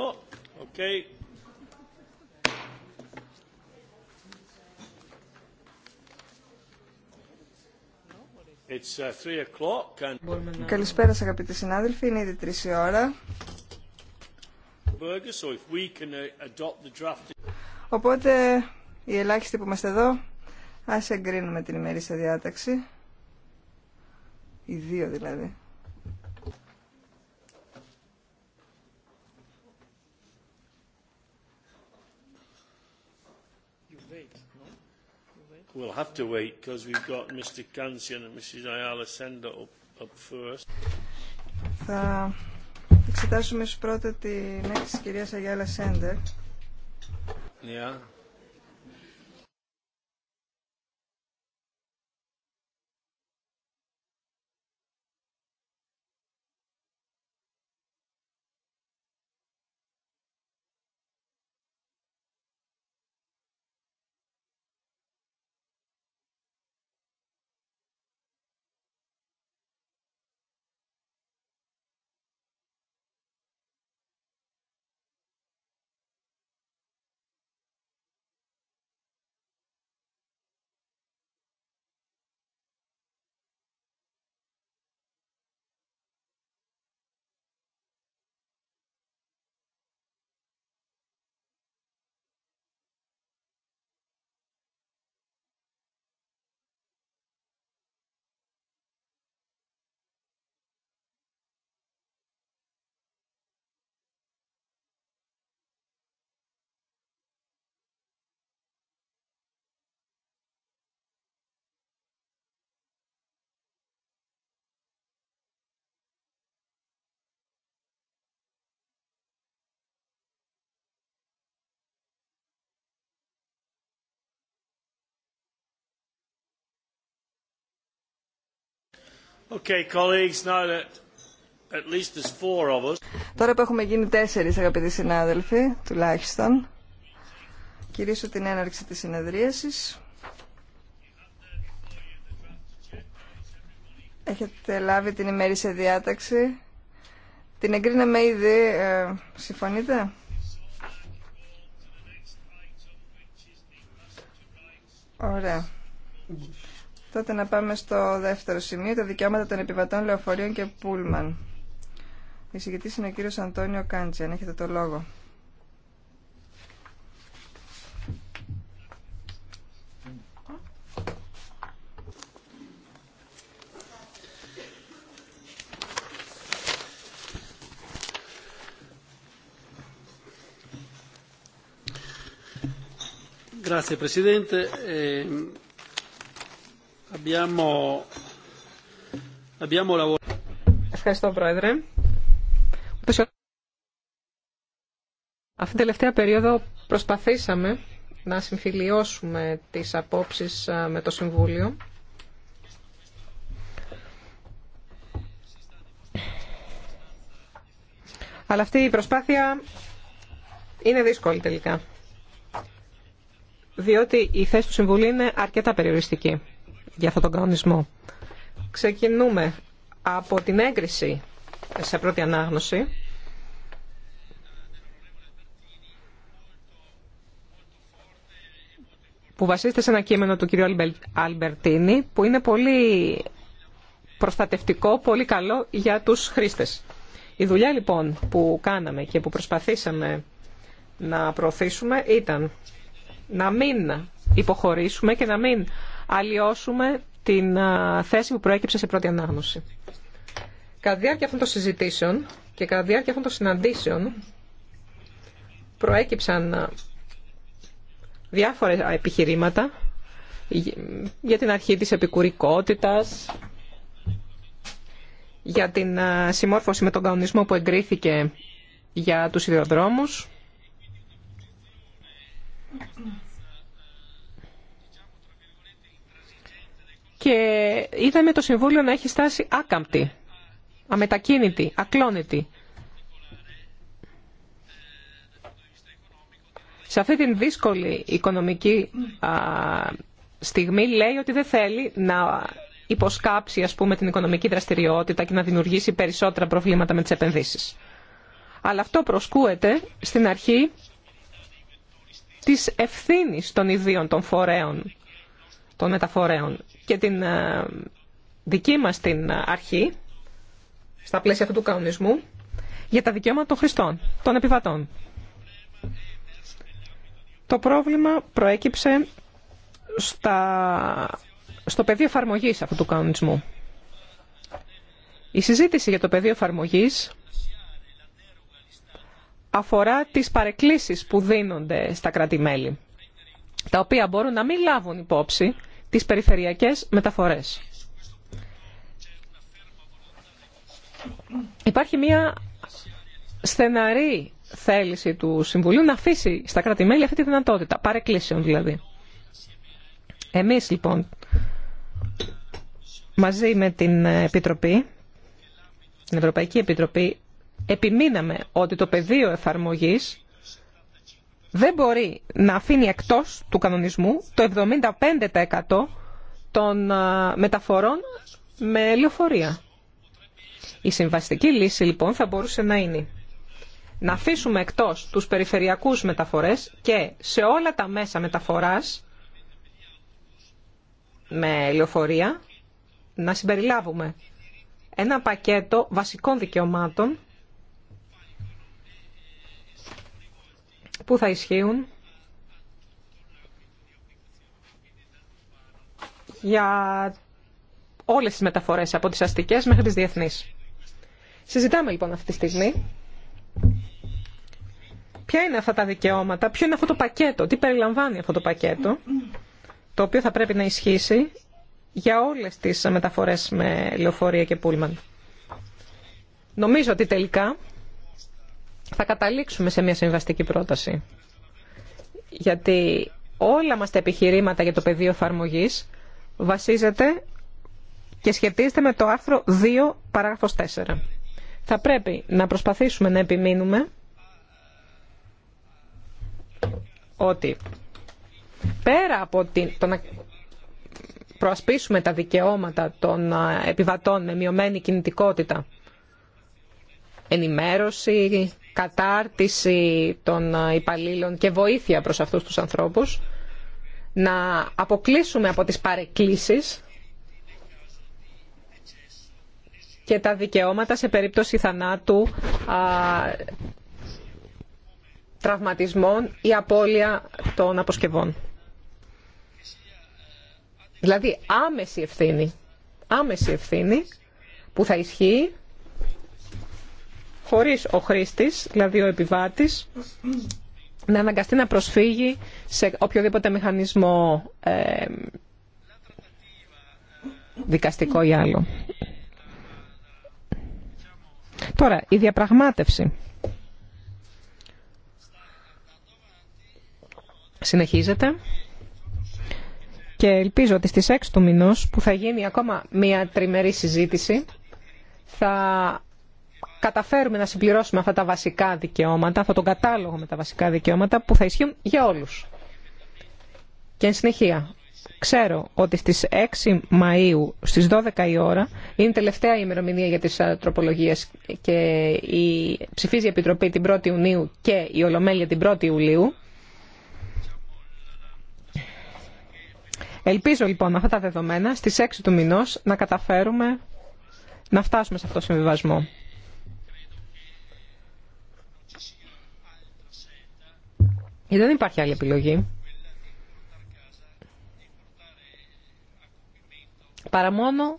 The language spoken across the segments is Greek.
Uh, Καλησπέρα σας αγαπητοί συνάδελφοι, είναι ήδη τρεις η ώρα. Uh, Οπότε, οι ελάχιστοι που είμαστε εδώ, ας εγκρίνουμε την ημερήσια διάταξη. Οι δύο δηλαδή. we'll have to wait because we've got Mr. Kansian and Mrs. Ayala Sender up, up first. Θα εξετάσουμε πρώτα την έκθεση της κυρίας Αγιάλα Σέντερ. Yeah. Τώρα που έχουμε γίνει τέσσερις αγαπητοί συνάδελφοι, τουλάχιστον, κυρίσω την έναρξη της συνεδρίασης. Έχετε λάβει την ημέρη διάταξη. Την εγκρίναμε ήδη. Ε, συμφωνείτε? Ωραία. Τότε να πάμε στο δεύτερο σημείο, τα δικαιώματα των επιβατών λεωφορείων και πούλμαν. Η συγκεκριτής είναι ο κύριος Αντώνιο αν Έχετε το λόγο. Grazie Presidente. Ehm, Ευχαριστώ, Πρόεδρε. Αυτή την τελευταία περίοδο προσπαθήσαμε να συμφιλιώσουμε τις απόψεις με το Συμβούλιο. Αλλά αυτή η προσπάθεια είναι δύσκολη τελικά. Διότι η θέση του Συμβουλίου είναι αρκετά περιοριστική για αυτόν τον κανονισμό. Ξεκινούμε από την έγκριση σε πρώτη ανάγνωση. που βασίζεται σε ένα κείμενο του κ. Αλμπερτίνη, που είναι πολύ προστατευτικό, πολύ καλό για τους χρήστες. Η δουλειά λοιπόν που κάναμε και που προσπαθήσαμε να προωθήσουμε ήταν να μην υποχωρήσουμε και να μην αλλοιώσουμε την θέση που προέκυψε σε πρώτη ανάγνωση. Κατά διάρκεια αυτών των συζητήσεων και κατά διάρκεια αυτών των συναντήσεων προέκυψαν διάφορα επιχειρήματα για την αρχή της επικουρικότητας, για την συμμόρφωση με τον κανονισμό που εγκρίθηκε για τους ιδιοδρόμους και είδαμε το Συμβούλιο να έχει στάσει άκαμπτη, αμετακίνητη, ακλόνητη. Σε αυτή την δύσκολη οικονομική στιγμή λέει ότι δεν θέλει να υποσκάψει ας πούμε, την οικονομική δραστηριότητα και να δημιουργήσει περισσότερα προβλήματα με τις επενδύσεις. Αλλά αυτό προσκούεται στην αρχή της ευθύνης των ιδίων των φορέων των μεταφορέων και την ε, δική μας την ε, αρχή, στα πλαίσια αυτού του κανονισμού, για τα δικαιώματα των χρηστών, των επιβατών. Το πρόβλημα προέκυψε στα... στο πεδίο εφαρμογή αυτού του κανονισμού. Η συζήτηση για το πεδίο εφαρμογή αφορά τις παρεκκλήσεις που δίνονται στα κράτη-μέλη τα οποία μπορούν να μην λάβουν υπόψη τις περιφερειακές μεταφορές. Υπάρχει μια στεναρή θέληση του Συμβουλίου να αφήσει στα κράτη-μέλη αυτή τη δυνατότητα, παρεκκλήσεων δηλαδή. Εμείς λοιπόν, μαζί με την Επιτροπή, την Ευρωπαϊκή Επιτροπή, επιμείναμε ότι το πεδίο εφαρμογής δεν μπορεί να αφήνει εκτός του κανονισμού το 75% των μεταφορών με λεωφορεία. Η συμβαστική λύση λοιπόν θα μπορούσε να είναι να αφήσουμε εκτός τους περιφερειακούς μεταφορές και σε όλα τα μέσα μεταφοράς με λεωφορεία να συμπεριλάβουμε ένα πακέτο βασικών δικαιωμάτων που θα ισχύουν για όλες τις μεταφορές από τις αστικές μέχρι τις διεθνείς. Συζητάμε λοιπόν αυτή τη στιγμή ποια είναι αυτά τα δικαιώματα, ποιο είναι αυτό το πακέτο, τι περιλαμβάνει αυτό το πακέτο, το οποίο θα πρέπει να ισχύσει για όλες τις μεταφορές με λεωφορεία και πούλμαν. Νομίζω ότι τελικά θα καταλήξουμε σε μια συμβαστική πρόταση. Γιατί όλα μας τα επιχειρήματα για το πεδίο εφαρμογή βασίζεται και σχετίζεται με το άρθρο 2 παράγραφος 4. Θα πρέπει να προσπαθήσουμε να επιμείνουμε ότι πέρα από την, το να προασπίσουμε τα δικαιώματα των επιβατών με μειωμένη κινητικότητα, ενημέρωση, κατάρτιση των υπαλλήλων και βοήθεια προς αυτούς τους ανθρώπους, να αποκλείσουμε από τις παρεκκλήσεις και τα δικαιώματα σε περίπτωση θανάτου, τραυματισμών ή απώλεια των αποσκευών. Δηλαδή άμεση ευθύνη, άμεση ευθύνη που θα ισχύει χωρίς ο χρήστης, δηλαδή ο επιβάτης, να αναγκαστεί να προσφύγει σε οποιοδήποτε μηχανισμό ε, δικαστικό ή άλλο. Τώρα, η διαπραγμάτευση συνεχίζεται και ελπίζω ότι στις 6 του μηνός που θα γίνει ακόμα μια τριμερή συζήτηση θα καταφέρουμε να συμπληρώσουμε αυτά τα βασικά δικαιώματα, αυτόν τον κατάλογο με τα βασικά δικαιώματα που θα ισχύουν για όλους. Και εν συνεχεία, ξέρω ότι στις 6 Μαΐου στις 12 η ώρα είναι τελευταία ημερομηνία για τις ε, τροπολογίες και η ψηφίζει η Επιτροπή την 1η Ιουνίου και η Ολομέλεια την 1η Ιουλίου. Ελπίζω λοιπόν αυτά τα δεδομένα στις 6 του μηνός να καταφέρουμε να φτάσουμε σε αυτό το συμβιβασμό. Γιατί ε, δεν υπάρχει άλλη επιλογή. Παρά μόνο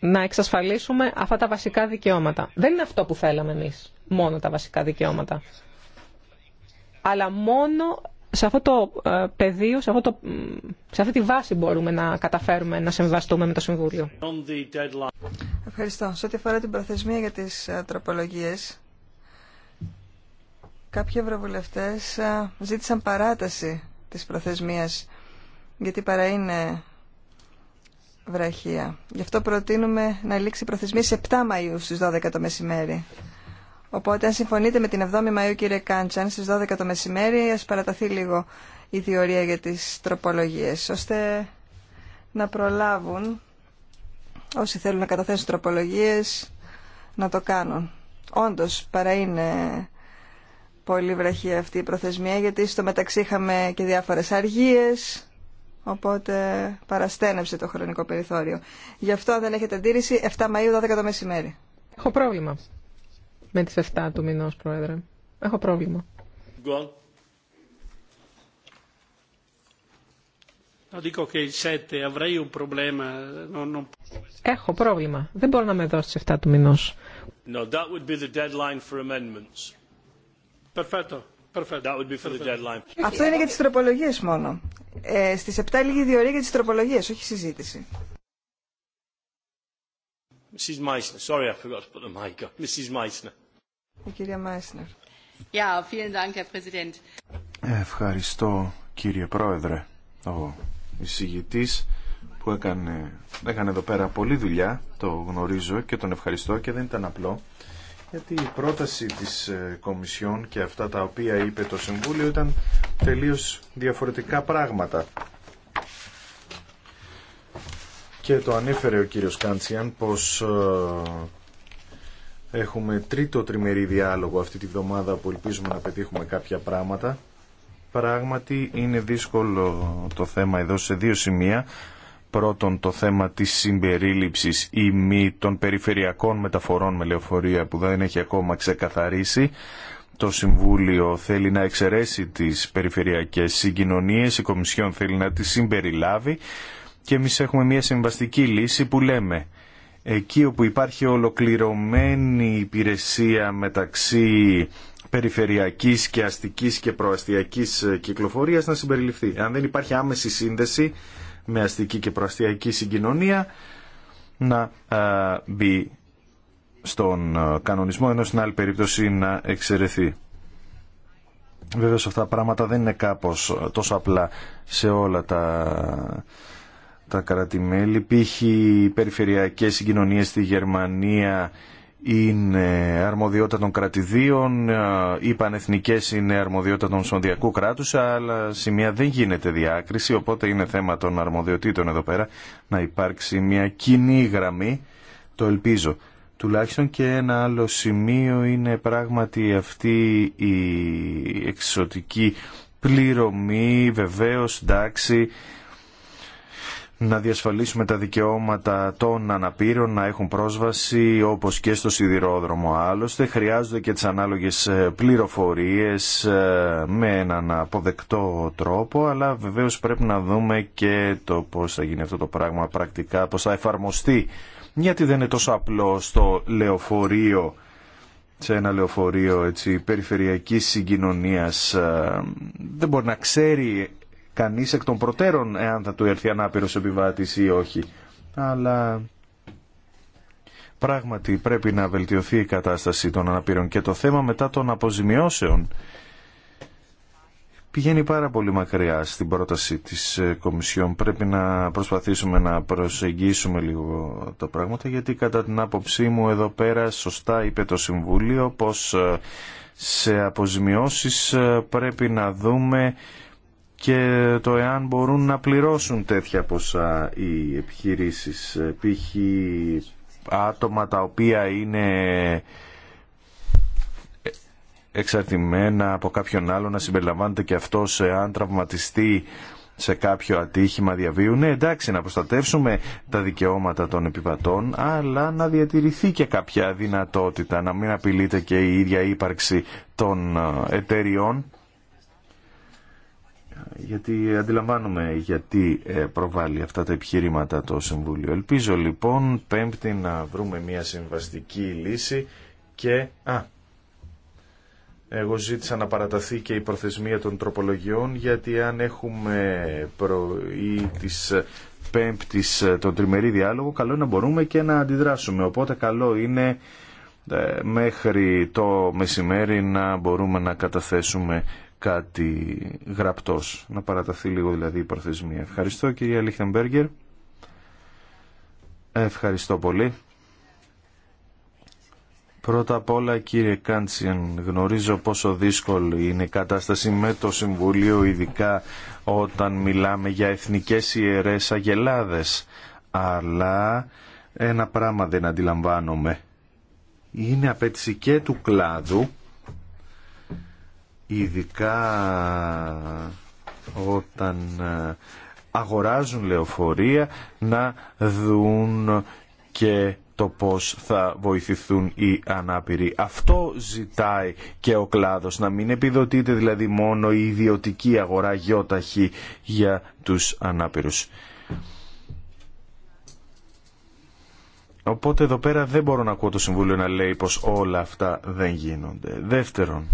να εξασφαλίσουμε αυτά τα βασικά δικαιώματα. Δεν είναι αυτό που θέλαμε εμείς, μόνο τα βασικά δικαιώματα. Αλλά μόνο σε αυτό το ε, πεδίο, σε, αυτό το, σε αυτή τη βάση μπορούμε να καταφέρουμε να συμβαστούμε με το Συμβούλιο. Ευχαριστώ. Σε ό,τι αφορά την προθεσμία για τις ε, τροπολογίες, Κάποιοι ευρωβουλευτέ ζήτησαν παράταση της προθεσμίας, γιατί παρά είναι βραχία. Γι' αυτό προτείνουμε να λήξει η προθεσμία σε 7 Μαΐου στις 12 το μεσημέρι. Οπότε αν συμφωνείτε με την 7η Μαΐου κύριε Κάντσαν στις 12 το μεσημέρι ας παραταθεί λίγο η θεωρία για τις τροπολογίες ώστε να προλάβουν όσοι θέλουν να καταθέσουν τροπολογίες να το κάνουν. Όντως παρά είναι πολύ βραχή αυτή η προθεσμία γιατί στο μεταξύ είχαμε και διάφορες αργίες οπότε παραστένεψε το χρονικό περιθώριο. Γι' αυτό αν δεν έχετε αντίρρηση 7 Μαΐου 12 το μεσημέρι. Έχω πρόβλημα με τις 7 του μηνός Πρόεδρε. Έχω πρόβλημα. Έχω πρόβλημα. Δεν μπορώ να με δώσει 7 του μηνός. No, that would be the deadline for amendments. Perfetto. That would be for the deadline. Αυτό είναι για τις τροπολογίες μόνο. Ε, στις 7 λίγη διορία για τις τροπολογίες, όχι συζήτηση. Mrs. Meissner, sorry I forgot to put the mic on. Mrs. Meissner. Η κυρία Meissner. Ja, vielen Dank, Herr Präsident. Ευχαριστώ κύριε Πρόεδρε, ο εισηγητής που έκανε, έκανε εδώ πέρα πολλή δουλειά, το γνωρίζω και τον ευχαριστώ και δεν ήταν απλό γιατί η πρόταση της ε, Κομισιόν και αυτά τα οποία είπε το Συμβούλιο ήταν τελείως διαφορετικά πράγματα. Και το ανέφερε ο κύριος Κάντσιαν πως ε, έχουμε τρίτο τριμερή διάλογο αυτή τη βδομάδα που ελπίζουμε να πετύχουμε κάποια πράγματα. Πράγματι είναι δύσκολο το θέμα εδώ σε δύο σημεία πρώτον το θέμα της συμπερίληψης ή μη των περιφερειακών μεταφορών με λεωφορεία που δεν έχει ακόμα ξεκαθαρίσει. Το Συμβούλιο θέλει να εξαιρέσει τις περιφερειακές συγκοινωνίες, η Κομισιόν θέλει να τις συμπεριλάβει και εμείς έχουμε μια συμβαστική λύση που λέμε εκεί όπου υπάρχει ολοκληρωμένη υπηρεσία μεταξύ περιφερειακής και αστικής και προαστιακής κυκλοφορίας να συμπεριληφθεί. Αν δεν υπάρχει άμεση σύνδεση με αστική και προαστιακή συγκοινωνία να μπει στον κανονισμό, ενώ στην άλλη περίπτωση να εξαιρεθεί. Βέβαια αυτά τα πράγματα δεν είναι κάπως τόσο απλά σε όλα τα, τα κρατημέλη. Υπήρχε οι περιφερειακές συγκοινωνίες στη Γερμανία είναι αρμοδιότητα των κρατηδίων, οι πανεθνικές είναι αρμοδιότητα των σονδιακού κράτους, αλλά σημεία δεν γίνεται διάκριση, οπότε είναι θέμα των αρμοδιοτήτων εδώ πέρα να υπάρξει μια κοινή γραμμή, το ελπίζω. Τουλάχιστον και ένα άλλο σημείο είναι πράγματι αυτή η εξωτική πληρωμή, βεβαίως, εντάξει, να διασφαλίσουμε τα δικαιώματα των αναπήρων να έχουν πρόσβαση όπως και στο σιδηρόδρομο. Άλλωστε χρειάζονται και τις ανάλογες ε, πληροφορίες ε, με έναν αποδεκτό τρόπο αλλά βεβαίως πρέπει να δούμε και το πώς θα γίνει αυτό το πράγμα πρακτικά, πώς θα εφαρμοστεί γιατί δεν είναι τόσο απλό στο λεωφορείο σε ένα λεωφορείο έτσι, περιφερειακής συγκοινωνίας ε, δεν μπορεί να ξέρει κανείς εκ των προτέρων εάν θα του έρθει ανάπηρος επιβάτης ή όχι. Αλλά πράγματι πρέπει να βελτιωθεί η κατάσταση των αναπήρων και το θέμα μετά των αποζημιώσεων πηγαίνει πάρα πολύ μακριά στην πρόταση της ε, Κομισιόν. Πρέπει να προσπαθήσουμε να προσεγγίσουμε λίγο τα πράγματα γιατί κατά την άποψή μου εδώ πέρα σωστά είπε το Συμβούλιο πως ε, σε αποζημιώσεις ε, πρέπει να δούμε και το εάν μπορούν να πληρώσουν τέτοια ποσά οι επιχειρήσεις. Π.χ. άτομα τα οποία είναι εξαρτημένα από κάποιον άλλο να συμπεριλαμβάνεται και αυτός εάν τραυματιστεί σε κάποιο ατύχημα διαβίου. Ναι, εντάξει, να προστατεύσουμε τα δικαιώματα των επιβατών, αλλά να διατηρηθεί και κάποια δυνατότητα, να μην απειλείται και η ίδια ύπαρξη των ε, εταιριών γιατί αντιλαμβάνομαι γιατί ε, προβάλλει αυτά τα επιχειρήματα το Συμβούλιο. Ελπίζω λοιπόν πέμπτη να βρούμε μια συμβαστική λύση και... Α, εγώ ζήτησα να παραταθεί και η προθεσμία των τροπολογιών γιατί αν έχουμε πρωί της πέμπτης ε, τον τριμερή διάλογο καλό είναι να μπορούμε και να αντιδράσουμε. Οπότε καλό είναι ε, μέχρι το μεσημέρι να μπορούμε να καταθέσουμε κάτι γραπτός, να παραταθεί λίγο δηλαδή η προθεσμία. Ευχαριστώ κυρία Λίχτεμπέργκερ. Ευχαριστώ πολύ. Πρώτα απ' όλα κύριε Κάντσιεν, γνωρίζω πόσο δύσκολη είναι η κατάσταση με το Συμβουλίο, ειδικά όταν μιλάμε για εθνικές ιερές αγελάδες. Αλλά ένα πράγμα δεν αντιλαμβάνομαι. Είναι απέτηση και του κλάδου ειδικά όταν ε, αγοράζουν λεωφορεία να δουν και το πώς θα βοηθηθούν οι ανάπηροι. Αυτό ζητάει και ο κλάδος, να μην επιδοτείται δηλαδή μόνο η ιδιωτική αγορά γιόταχη για τους ανάπηρους. Οπότε εδώ πέρα δεν μπορώ να ακούω το Συμβούλιο να λέει πως όλα αυτά δεν γίνονται. Δεύτερον,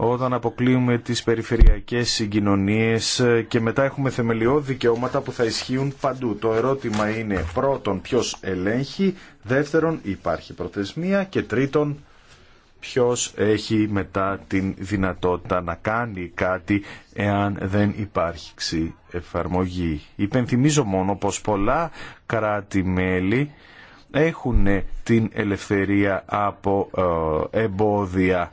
όταν αποκλείουμε τις περιφερειακές συγκοινωνίες ε, και μετά έχουμε θεμελιώδη δικαιώματα που θα ισχύουν παντού. Το ερώτημα είναι πρώτον ποιος ελέγχει, δεύτερον υπάρχει προθεσμία και τρίτον ποιος έχει μετά την δυνατότητα να κάνει κάτι εάν δεν υπάρχει εφαρμογή. Υπενθυμίζω μόνο πως πολλά κράτη-μέλη έχουν την ελευθερία από ε, εμπόδια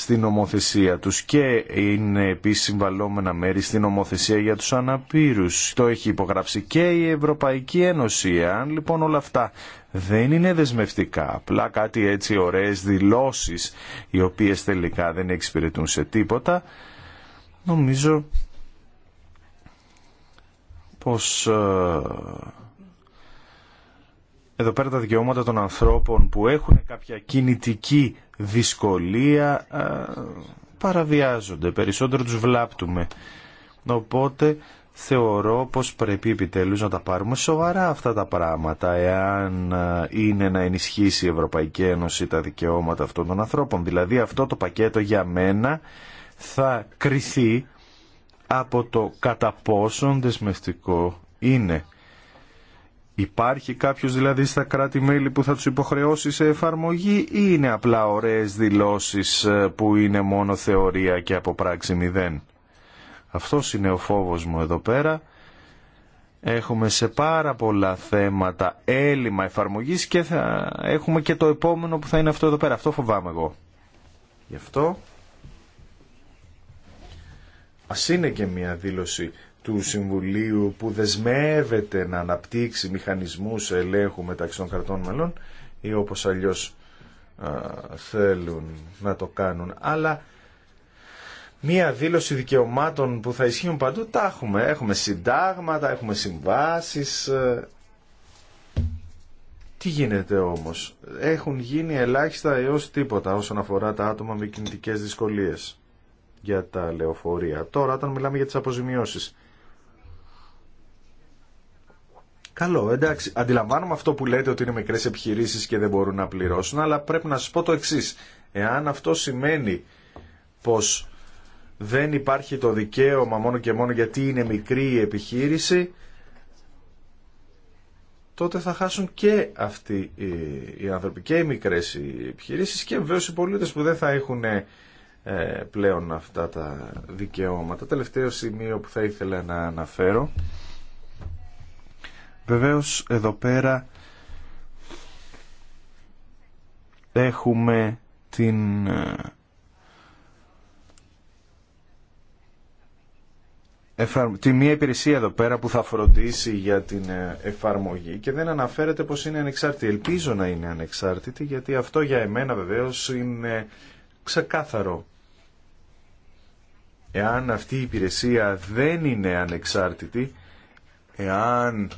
στην ομοθεσία τους και είναι επίσης συμβαλόμενα μέρη στην ομοθεσία για τους αναπήρους. Το έχει υπογράψει και η Ευρωπαϊκή Ένωση. Αν λοιπόν όλα αυτά δεν είναι δεσμευτικά, απλά κάτι έτσι ωραίες δηλώσεις οι οποίες τελικά δεν εξυπηρετούν σε τίποτα, νομίζω πως... Ε, εδώ πέρα τα δικαιώματα των ανθρώπων που έχουν κάποια κινητική δυσκολία ε, παραβιάζονται, περισσότερο τους βλάπτουμε. Οπότε θεωρώ πως πρέπει επιτέλους να τα πάρουμε σοβαρά αυτά τα πράγματα εάν ε, είναι να ενισχύσει η Ευρωπαϊκή Ένωση τα δικαιώματα αυτών των ανθρώπων. Δηλαδή αυτό το πακέτο για μένα θα κριθεί από το κατά πόσον δεσμευτικό είναι. Υπάρχει κάποιος δηλαδή στα κράτη-μέλη που θα τους υποχρεώσει σε εφαρμογή ή είναι απλά ωραίες δηλώσεις ε, που είναι μόνο θεωρία και από πράξη μηδέν. Αυτός είναι ο φόβος μου εδώ πέρα. Έχουμε σε πάρα πολλά θέματα έλλειμμα εφαρμογής και θα έχουμε και το επόμενο που θα είναι αυτό εδώ πέρα. Αυτό φοβάμαι εγώ. Γι' αυτό ας είναι και μια δήλωση του Συμβουλίου που δεσμεύεται να αναπτύξει μηχανισμούς ελέγχου μεταξύ των κρατών μελών ή όπως αλλιώς θέλουν να το κάνουν. Αλλά μία δήλωση δικαιωμάτων που θα ισχύουν παντού τα έχουμε. Έχουμε συντάγματα, έχουμε συμβάσεις. Ε, τι γίνεται όμως. Έχουν γίνει ελάχιστα έως τίποτα όσον αφορά τα άτομα με κινητικές δυσκολίες για τα λεωφορεία. Τώρα όταν μιλάμε για τις αποζημιώσεις Καλό, εντάξει, αντιλαμβάνομαι αυτό που λέτε ότι είναι μικρές επιχειρήσεις και δεν μπορούν να πληρώσουν, αλλά πρέπει να σα πω το εξή. Εάν αυτό σημαίνει πως δεν υπάρχει το δικαίωμα μόνο και μόνο γιατί είναι μικρή η επιχείρηση, τότε θα χάσουν και αυτοί οι άνθρωποι και οι μικρές επιχειρήσει. επιχειρήσεις και βέβαια οι πολίτες που δεν θα έχουν ε, πλέον αυτά τα δικαιώματα. Τελευταίο σημείο που θα ήθελα να αναφέρω Βεβαίως εδώ πέρα έχουμε την ε, τη μία υπηρεσία εδώ πέρα που θα φροντίσει για την ε, εφαρμογή και δεν αναφέρεται πως είναι ανεξάρτητη. Ελπίζω να είναι ανεξάρτητη γιατί αυτό για εμένα βεβαίως είναι ξεκάθαρο. Εάν αυτή η υπηρεσία δεν είναι ανεξάρτητη, εάν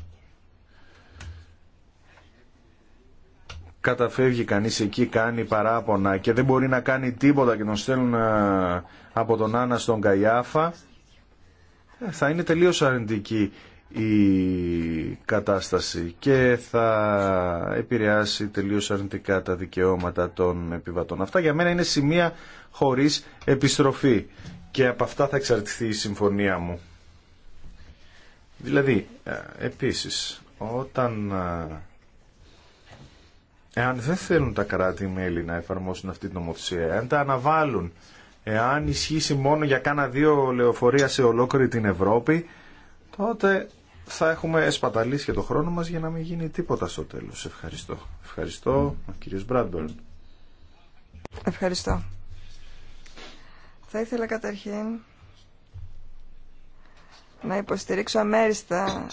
καταφεύγει κανείς εκεί, κάνει παράπονα και δεν μπορεί να κάνει τίποτα και τον στέλνουν ε, από τον Άννα στον Καϊάφα, ε, θα είναι τελείως αρνητική η κατάσταση και θα επηρεάσει τελείως αρνητικά τα δικαιώματα των επιβατών. Αυτά για μένα είναι σημεία χωρίς επιστροφή και από αυτά θα εξαρτηθεί η συμφωνία μου. Δηλαδή, ε, επίσης, όταν εάν δεν θέλουν τα κράτη-μέλη να εφαρμόσουν αυτή την νομοθεσία, εάν τα αναβάλουν, εάν ισχύσει μόνο για κάνα δύο λεωφορεία σε ολόκληρη την Ευρώπη, τότε θα έχουμε εσπαταλήσει και το χρόνο μας για να μην γίνει τίποτα στο τέλος. Ευχαριστώ. Ευχαριστώ, κύριος Ευχαριστώ. Θα ήθελα καταρχήν να υποστηρίξω αμέριστα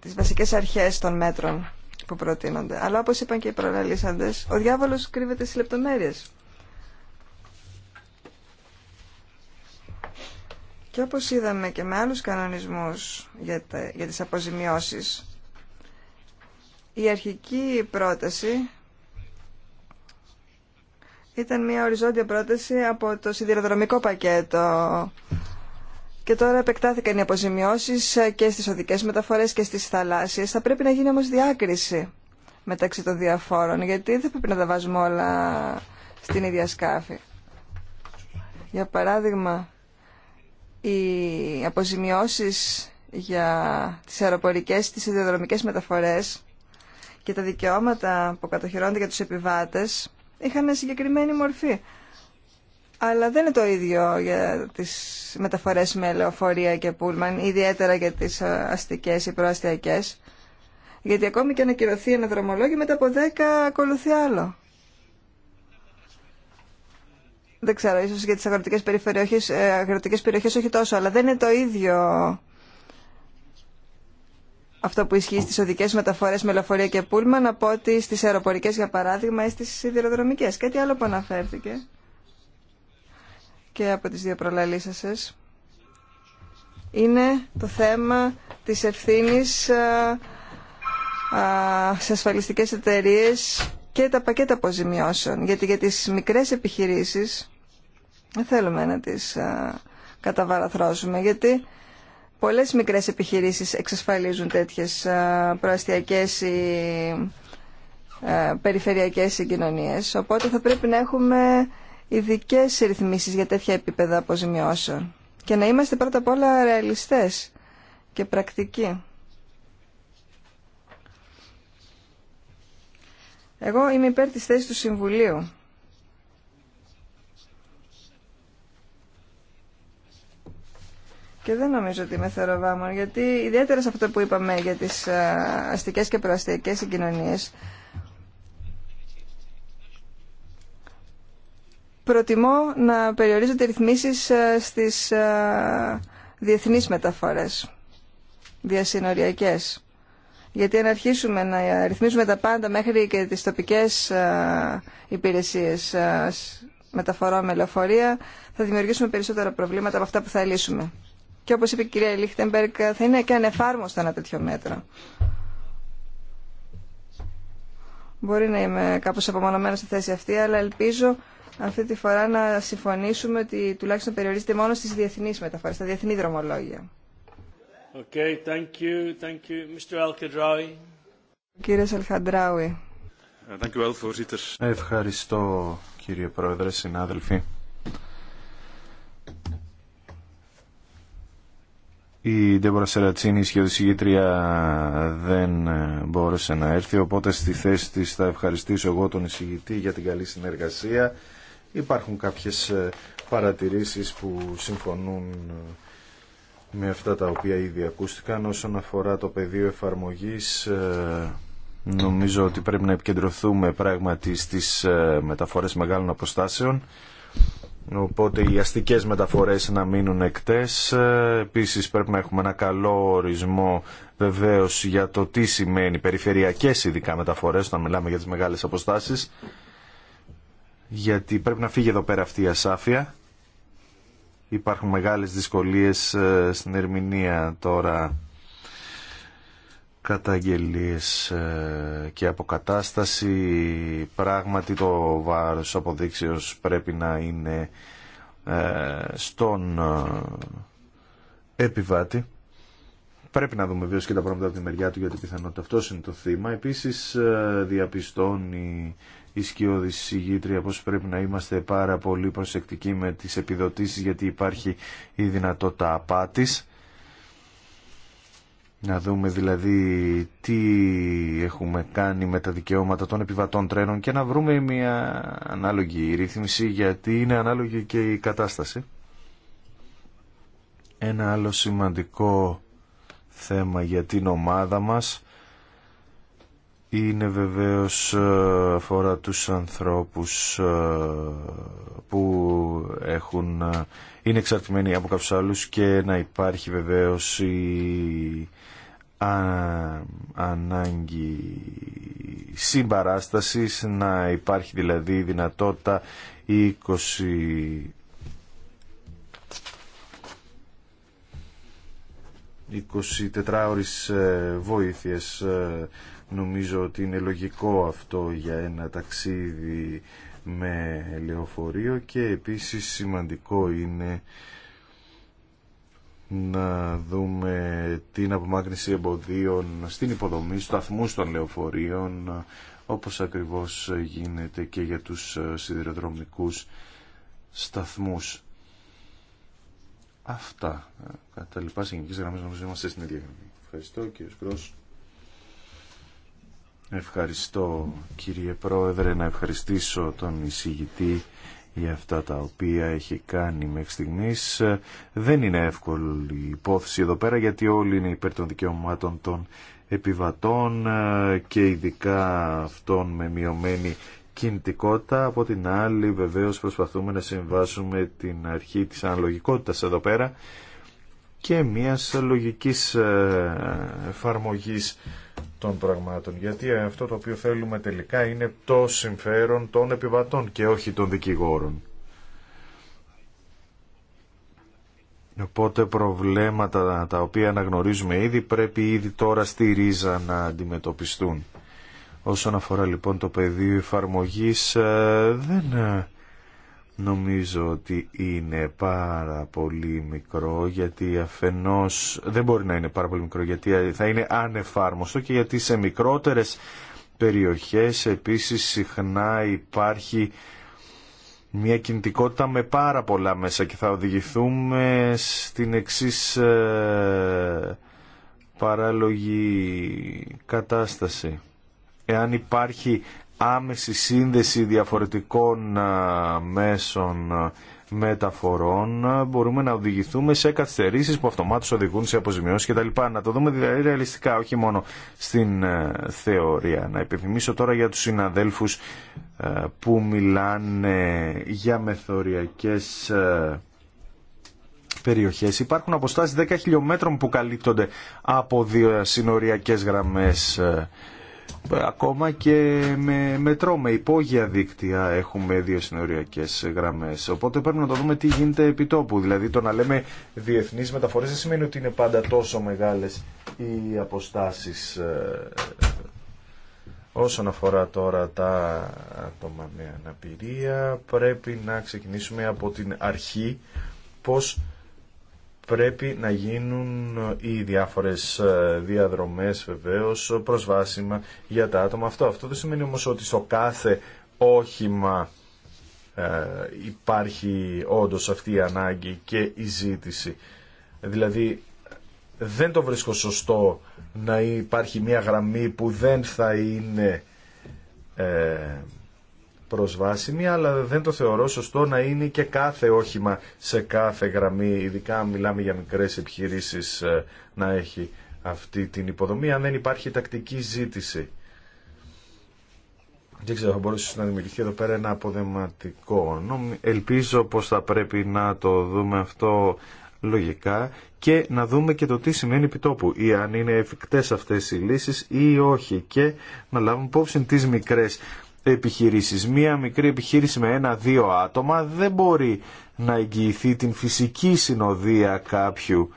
τις βασικές αρχές των μέτρων που προτείνονται. Αλλά όπως είπαν και οι προλαλήσαντες, ο διάβολος κρύβεται στις λεπτομέρειες. Και όπως είδαμε και με άλλους κανονισμούς για, τα, για τις αποζημιώσεις, η αρχική πρόταση ήταν μια οριζόντια πρόταση από το σιδηροδρομικό πακέτο και τώρα επεκτάθηκαν οι αποζημιώσει ε, και στις οδικές μεταφορές και στις θαλάσσιες. Θα πρέπει να γίνει όμω διάκριση μεταξύ των διαφόρων, γιατί δεν πρέπει να τα βάζουμε όλα στην ίδια σκάφη. Για παράδειγμα, οι αποζημιώσει για τις αεροπορικές, τις ιδεοδρομικέ μεταφορές και τα δικαιώματα που κατοχυρώνται για του επιβάτε είχαν συγκεκριμένη μορφή αλλά δεν είναι το ίδιο για τις μεταφορές με λεωφορεία και πούλμαν, ιδιαίτερα για τις ε, αστικές ή προαστιακές. Γιατί ακόμη και ανακυρωθεί ένα δρομολόγιο, μετά από 10 ακολουθεί άλλο. Δεν ξέρω, ίσως για τι αγροτικέ ε, περιοχές, αγροτικές όχι τόσο, αλλά δεν είναι το ίδιο αυτό που ισχύει στις οδικές μεταφορέ, με λεωφορεία και πούλμαν από ότι στι αεροπορικέ, για παράδειγμα ή στις σιδηροδρομικέ. Κάτι άλλο που αναφέρθηκε και από τις δύο προλαλήσασες είναι το θέμα της ευθύνης σε ασφαλιστικές εταιρείες και τα πακέτα αποζημιώσεων. Γιατί για τις μικρές επιχειρήσεις δεν θέλουμε να τις καταβαραθρώσουμε. Γιατί πολλές μικρές επιχειρήσεις εξασφαλίζουν τέτοιες προαστιακές ή περιφερειακές συγκοινωνίες. Οπότε θα πρέπει να έχουμε ειδικέ ρυθμίσει για τέτοια επίπεδα αποζημιώσεων και να είμαστε πρώτα απ' όλα ρεαλιστέ και πρακτικοί. Εγώ είμαι υπέρ της θέσης του Συμβουλίου. Και δεν νομίζω ότι είμαι θεροβάμων, γιατί ιδιαίτερα σε αυτό που είπαμε για τις ε, αστικές και προαστιακές συγκοινωνίες, προτιμώ να περιορίζονται ρυθμίσεις ε, στις ε, διεθνείς μεταφορές, διασυνοριακές. Γιατί αν αρχίσουμε να ρυθμίζουμε τα πάντα μέχρι και τις τοπικές ε, υπηρεσίες μεταφορών με λεωφορεία, θα δημιουργήσουμε περισσότερα προβλήματα από αυτά που θα λύσουμε. Και όπως είπε η κυρία Λίχτεμπεργκ, θα είναι και ανεφάρμοστα ένα τέτοιο μέτρο. Μπορεί να είμαι κάπως απομονωμένο στη θέση αυτή, αλλά ελπίζω αυτή τη φορά να συμφωνήσουμε ότι τουλάχιστον περιορίζεται μόνο στις διεθνείς μεταφορές, στα διεθνή δρομολόγια. Okay, thank you, thank you. Mr. Κύριε ε, Ευχαριστώ κύριε Πρόεδρε, συνάδελφοι. Η Ντέμπορα Σερατσίνη, η σχεδοσυγήτρια, δεν μπόρεσε να έρθει, οπότε στη θέση της θα ευχαριστήσω εγώ τον εισηγητή για την καλή συνεργασία Υπάρχουν κάποιες ε, παρατηρήσεις που συμφωνούν ε, με αυτά τα οποία ήδη ακούστηκαν όσον αφορά το πεδίο εφαρμογής ε, νομίζω ότι πρέπει να επικεντρωθούμε πράγματι στις μεταφορές μεγάλων αποστάσεων οπότε οι αστικές μεταφορές να μείνουν εκτές επίσης πρέπει να έχουμε ένα καλό ορισμό βεβαίως για το τι σημαίνει περιφερειακές ειδικά μεταφορές όταν μιλάμε για τις μεγάλες αποστάσεις γιατί πρέπει να φύγει εδώ πέρα αυτή η ασάφεια. Υπάρχουν μεγάλες δυσκολίες ε, στην ερμηνεία τώρα καταγγελίες ε, και αποκατάσταση. Πράγματι το βάρος αποδείξεως πρέπει να είναι ε, στον επιβάτη. Πρέπει να δούμε βέβαια και τα πράγματα από τη μεριά του γιατί πιθανότητα αυτό είναι το θύμα. Επίσης διαπιστώνει η σκιώδη συγγήτρια πως πρέπει να είμαστε πάρα πολύ προσεκτικοί με τις επιδοτήσεις γιατί υπάρχει η δυνατότητα απάτης. Να δούμε δηλαδή τι έχουμε κάνει με τα δικαιώματα των επιβατών τρένων και να βρούμε μια ανάλογη ρύθμιση γιατί είναι ανάλογη και η κατάσταση. Ένα άλλο σημαντικό θέμα για την ομάδα μας είναι βεβαίως ε, αφορά τους ανθρώπους ε, που έχουν, ε, είναι εξαρτημένοι από κάποιους άλλους και να υπάρχει βεβαίως η ανάγκη συμπαράστασης, να υπάρχει δηλαδή η δυνατότητα 20 24 ώρες βοήθειες Νομίζω ότι είναι λογικό αυτό για ένα ταξίδι με λεωφορείο και επίσης σημαντικό είναι να δούμε την απομάκρυνση εμποδίων στην υποδομή, σταθμού των λεωφορείων, όπως ακριβώς γίνεται και για τους σιδηροδρομικούς σταθμούς. Αυτά. Κατά λοιπά, σε γενικές γραμμές νομίζω είμαστε στην ίδια γραμμή. Ευχαριστώ κύριε Γκρός. Ευχαριστώ κύριε Πρόεδρε να ευχαριστήσω τον εισηγητή για αυτά τα οποία έχει κάνει μέχρι στιγμής. Δεν είναι εύκολη η υπόθεση εδώ πέρα γιατί όλοι είναι υπέρ των δικαιωμάτων των επιβατών και ειδικά αυτών με μειωμένη κινητικότητα. Από την άλλη βεβαίως προσπαθούμε να συμβάσουμε την αρχή της αναλογικότητας εδώ πέρα και μιας λογικής ε, εφαρμογής των πραγμάτων. Γιατί αυτό το οποίο θέλουμε τελικά είναι το συμφέρον των επιβατών και όχι των δικηγόρων. Οπότε προβλέματα τα οποία αναγνωρίζουμε ήδη πρέπει ήδη τώρα στη ρίζα να αντιμετωπιστούν. Όσον αφορά λοιπόν το πεδίο εφαρμογής ε, δεν ε, νομίζω ότι είναι πάρα πολύ μικρό γιατί αφενός δεν μπορεί να είναι πάρα πολύ μικρό γιατί θα είναι ανεφάρμοστο και γιατί σε μικρότερες περιοχές επίσης συχνά υπάρχει μια κινητικότητα με πάρα πολλά μέσα και θα οδηγηθούμε στην εξής ε, παράλογη κατάσταση. Εάν υπάρχει άμεση σύνδεση διαφορετικών μέσων μεταφορών μπορούμε να οδηγηθούμε σε καθυστερήσεις που αυτομάτως οδηγούν σε αποζημιώσεις κτλ. Να το δούμε δηλαδή ρεαλιστικά, όχι μόνο στην θεωρία. Να επιθυμίσω τώρα για τους συναδέλφους που μιλάνε για μεθοριακές περιοχές. Υπάρχουν αποστάσεις 10 χιλιόμετρων που καλύπτονται από δύο συνοριακές γραμμές ακόμα και με μετρό, με υπόγεια δίκτυα έχουμε δύο συνοριακές γραμμές. Οπότε πρέπει να το δούμε τι γίνεται επί τόπου. Δηλαδή το να λέμε διεθνείς μεταφορές δεν σημαίνει ότι είναι πάντα τόσο μεγάλες οι αποστάσεις ε, ε, ε. όσον αφορά τώρα τα άτομα με αναπηρία. Πρέπει να ξεκινήσουμε από την αρχή πώς πρέπει να γίνουν οι διάφορες ε, διαδρομές βεβαίως προσβάσιμα για τα άτομα αυτό. Αυτό δεν σημαίνει όμως ότι στο κάθε όχημα ε, υπάρχει όντως αυτή η ανάγκη και η ζήτηση. Δηλαδή δεν το βρίσκω σωστό να υπάρχει μια γραμμή που δεν θα είναι ε, προσβάσιμη, αλλά δεν το θεωρώ σωστό να είναι και κάθε όχημα σε κάθε γραμμή, ειδικά μιλάμε για μικρές επιχειρήσεις ε, να έχει αυτή την υποδομή, αν δεν υπάρχει τακτική ζήτηση. Δεν ξέρω, θα μπορούσε να δημιουργηθεί εδώ πέρα ένα αποδεματικό. Ελπίζω πως θα πρέπει να το δούμε αυτό λογικά και να δούμε και το τι σημαίνει επιτόπου ή αν είναι εφικτές αυτές οι λύσεις ή όχι και να λάβουμε υπόψη τις μικρές επιχειρήσεις. Μία μικρή επιχείρηση με ένα-δύο άτομα δεν μπορεί να εγγυηθεί την φυσική συνοδεία κάποιου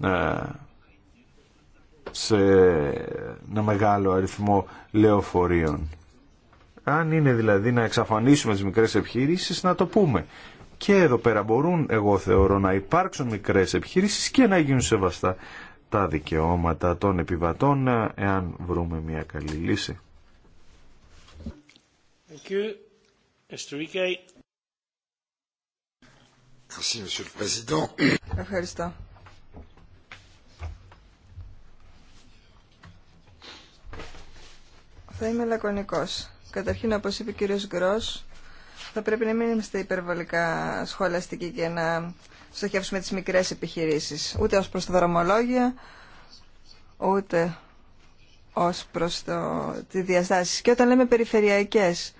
ε, σε ένα μεγάλο αριθμό λεωφορείων. Αν είναι δηλαδή να εξαφανίσουμε τις μικρές επιχειρήσεις, να το πούμε. Και εδώ πέρα μπορούν, εγώ θεωρώ, να υπάρξουν μικρές επιχειρήσεις και να γίνουν σεβαστά τα δικαιώματα των επιβατών, εάν βρούμε μια καλή λύση. Ευχαριστώ. Θα είμαι λακωνικός. Καταρχήν, όπως είπε ο κύριος Γκρό, θα πρέπει να μην είμαστε υπερβολικά σχολαστικοί και να στοχεύσουμε τις μικρές επιχειρήσεις. Ούτε ως προς τα δρομολόγια, ούτε ως προς το, τη διαστάσεις. Και όταν λέμε περιφερειακές,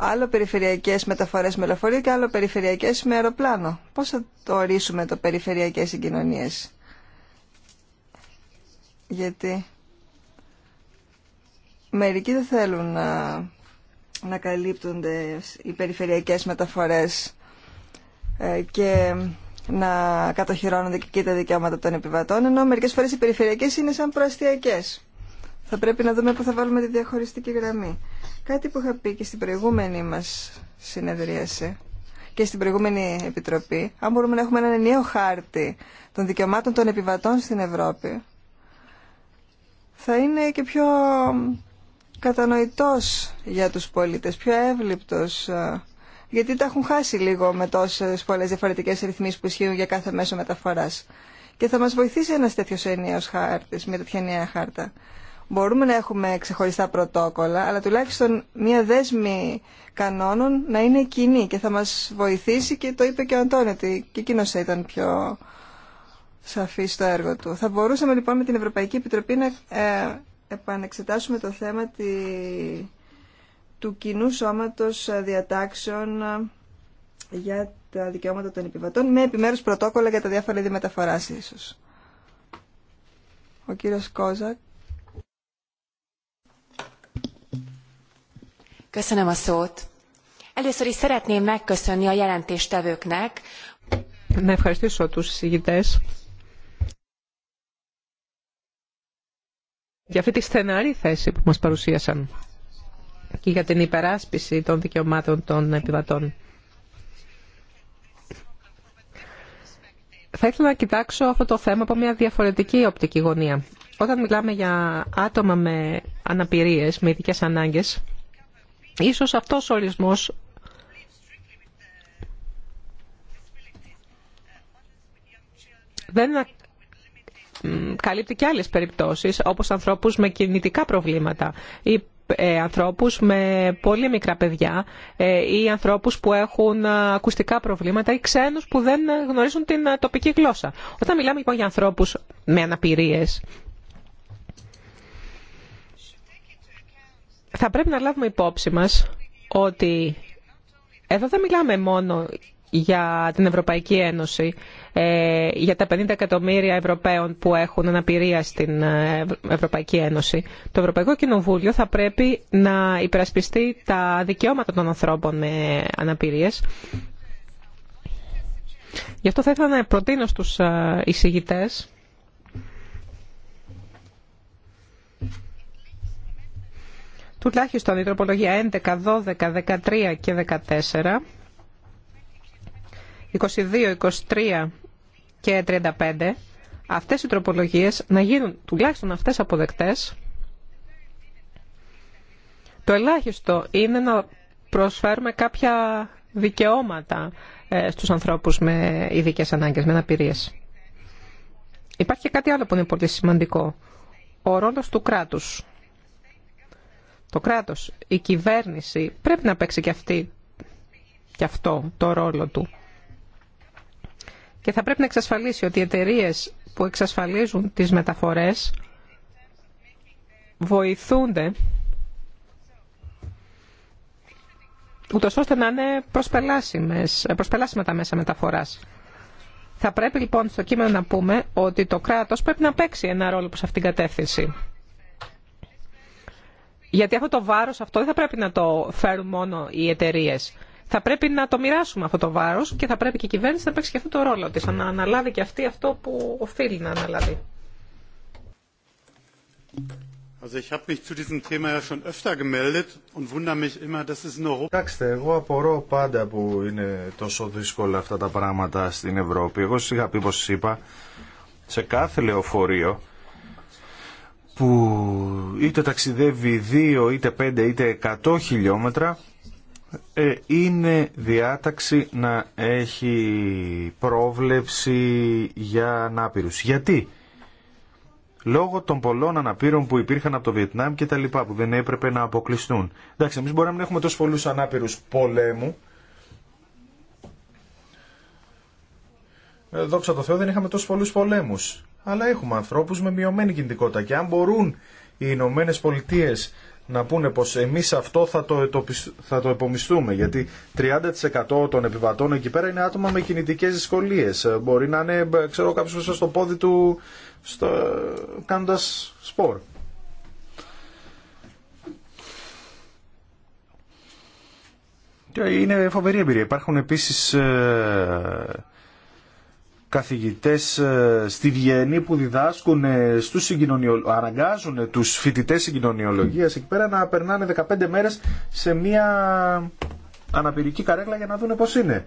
άλλο περιφερειακές μεταφορές με λεωφορείο και άλλο περιφερειακές με αεροπλάνο. Πώς θα το ορίσουμε το περιφερειακές συγκοινωνίε, Γιατί μερικοί δεν θέλουν να, να καλύπτονται οι περιφερειακές μεταφορές ε, και να κατοχυρώνονται και τα δικαιώματα των επιβατών, ενώ μερικέ φορέ οι περιφερειακές είναι σαν προαστιακές. Θα πρέπει να δούμε πού θα βάλουμε τη διαχωριστική γραμμή. Κάτι που είχα πει και στην προηγούμενη μα συνεδρίαση και στην προηγούμενη επιτροπή, αν μπορούμε να έχουμε έναν νέο χάρτη των δικαιωμάτων των επιβατών στην Ευρώπη, θα είναι και πιο κατανοητός για τους πολίτες, πιο εύληπτος, ε, γιατί τα έχουν χάσει λίγο με τόσες πολλές διαφορετικές ρυθμίσεις που ισχύουν για κάθε μέσο μεταφοράς. Και θα μας βοηθήσει ένας τέτοιος ενιαίος χάρτης, μια τέτοια ενιαία χάρτα. Μπορούμε να έχουμε ξεχωριστά πρωτόκολλα, αλλά τουλάχιστον μία δέσμη κανόνων να είναι κοινή και θα μας βοηθήσει και το είπε και ο Αντώνη ότι και εκείνο ήταν πιο σαφή στο έργο του. Θα μπορούσαμε λοιπόν με την Ευρωπαϊκή Επιτροπή να ε, επανεξετάσουμε το θέμα τη... του κοινού σώματος διατάξεων ε, για τα δικαιώματα των επιβατών με επιμέρους πρωτόκολλα για τα διάφορα είδη μεταφοράς ίσως. Ο κύριος Κόζακ Köszönöm a szót. Először is szeretném megköszönni a jelentéstevőknek. Να ευχαριστήσω του συζητητές για αυτή τη στεναρή θέση που μας παρουσίασαν και για την υπεράσπιση των δικαιωμάτων των επιβατών. Θα ήθελα να κοιτάξω αυτό το θέμα από μια διαφορετική οπτική γωνία. Όταν μιλάμε για άτομα με αναπηρίες, με ειδικέ ανάγκες, Ίσως αυτός ο ορισμός δεν καλύπτει και άλλες περιπτώσεις, όπως ανθρώπους με κινητικά προβλήματα ή ε, ανθρώπους με πολύ μικρά παιδιά ε, ή ανθρώπους που έχουν ε, ακουστικά προβλήματα ή ξένους που δεν γνωρίζουν την τοπική γλώσσα. Όταν μιλάμε λοιπόν για ανθρώπους με αναπηρίες θα πρέπει να λάβουμε υπόψη μας ότι εδώ δεν μιλάμε μόνο για την Ευρωπαϊκή Ένωση, ε, για τα 50 εκατομμύρια Ευρωπαίων που έχουν αναπηρία στην ε, Ευρωπαϊκή Ένωση. Το Ευρωπαϊκό Κοινοβούλιο θα πρέπει να υπερασπιστεί τα δικαιώματα των ανθρώπων με αναπηρίες. Γι' αυτό θα ήθελα να προτείνω στους ε, εισηγητές τουλάχιστον η τροπολογία 11, 12, 13 και 14, 22, 23 και 35, αυτές οι τροπολογίες να γίνουν τουλάχιστον αυτές αποδεκτές, το ελάχιστο είναι να προσφέρουμε κάποια δικαιώματα ε, στους ανθρώπους με ειδικέ ανάγκες, με αναπηρίες. Υπάρχει και κάτι άλλο που είναι πολύ σημαντικό. Ο ρόλος του κράτους το κράτος, η κυβέρνηση πρέπει να παίξει και, αυτή, και αυτό το ρόλο του. Και θα πρέπει να εξασφαλίσει ότι οι εταιρείε που εξασφαλίζουν τις μεταφορές βοηθούνται ούτως ώστε να είναι προσπελάσιμες, προσπελάσιμα τα μέσα μεταφοράς. Θα πρέπει λοιπόν στο κείμενο να πούμε ότι το κράτος πρέπει να παίξει ένα ρόλο προς αυτήν την κατεύθυνση. Γιατί αυτό το βάρο αυτό δεν θα πρέπει να το φέρουν μόνο οι εταιρείε. Θα πρέπει να το μοιράσουμε αυτό το βάρο και θα πρέπει και η κυβέρνηση να παίξει και αυτό το ρόλο τη να αναλάβει και αυτή αυτό που οφείλει να αναλάβει. Κοιτάξτε, εγώ απορώ πάντα που είναι τόσο δύσκολα αυτά τα πράγματα στην Ευρώπη. Εγώ σας είχα πει, όπως είπα, σε κάθε λεωφορείο που είτε ταξιδεύει 2 είτε 5 είτε 100 χιλιόμετρα ε, είναι διάταξη να έχει πρόβλεψη για ανάπηρους. Γιατί? Λόγω των πολλών αναπήρων που υπήρχαν από το Βιετνάμ και τα λοιπά που δεν έπρεπε να αποκλειστούν. Εντάξει, εμείς μπορούμε να έχουμε τόσους πολλούς ανάπηρους πολέμου. Ε, δόξα τω Θεώ δεν είχαμε τόσους πολλούς πολέμους αλλά έχουμε ανθρώπους με μειωμένη κινητικότητα και αν μπορούν οι Ηνωμένε Πολιτείε να πούνε πως εμείς αυτό θα το, θα το επομιστούμε γιατί 30% των επιβατών εκεί πέρα είναι άτομα με κινητικές δυσκολίε. Ε, μπορεί να είναι ξέρω κάποιος στο πόδι του στο, κάνοντας σπορ είναι φοβερή εμπειρία υπάρχουν επίσης ε, καθηγητές ε, στη Βιέννη που διδάσκουν στους αναγκάζουν τους φοιτητές συγκοινωνιολογίας εκεί πέρα να περνάνε 15 μέρες σε μια αναπηρική καρέκλα για να δούνε πώς είναι.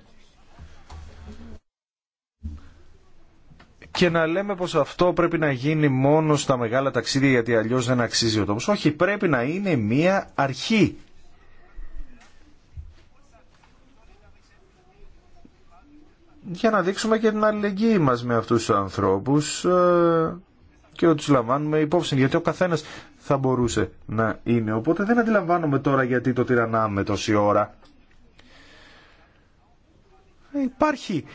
Και να λέμε πως αυτό πρέπει να γίνει μόνο στα μεγάλα ταξίδια γιατί αλλιώς δεν αξίζει ο τόπος. Όχι, πρέπει να είναι μια αρχή για να δείξουμε και την αλληλεγγύη μας με αυτούς τους ανθρώπους ε, και να τους λαμβάνουμε υπόψη γιατί ο καθένας θα μπορούσε να είναι. Οπότε δεν αντιλαμβάνομαι τώρα γιατί το τυραννάμε τόση ώρα. Υπάρχει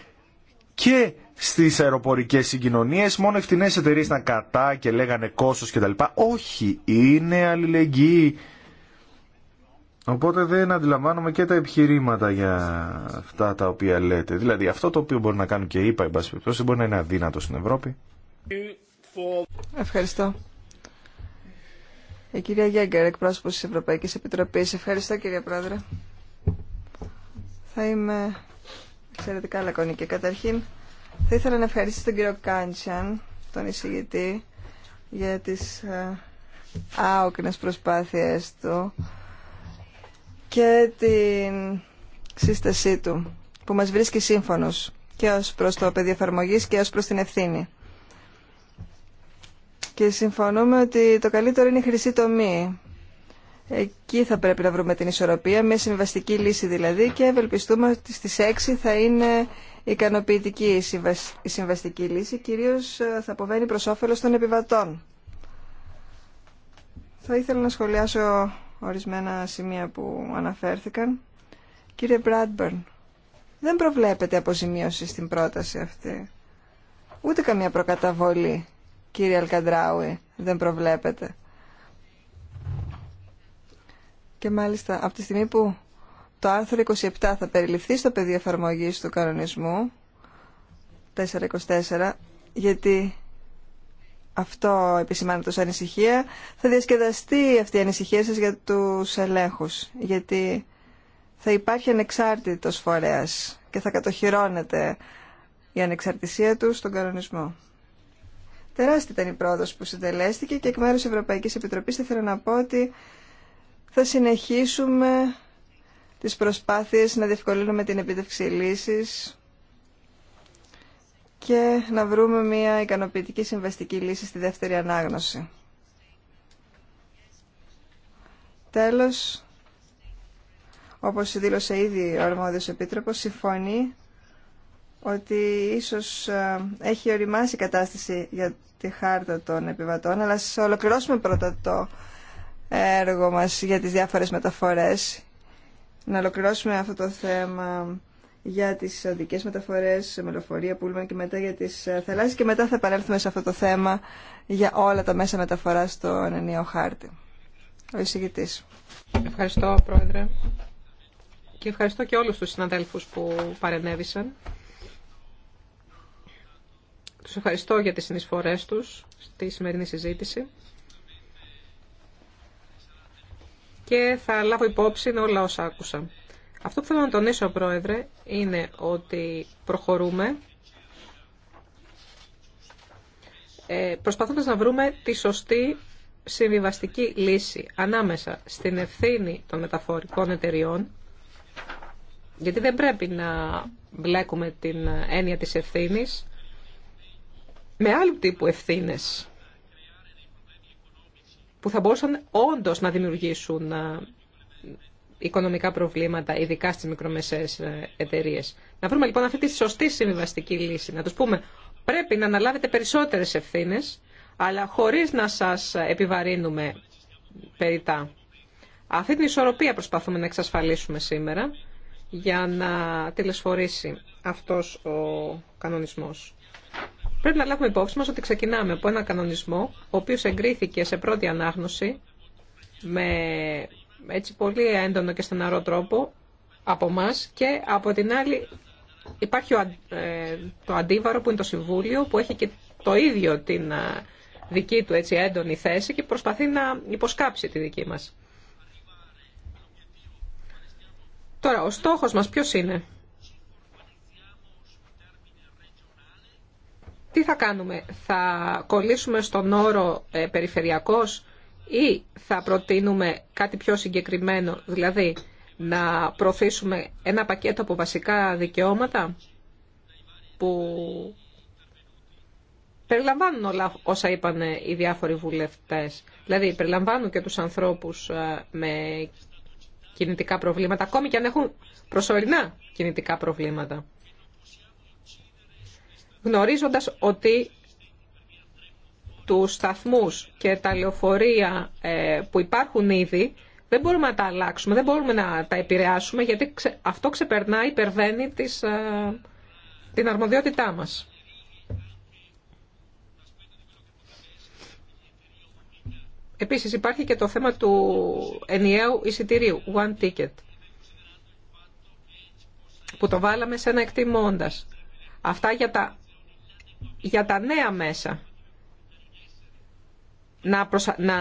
και στις αεροπορικές συγκοινωνίες μόνο ευθυνές εταιρείε να κατά και λέγανε κόστος κτλ. Όχι, είναι αλληλεγγύη Οπότε δεν αντιλαμβάνομαι και τα επιχειρήματα για αυτά τα οποία λέτε. Δηλαδή αυτό το οποίο μπορεί να κάνουν και είπα, εν πάση μπορεί να είναι αδύνατο στην Ευρώπη. Ευχαριστώ. Η ε, κυρία Γέγκερ, εκπρόσωπος της Ευρωπαϊκής Επιτροπής. Ευχαριστώ κύριε Πρόεδρε. Θα είμαι εξαιρετικά λακωνική. Καταρχήν, θα ήθελα να ευχαριστήσω τον κύριο Κάντσιαν, τον εισηγητή, για τις ε, άοκνες προσπάθειες του και την σύστασή του που μας βρίσκει σύμφωνος και ως προς το πεδίο και ως προς την ευθύνη. Και συμφωνούμε ότι το καλύτερο είναι η χρυσή τομή. Εκεί θα πρέπει να βρούμε την ισορροπία, μια συμβαστική λύση δηλαδή και ευελπιστούμε ότι στις 6 θα είναι ικανοποιητική η συμβαστική λύση, κυρίως ε, θα αποβαίνει προς όφελος των επιβατών. Θα ήθελα να σχολιάσω ορισμένα σημεία που αναφέρθηκαν. Κύριε Μπράντμπερν, δεν προβλέπεται αποζημίωση στην πρόταση αυτή. Ούτε καμία προκαταβολή, κύριε Αλκαντράουι, δεν προβλέπεται. Και μάλιστα από τη στιγμή που το άρθρο 27 θα περιληφθεί στο πεδίο εφαρμογή του κανονισμού 424, γιατί αυτό επισημάνεται ως ανησυχία, θα διασκεδαστεί αυτή η ανησυχία σας για τους ελέγχους, γιατί θα υπάρχει ανεξάρτητος φορέας και θα κατοχυρώνεται η ανεξαρτησία του στον κανονισμό. Τεράστια ήταν η πρόοδος που συντελέστηκε και εκ μέρους της Ευρωπαϊκής Επιτροπής θα ήθελα να πω ότι θα συνεχίσουμε τις προσπάθειες να διευκολύνουμε την επίτευξη λύσης και να βρούμε μια ικανοποιητική συμβαστική λύση στη δεύτερη ανάγνωση. Τέλος, όπως δήλωσε ήδη ο Αρμόδιος Επίτροπος, συμφωνεί ότι ίσως ε, έχει οριμάσει η κατάσταση για τη χάρτα των επιβατών, αλλά σε ολοκληρώσουμε πρώτα το έργο μας για τις διάφορες μεταφορές, να ολοκληρώσουμε αυτό το θέμα για τις οδικές μεταφορές, μελοφορία, πούλμαν και μετά για τις ε, θαλάσσιες και μετά θα επανέλθουμε σε αυτό το θέμα για όλα τα μέσα μεταφοράς στον ενιαίο χάρτη. Ο εισηγητή. Ευχαριστώ, Πρόεδρε. Και ευχαριστώ και όλους τους συναδέλφους που παρενέβησαν. Τους ευχαριστώ για τις συνεισφορές τους στη σημερινή συζήτηση. Και θα λάβω υπόψη όλα όσα άκουσα. Αυτό που θέλω να τονίσω, Πρόεδρε, είναι ότι προχωρούμε ε, προσπαθώντας να βρούμε τη σωστή συμβιβαστική λύση ανάμεσα στην ευθύνη των μεταφορικών εταιριών, γιατί δεν πρέπει να μπλέκουμε την έννοια της ευθύνης, με άλλου τύπου ευθύνες που θα μπορούσαν όντως να δημιουργήσουν ε, οικονομικά προβλήματα, ειδικά στις μικρομεσαίες ε, εταιρείε. Να βρούμε λοιπόν αυτή τη σωστή συμβιβαστική λύση, να του πούμε πρέπει να αναλάβετε περισσότερες ευθύνες, αλλά χωρίς να σας επιβαρύνουμε περιτά. Αυτή την ισορροπία προσπαθούμε να εξασφαλίσουμε σήμερα για να τηλεσφορήσει αυτός ο κανονισμός. Πρέπει να λάβουμε υπόψη μας ότι ξεκινάμε από ένα κανονισμό ο οποίος εγκρίθηκε σε πρώτη ανάγνωση με έτσι πολύ έντονο και στεναρό τρόπο από εμά και από την άλλη υπάρχει ε, το αντίβαρο που είναι το Συμβούλιο που έχει και το ίδιο την ε, δική του έτσι έντονη θέση και προσπαθεί να υποσκάψει τη δική μας. Τώρα, ο στόχος μας ποιος είναι. Τι θα κάνουμε, θα κολλήσουμε στον όρο ε, περιφερειακός ή θα προτείνουμε κάτι πιο συγκεκριμένο, δηλαδή να προωθήσουμε ένα πακέτο από βασικά δικαιώματα που περιλαμβάνουν όλα όσα είπαν οι διάφοροι βουλευτές. Δηλαδή, περιλαμβάνουν και τους ανθρώπους ε, με κινητικά προβλήματα, ακόμη και αν έχουν προσωρινά κινητικά προβλήματα. Γνωρίζοντας ότι τους σταθμούς και τα λεωφορεία ε, που υπάρχουν ήδη δεν μπορούμε να τα αλλάξουμε, δεν μπορούμε να τα επηρεάσουμε γιατί αυτό ξεπερνά, υπερβαίνει τις, ε, την αρμοδιότητά μας. Επίσης υπάρχει και το θέμα του ενιαίου εισιτηρίου, one ticket, που το βάλαμε σε ένα εκτιμώντας. Αυτά για τα, για τα νέα μέσα να, να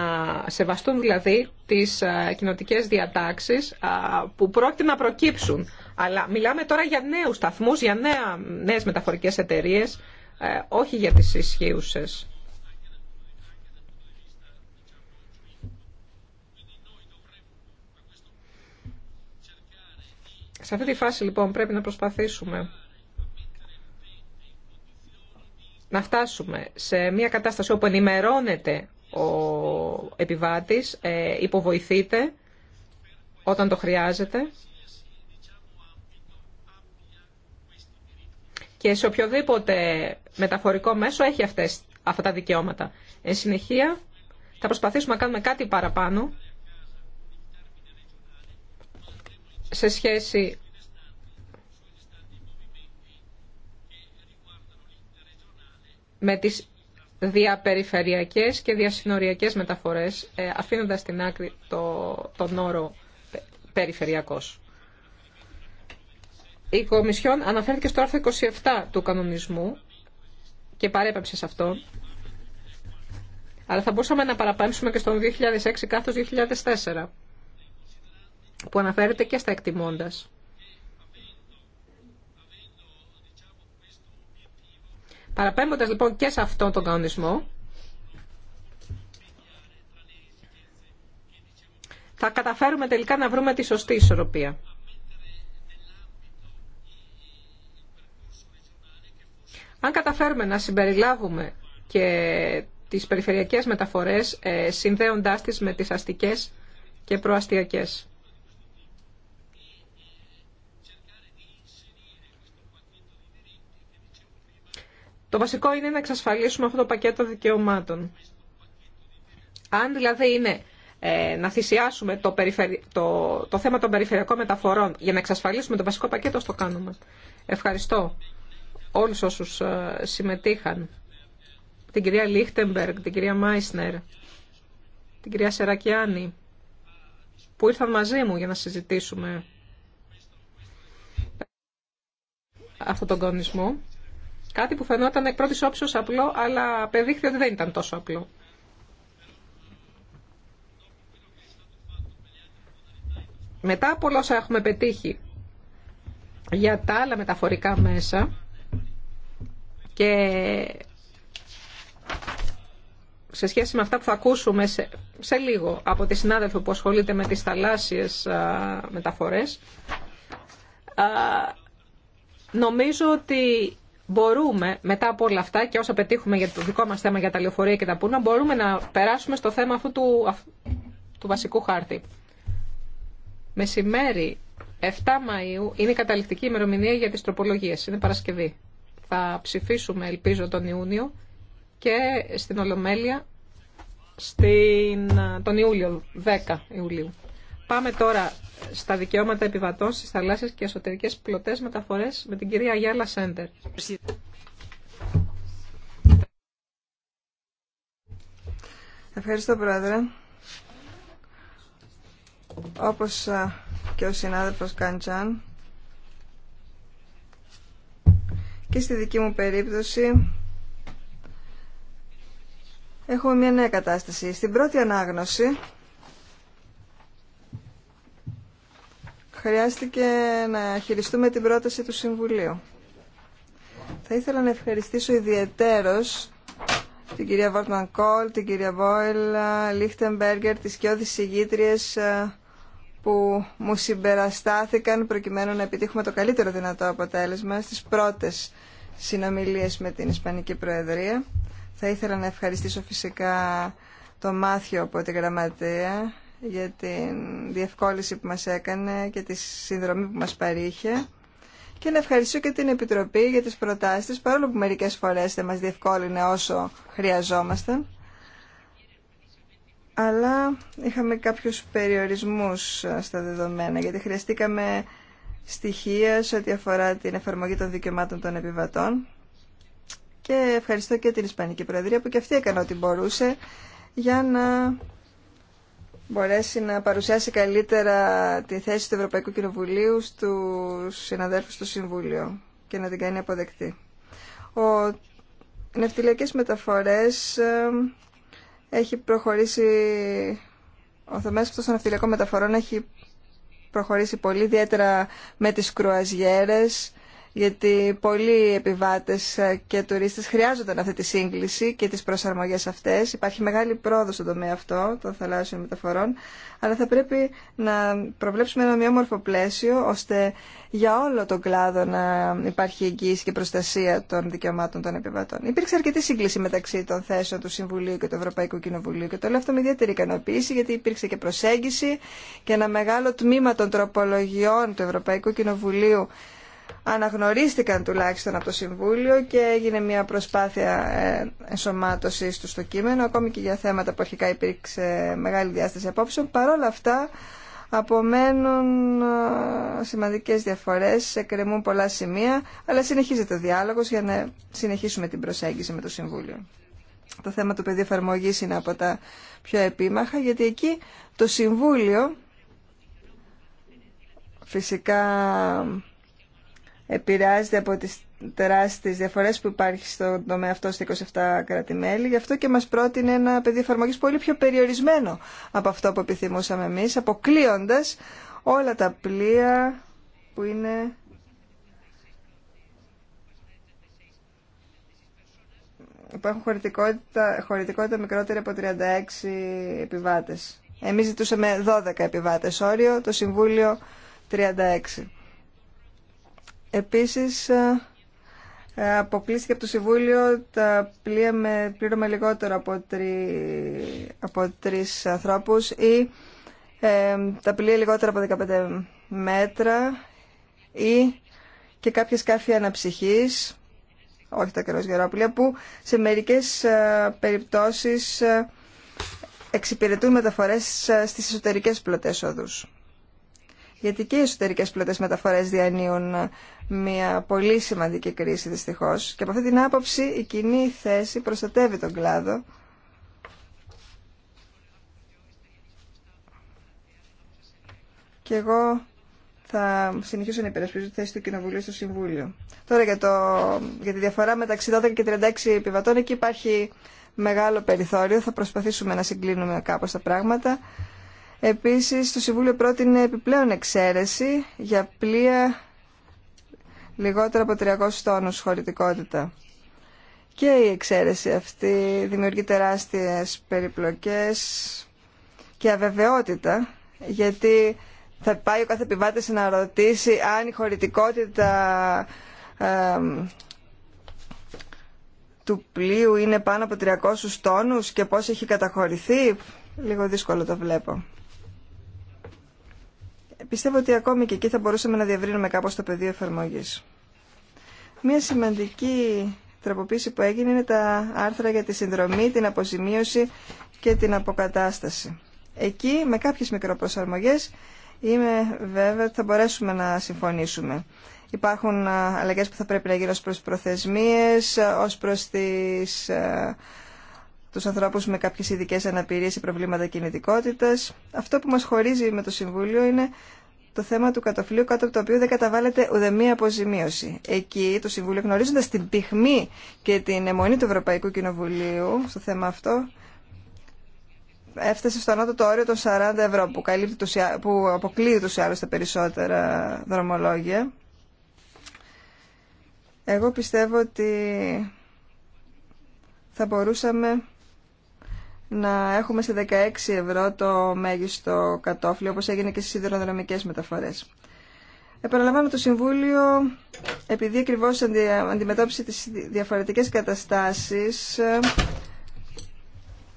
σεβαστούν δηλαδή τις ε, κοινοτικές διατάξεις που πρόκειται να προκύψουν. Αλλά μιλάμε τώρα για νέους σταθμούς, για νέα, νέες μεταφορικές εταιρείες, ε, όχι για τις ισχύουσες. Σε αυτή τη φάση λοιπόν πρέπει να προσπαθήσουμε να φτάσουμε σε μια κατάσταση όπου ενημερώνεται ο επιβάτης ε, υποβοηθείτε όταν το χρειάζεται και σε οποιοδήποτε μεταφορικό μέσο έχει αυτές, αυτά τα δικαιώματα. Εν συνεχεία, θα προσπαθήσουμε να κάνουμε κάτι παραπάνω σε σχέση με τις διαπεριφερειακές και διασυνοριακές μεταφορές, ε, αφήνοντας στην άκρη το, τον όρο περιφερειακός. Η Κομισιόν αναφέρθηκε στο άρθρο 27 του κανονισμού και παρέπεψε σε αυτό, αλλά θα μπορούσαμε να παραπέμψουμε και στον 2006 κάθος 2004, που αναφέρεται και στα εκτιμώντας. Παραπέμποντας λοιπόν και σε αυτόν τον κανονισμό, θα καταφέρουμε τελικά να βρούμε τη σωστή ισορροπία. Αν καταφέρουμε να συμπεριλάβουμε και τις περιφερειακές μεταφορές ε, συνδέοντάς τις με τις αστικές και προαστιακές. Το βασικό είναι να εξασφαλίσουμε αυτό το πακέτο δικαιωμάτων. Αν δηλαδή είναι ε, να θυσιάσουμε το, το... το θέμα των περιφερειακών μεταφορών για να εξασφαλίσουμε το βασικό πακέτο, το κάνουμε. Ευχαριστώ όλους όσους ε, συμμετείχαν. Την κυρία Λίχτεμπεργκ, την κυρία Μάισνερ, την κυρία Σερακιάνη, που ήρθαν μαζί μου για να συζητήσουμε αυτόν τον κονισμό. Κάτι που φαινόταν εκ πρώτη όψεως απλό, αλλά απεδείχθη ότι δεν ήταν τόσο απλό. Μετά από όλα όσα έχουμε πετύχει για τα άλλα μεταφορικά μέσα και σε σχέση με αυτά που θα ακούσουμε σε, σε λίγο από τη συνάδελφο που ασχολείται με τις θαλάσσιες α, μεταφορές, α, νομίζω ότι μπορούμε μετά από όλα αυτά και όσα πετύχουμε για το δικό μας θέμα για τα λεωφορεία και τα πούνα, μπορούμε να περάσουμε στο θέμα αυτού του, του βασικού χάρτη. Μεσημέρι 7 Μαΐου είναι η καταληκτική ημερομηνία για τις τροπολογίες. Είναι Παρασκευή. Θα ψηφίσουμε, ελπίζω, τον Ιούνιο και στην Ολομέλεια στην, τον Ιούλιο, 10 Ιουλίου. Πάμε τώρα στα δικαιώματα επιβατών στις θαλάσσιες και εσωτερικές πλωτές μεταφορές με την κυρία Γιάλα Σέντερ. Ευχαριστώ, Πρόεδρε. Όπως και ο συνάδελφος Καντζάν, και στη δική μου περίπτωση έχουμε μια νέα κατάσταση. Στην πρώτη ανάγνωση χρειάστηκε να χειριστούμε την πρόταση του Συμβουλίου. Θα ήθελα να ευχαριστήσω ιδιαιτέρως την κυρία Βόρτμαν Κόλ, την κυρία Βόιλ, Λίχτεμπεργκερ, τις κοιόδης ηγήτριες ε, που μου συμπεραστάθηκαν προκειμένου να επιτύχουμε το καλύτερο δυνατό αποτέλεσμα στις πρώτες συνομιλίες με την Ισπανική Προεδρία. Θα ήθελα να ευχαριστήσω φυσικά το Μάθιο από τη Γραμματεία για την διευκόλυνση που μας έκανε και τη συνδρομή που μας παρήχε και να ευχαριστήσω και την Επιτροπή για τις προτάσεις της, παρόλο που μερικές φορές δεν μας διευκόλυνε όσο χρειαζόμασταν. Αλλά είχαμε κάποιους περιορισμούς στα δεδομένα, γιατί χρειαστήκαμε στοιχεία σε ό,τι αφορά την εφαρμογή των δικαιωμάτων των επιβατών. Και ευχαριστώ και την Ισπανική Προεδρία που και αυτή έκανε ό,τι μπορούσε για να μπορέσει να παρουσιάσει καλύτερα τη θέση του Ευρωπαϊκού Κοινοβουλίου στους συναδέλφους του Συμβούλιο και να την κάνει αποδεκτή. Ο νευτιλιακές μεταφορές ε, έχει προχωρήσει, ο των ναυτιλιακών μεταφορών έχει προχωρήσει πολύ, ιδιαίτερα με τις κρουαζιέρες, γιατί πολλοί επιβάτες και τουρίστες χρειάζονταν αυτή τη σύγκληση και τις προσαρμογές αυτές. Υπάρχει μεγάλη πρόοδο στον τομέα αυτό των θαλάσσιων μεταφορών, αλλά θα πρέπει να προβλέψουμε ένα ομοιόμορφο πλαίσιο, ώστε για όλο τον κλάδο να υπάρχει εγγύηση και προστασία των δικαιωμάτων των επιβατών. Υπήρξε αρκετή σύγκληση μεταξύ των θέσεων του Συμβουλίου και του Ευρωπαϊκού Κοινοβουλίου και το λέω αυτό με ιδιαίτερη ικανοποίηση, γιατί υπήρξε και προσέγγιση και ένα μεγάλο τμήμα των τροπολογιών του Ευρωπαϊκού Κοινοβουλίου αναγνωρίστηκαν τουλάχιστον από το Συμβούλιο και έγινε μια προσπάθεια ε, ενσωμάτωσης του στο κείμενο, ακόμη και για θέματα που αρχικά υπήρξε μεγάλη διάσταση απόψεων. Παρόλα αυτά, απομένουν ε, σημαντικές διαφορές, εκκρεμούν πολλά σημεία, αλλά συνεχίζεται ο διάλογος για να συνεχίσουμε την προσέγγιση με το Συμβούλιο. Το θέμα του πεδίου εφαρμογή είναι από τα πιο επίμαχα, γιατί εκεί το Συμβούλιο φυσικά επηρεάζεται από τις τεράστιες διαφορές που υπάρχει στον τομέα αυτό στα 27 κρατη Γι' αυτό και μας πρότεινε ένα πεδίο εφαρμογή πολύ πιο περιορισμένο από αυτό που επιθυμούσαμε εμείς, αποκλείοντας όλα τα πλοία που είναι... που έχουν χωρητικότητα, χωρητικότητα μικρότερη από 36 επιβάτες. Εμείς ζητούσαμε 12 επιβάτες όριο, το Συμβούλιο 36. Επίσης, ε, ε, αποκλείστηκε από το Συμβούλιο τα πλοία με πλήρωμα λιγότερο από, τρι, από τρεις ανθρώπους ή ε, τα πλοία λιγότερα από 15 μέτρα ή και κάποια σκάφη αναψυχής, όχι τα καιρός γερόπλια, που σε μερικές περιπτώσεις εξυπηρετούν μεταφορές στις εσωτερικές πλωτές οδούς. Γιατί και οι εσωτερικές πλωτές μεταφορές διανύουν μια πολύ σημαντική κρίση δυστυχώς και από αυτή την άποψη η κοινή θέση προστατεύει τον κλάδο και εγώ θα συνεχίσω να υπερασπίζω τη θέση του Κοινοβουλίου στο Συμβούλιο. Τώρα για, το, για τη διαφορά μεταξύ 12 και 36 επιβατών, εκεί υπάρχει μεγάλο περιθώριο. Θα προσπαθήσουμε να συγκλίνουμε κάπως τα πράγματα. Επίσης, το Συμβούλιο πρότεινε επιπλέον εξαίρεση για πλοία λιγότερο από 300 τόνους χωρητικότητα. Και η εξαίρεση αυτή δημιουργεί τεράστιες περιπλοκές και αβεβαιότητα, γιατί θα πάει ο κάθε επιβάτης να ρωτήσει αν η χωρητικότητα του πλοίου είναι πάνω από 300 τόνους και πώς έχει καταχωρηθεί. Λίγο δύσκολο το βλέπω πιστεύω ότι ακόμη και εκεί θα μπορούσαμε να διαβρύνουμε κάπως το πεδίο εφαρμογής. Μία σημαντική τροποποίηση που έγινε είναι τα άρθρα για τη συνδρομή, την αποζημίωση και την αποκατάσταση. Εκεί με κάποιες μικροπροσαρμογές είμαι βέβαια ότι θα μπορέσουμε να συμφωνήσουμε. Υπάρχουν ε, αλλαγές που θα πρέπει να γίνουν ως προς προθεσμίες, ε, ως προς τις ε, του ανθρώπου με κάποιε ειδικέ αναπηρίες ή προβλήματα κινητικότητας. Αυτό που μα χωρίζει με το Συμβούλιο είναι το θέμα του κατοφλίου κάτω από το οποίο δεν καταβάλλεται ουδεμία αποζημίωση. Εκεί το Συμβούλιο γνωρίζοντα την πυχμή και την αιμονή του Ευρωπαϊκού Κοινοβουλίου στο θέμα αυτό έφτασε στο ανώτατο όριο των 40 ευρώ που, καλύπτει τους, που αποκλείει τους άλλους τα περισσότερα δρομολόγια. Εγώ πιστεύω ότι θα μπορούσαμε να έχουμε σε 16 ευρώ το μέγιστο κατόφλι, όπως έγινε και στις σιδηροδρομικές μεταφορές. Επαναλαμβάνω το Συμβούλιο, επειδή ακριβώ αντιμετώπισε τις διαφορετικές καταστάσεις,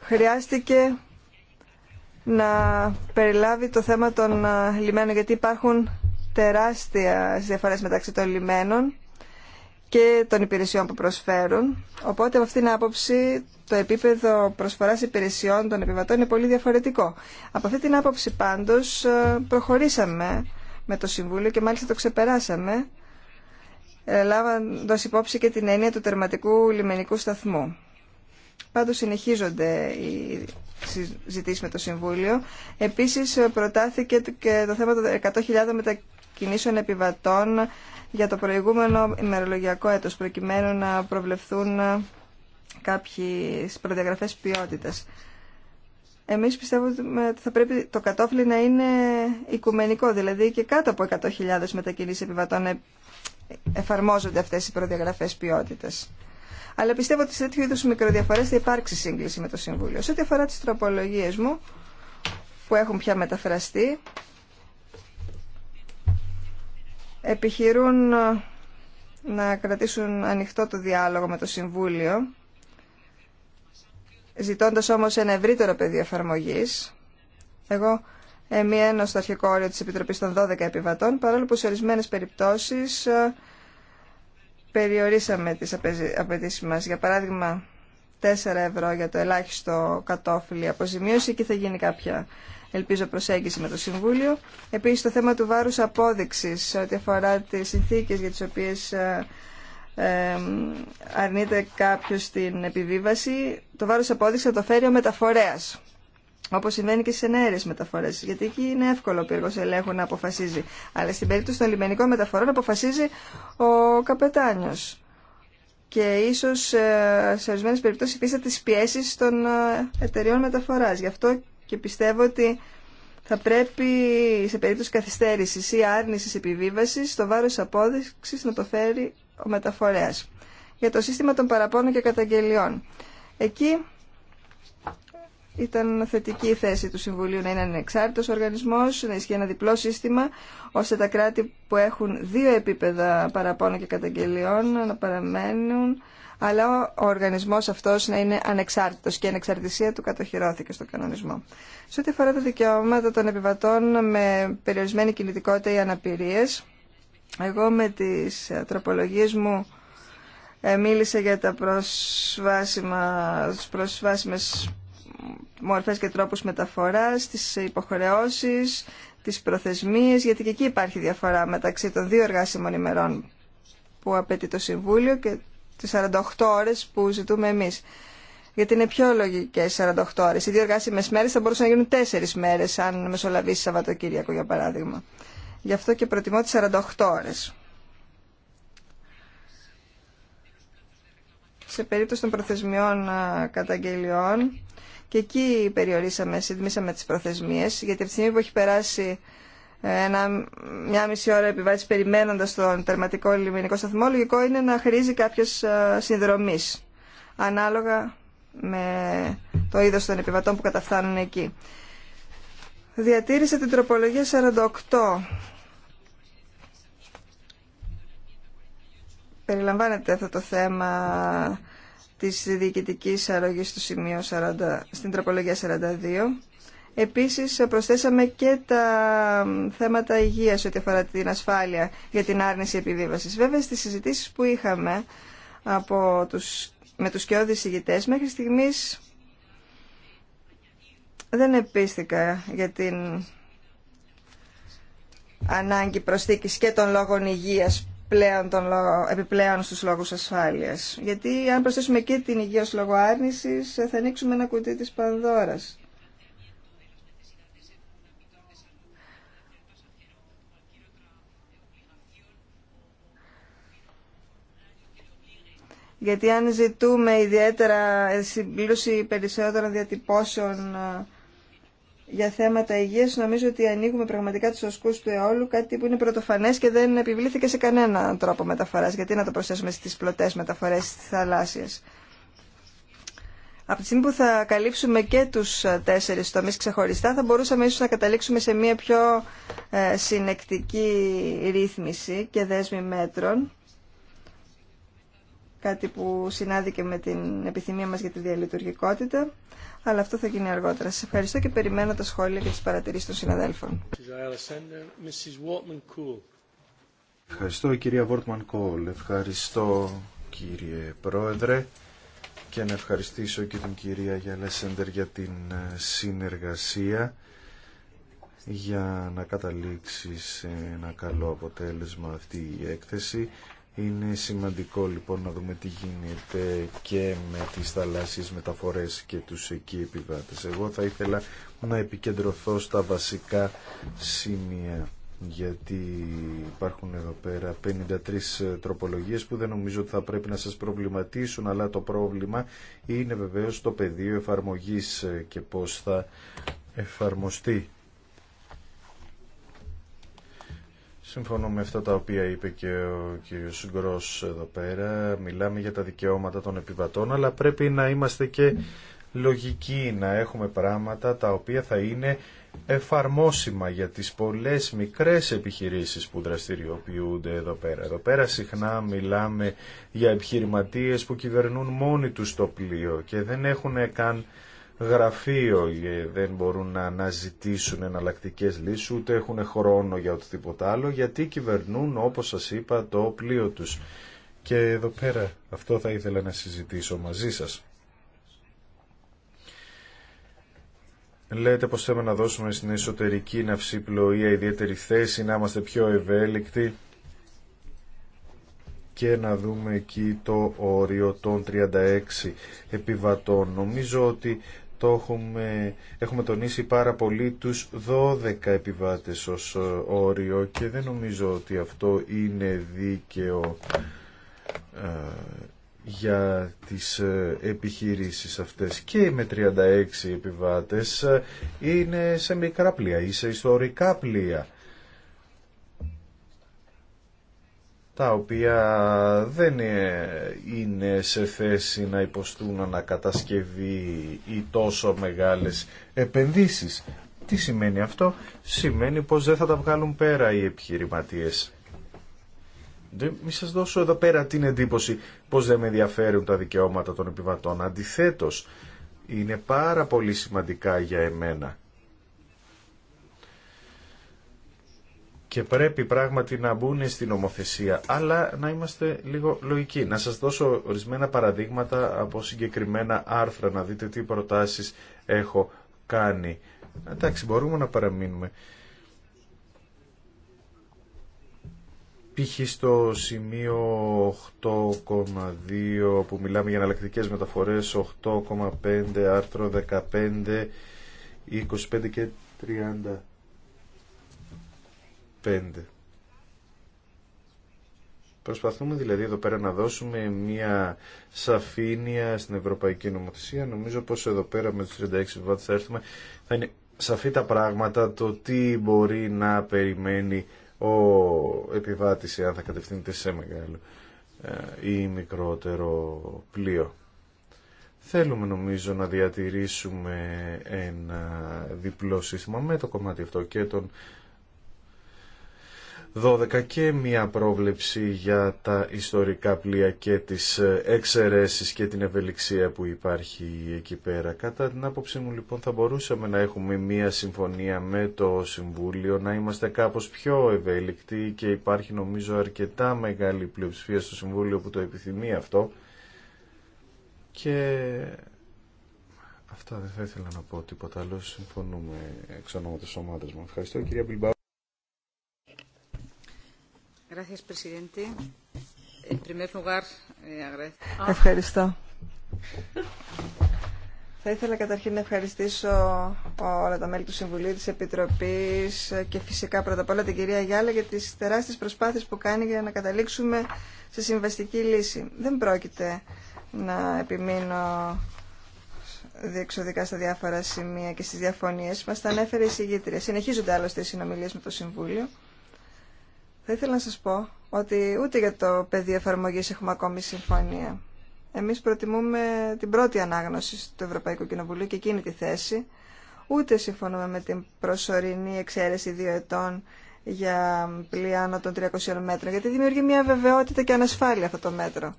χρειάστηκε να περιλάβει το θέμα των λιμένων, γιατί υπάρχουν τεράστια διαφορές μεταξύ των λιμένων και των υπηρεσιών που προσφέρουν. Οπότε από αυτήν την άποψη το επίπεδο προσφοράς υπηρεσιών των επιβατών είναι πολύ διαφορετικό. Από αυτή την άποψη πάντως ε, προχωρήσαμε με το Συμβούλιο και μάλιστα το ξεπεράσαμε ε, λάβαντος υπόψη και την έννοια του τερματικού λιμενικού σταθμού. Πάντως συνεχίζονται οι συζητήσεις με το Συμβούλιο. Επίσης προτάθηκε και το θέμα των 100.000 μετακινήσεων επιβατών για το προηγούμενο ημερολογιακό έτος προκειμένου να προβλεφθούν ε, κάποιες προδιαγραφές ποιότητας. Εμείς πιστεύουμε ότι θα πρέπει το κατόφλι να είναι οικουμενικό, δηλαδή και κάτω από 100.000 μετακινήσεις επιβατών ε, εφαρμόζονται αυτές οι προδιαγραφές ποιότητας. Αλλά πιστεύω ότι σε τέτοιου είδου μικροδιαφορές θα υπάρξει σύγκληση με το Συμβούλιο. Σε ό,τι αφορά τις τροπολογίε μου, που έχουν πια μεταφραστεί, επιχειρούν ε, να κρατήσουν ανοιχτό το διάλογο με το Συμβούλιο, ζητώντας όμως ένα ευρύτερο πεδίο εφαρμογή. Εγώ εμιένω στο αρχικό όριο της Επιτροπής των 12 επιβατών, παρόλο που σε ορισμένε περιπτώσεις ε, περιορίσαμε τις απαιτήσει μας. Για παράδειγμα, 4 ευρώ για το ελάχιστο κατόφυλλο. αποζημίωση και θα γίνει κάποια ελπίζω προσέγγιση με το Συμβούλιο. Επίσης το θέμα του βάρους απόδειξης ό,τι αφορά τις συνθήκες για τις οποίες ε, ε, αρνείται κάποιος την επιβίβαση, το βάρος απόδειξης θα το φέρει ο μεταφορέας. Όπω συμβαίνει και στι ενέργειε μεταφορέ. Γιατί εκεί είναι εύκολο ο πύργο ελέγχου να αποφασίζει. Αλλά στην περίπτωση των λιμενικών μεταφορών αποφασίζει ο καπετάνιο. Και ίσω ε, σε ορισμένε περιπτώσει υφίσταται τι πιέσει των εταιριών μεταφορά. Γι' αυτό και πιστεύω ότι θα πρέπει σε περίπτωση καθυστέρησης ή άρνησης επιβίβασης το βάρος απόδειξης να το φέρει ο μεταφορέας. Για το σύστημα των παραπώνων και καταγγελιών. Εκεί ήταν θετική η θέση του Συμβουλίου να είναι ανεξάρτητος οργανισμός, να ισχύει ένα διπλό σύστημα, ώστε τα κράτη που έχουν δύο επίπεδα παραπώνων και καταγγελιών να παραμένουν αλλά ο οργανισμός αυτός να είναι ανεξάρτητος και η ανεξαρτησία του κατοχυρώθηκε στο κανονισμό. Σε ό,τι αφορά τα δικαιώματα των επιβατών με περιορισμένη κινητικότητα ή αναπηρίες, εγώ με τις τροπολογίες μου ε, μίλησα για τα προσβάσιμε τις προσβάσιμες μορφές και τρόπους μεταφοράς, τις υποχρεώσεις, τις προθεσμίες, γιατί και εκεί υπάρχει διαφορά μεταξύ των δύο εργάσιμων ημερών που απαιτεί το Συμβούλιο και τις 48 ώρες που ζητούμε εμείς. Γιατί είναι πιο λογικέ 48 ώρε. Οι δύο εργάσιμε μέρε θα μπορούσαν να γίνουν 4 μέρε, αν μεσολαβήσει Σαββατοκύριακο, για παράδειγμα. Γι' αυτό και προτιμώ τι 48 ώρε. σε περίπτωση των προθεσμιών καταγγελιών και εκεί περιορίσαμε, συντμήσαμε τι προθεσμίε γιατί από τη στιγμή που έχει περάσει ένα, μια μισή ώρα επιβάτης περιμένοντας τον τερματικό λιμενικό σταθμό, λογικό είναι να χρήζει κάποιες ε, συνδρομής, ανάλογα με το είδος των επιβατών που καταφθάνουν εκεί. Διατήρησε την τροπολογία 48. Περιλαμβάνεται αυτό το θέμα της διοικητικής αρρωγής του σημείου 40, στην τροπολογία 42 Επίσης προσθέσαμε και τα θέματα υγείας ό,τι αφορά την ασφάλεια για την άρνηση επιβίβασης. Βέβαια στις συζητήσεις που είχαμε από τους, με τους σκιώδεις ηγητές μέχρι στιγμής δεν επίστηκα για την ανάγκη προσθήκης και των λόγων υγείας πλέον τον επιπλέον στους λόγους ασφάλειας. Γιατί αν προσθέσουμε και την υγεία ως λόγο άρνησης θα ανοίξουμε ένα κουτί της πανδώρας. γιατί αν ζητούμε ιδιαίτερα συμπλήρωση περισσότερων διατυπώσεων ε, για θέματα υγείας, νομίζω ότι ανοίγουμε πραγματικά τους οσκούς του αιώλου, κάτι που είναι πρωτοφανές και δεν επιβλήθηκε σε κανένα τρόπο μεταφοράς. Γιατί να το προσθέσουμε στις πλωτές μεταφορές της θαλάσσιας. Από τη στιγμή που θα καλύψουμε και τους ε, τέσσερις τομείς ξεχωριστά, θα μπορούσαμε ίσως να καταλήξουμε σε μια πιο ε, συνεκτική ρύθμιση και δέσμη μέτρων κάτι που συνάδηκε με την επιθυμία μας για τη διαλειτουργικότητα, αλλά αυτό θα γίνει αργότερα. Σας ευχαριστώ και περιμένω τα σχόλια και τις παρατηρήσεις των συναδέλφων. Ευχαριστώ κυρία Βόρτμαν Κόλ, ευχαριστώ κύριε Πρόεδρε και να ευχαριστήσω και την κυρία Γιαλέσεντερ για την ε, συνεργασία για να καταλήξει σε ένα καλό αποτέλεσμα αυτή η έκθεση είναι σημαντικό λοιπόν να δούμε τι γίνεται και με τις θαλάσσιες μεταφορές και τους εκεί επιβάτες. Εγώ θα ήθελα να επικεντρωθώ στα βασικά σημεία γιατί υπάρχουν εδώ πέρα 53 τροπολογίες που δεν νομίζω ότι θα πρέπει να σας προβληματίσουν αλλά το πρόβλημα είναι βεβαίως το πεδίο εφαρμογής και πώς θα εφαρμοστεί Συμφωνώ με αυτά τα οποία είπε και ο κ. Γκρός εδώ πέρα. Μιλάμε για τα δικαιώματα των επιβατών, αλλά πρέπει να είμαστε και λογικοί, να έχουμε πράγματα τα οποία θα είναι εφαρμόσιμα για τις πολλές μικρές επιχειρήσεις που δραστηριοποιούνται εδώ πέρα. Εδώ πέρα συχνά μιλάμε για επιχειρηματίες που κυβερνούν μόνοι τους το πλοίο και δεν έχουν καν γραφείο δεν μπορούν να αναζητήσουν εναλλακτικές λύσεις ούτε έχουν χρόνο για οτιδήποτε άλλο γιατί κυβερνούν όπως σας είπα το πλοίο τους και εδώ πέρα αυτό θα ήθελα να συζητήσω μαζί σας Λέτε πως θέλουμε να δώσουμε στην εσωτερική πλοία ιδιαίτερη θέση, να είμαστε πιο ευέλικτοι και να δούμε εκεί το όριο των 36 επιβατών. Νομίζω ότι το έχουμε, έχουμε τονίσει πάρα πολύ τους 12 επιβάτες ως ε, όριο και δεν νομίζω ότι αυτό είναι δίκαιο ε, για τις ε, επιχειρήσεις αυτές και με 36 επιβάτες είναι σε μικρά πλοία ή σε ιστορικά πλοία τα οποία δεν είναι σε θέση να υποστούν ανακατασκευή ή τόσο μεγάλες επενδύσεις. Τι σημαίνει αυτό? Σημαίνει πως δεν θα τα βγάλουν πέρα οι επιχειρηματίες. Μην σας δώσω εδώ πέρα την εντύπωση πως δεν με ενδιαφέρουν τα δικαιώματα των επιβατών. Αντιθέτως, είναι πάρα πολύ σημαντικά για εμένα. και πρέπει πράγματι να μπουν στην ομοθεσία, αλλά να είμαστε λίγο λογικοί. Να σας δώσω ορισμένα παραδείγματα από συγκεκριμένα άρθρα, να δείτε τι προτάσεις έχω κάνει. Εντάξει, μπορούμε να παραμείνουμε. Π.χ. στο σημείο 8,2 που μιλάμε για εναλλακτικέ μεταφορές, 8,5, άρθρο 15, 25 και 30. 5. Προσπαθούμε δηλαδή εδώ πέρα να δώσουμε μια σαφήνεια στην ευρωπαϊκή νομοθεσία. Νομίζω πως εδώ πέρα με τους 36 watts θα έρθουμε θα είναι σαφή τα πράγματα το τι μπορεί να περιμένει ο επιβάτης αν θα κατευθύνεται σε μεγάλο ε, ή μικρότερο πλοίο. Θέλουμε νομίζω να διατηρήσουμε ένα διπλό σύστημα με το κομμάτι αυτό και των 12 και μια πρόβλεψη για τα ιστορικά πλοία και τις ε, εξαιρέσεις και την ευελιξία που υπάρχει εκεί πέρα. Κατά την άποψή μου λοιπόν θα μπορούσαμε να έχουμε μια συμφωνία με το Συμβούλιο, να είμαστε κάπως πιο ευέλικτοι και υπάρχει νομίζω αρκετά μεγάλη πλειοψηφία στο Συμβούλιο που το επιθυμεί αυτό. Και αυτά δεν θα ήθελα να πω τίποτα άλλο. Συμφωνούμε εξ ονόματος ομάδας μου. Ευχαριστώ κυρία Μπιλμπάου. Eh, ah. Ευχαριστώ. Θα ήθελα καταρχήν να ευχαριστήσω όλα τα μέλη του Συμβουλίου της Επιτροπής και φυσικά πρώτα απ' όλα την κυρία Γιάλα για τις τεράστιες προσπάθειες που κάνει για να καταλήξουμε σε συμβαστική λύση. Δεν πρόκειται να επιμείνω διεξοδικά στα διάφορα σημεία και στις διαφωνίες μας. Τα ανέφερε η συγγήτρια. Συνεχίζονται άλλωστε οι συνομιλίες με το Συμβούλιο. Θα ήθελα να σας πω ότι ούτε για το πεδίο εφαρμογή έχουμε ακόμη συμφωνία. Εμείς προτιμούμε την πρώτη ανάγνωση του Ευρωπαϊκού Κοινοβουλίου και εκείνη τη θέση. Ούτε συμφωνούμε με την προσωρινή εξαίρεση δύο ετών για πλοία άνω των 300 μέτρων, γιατί δημιουργεί μια βεβαιότητα και ανασφάλεια αυτό το μέτρο.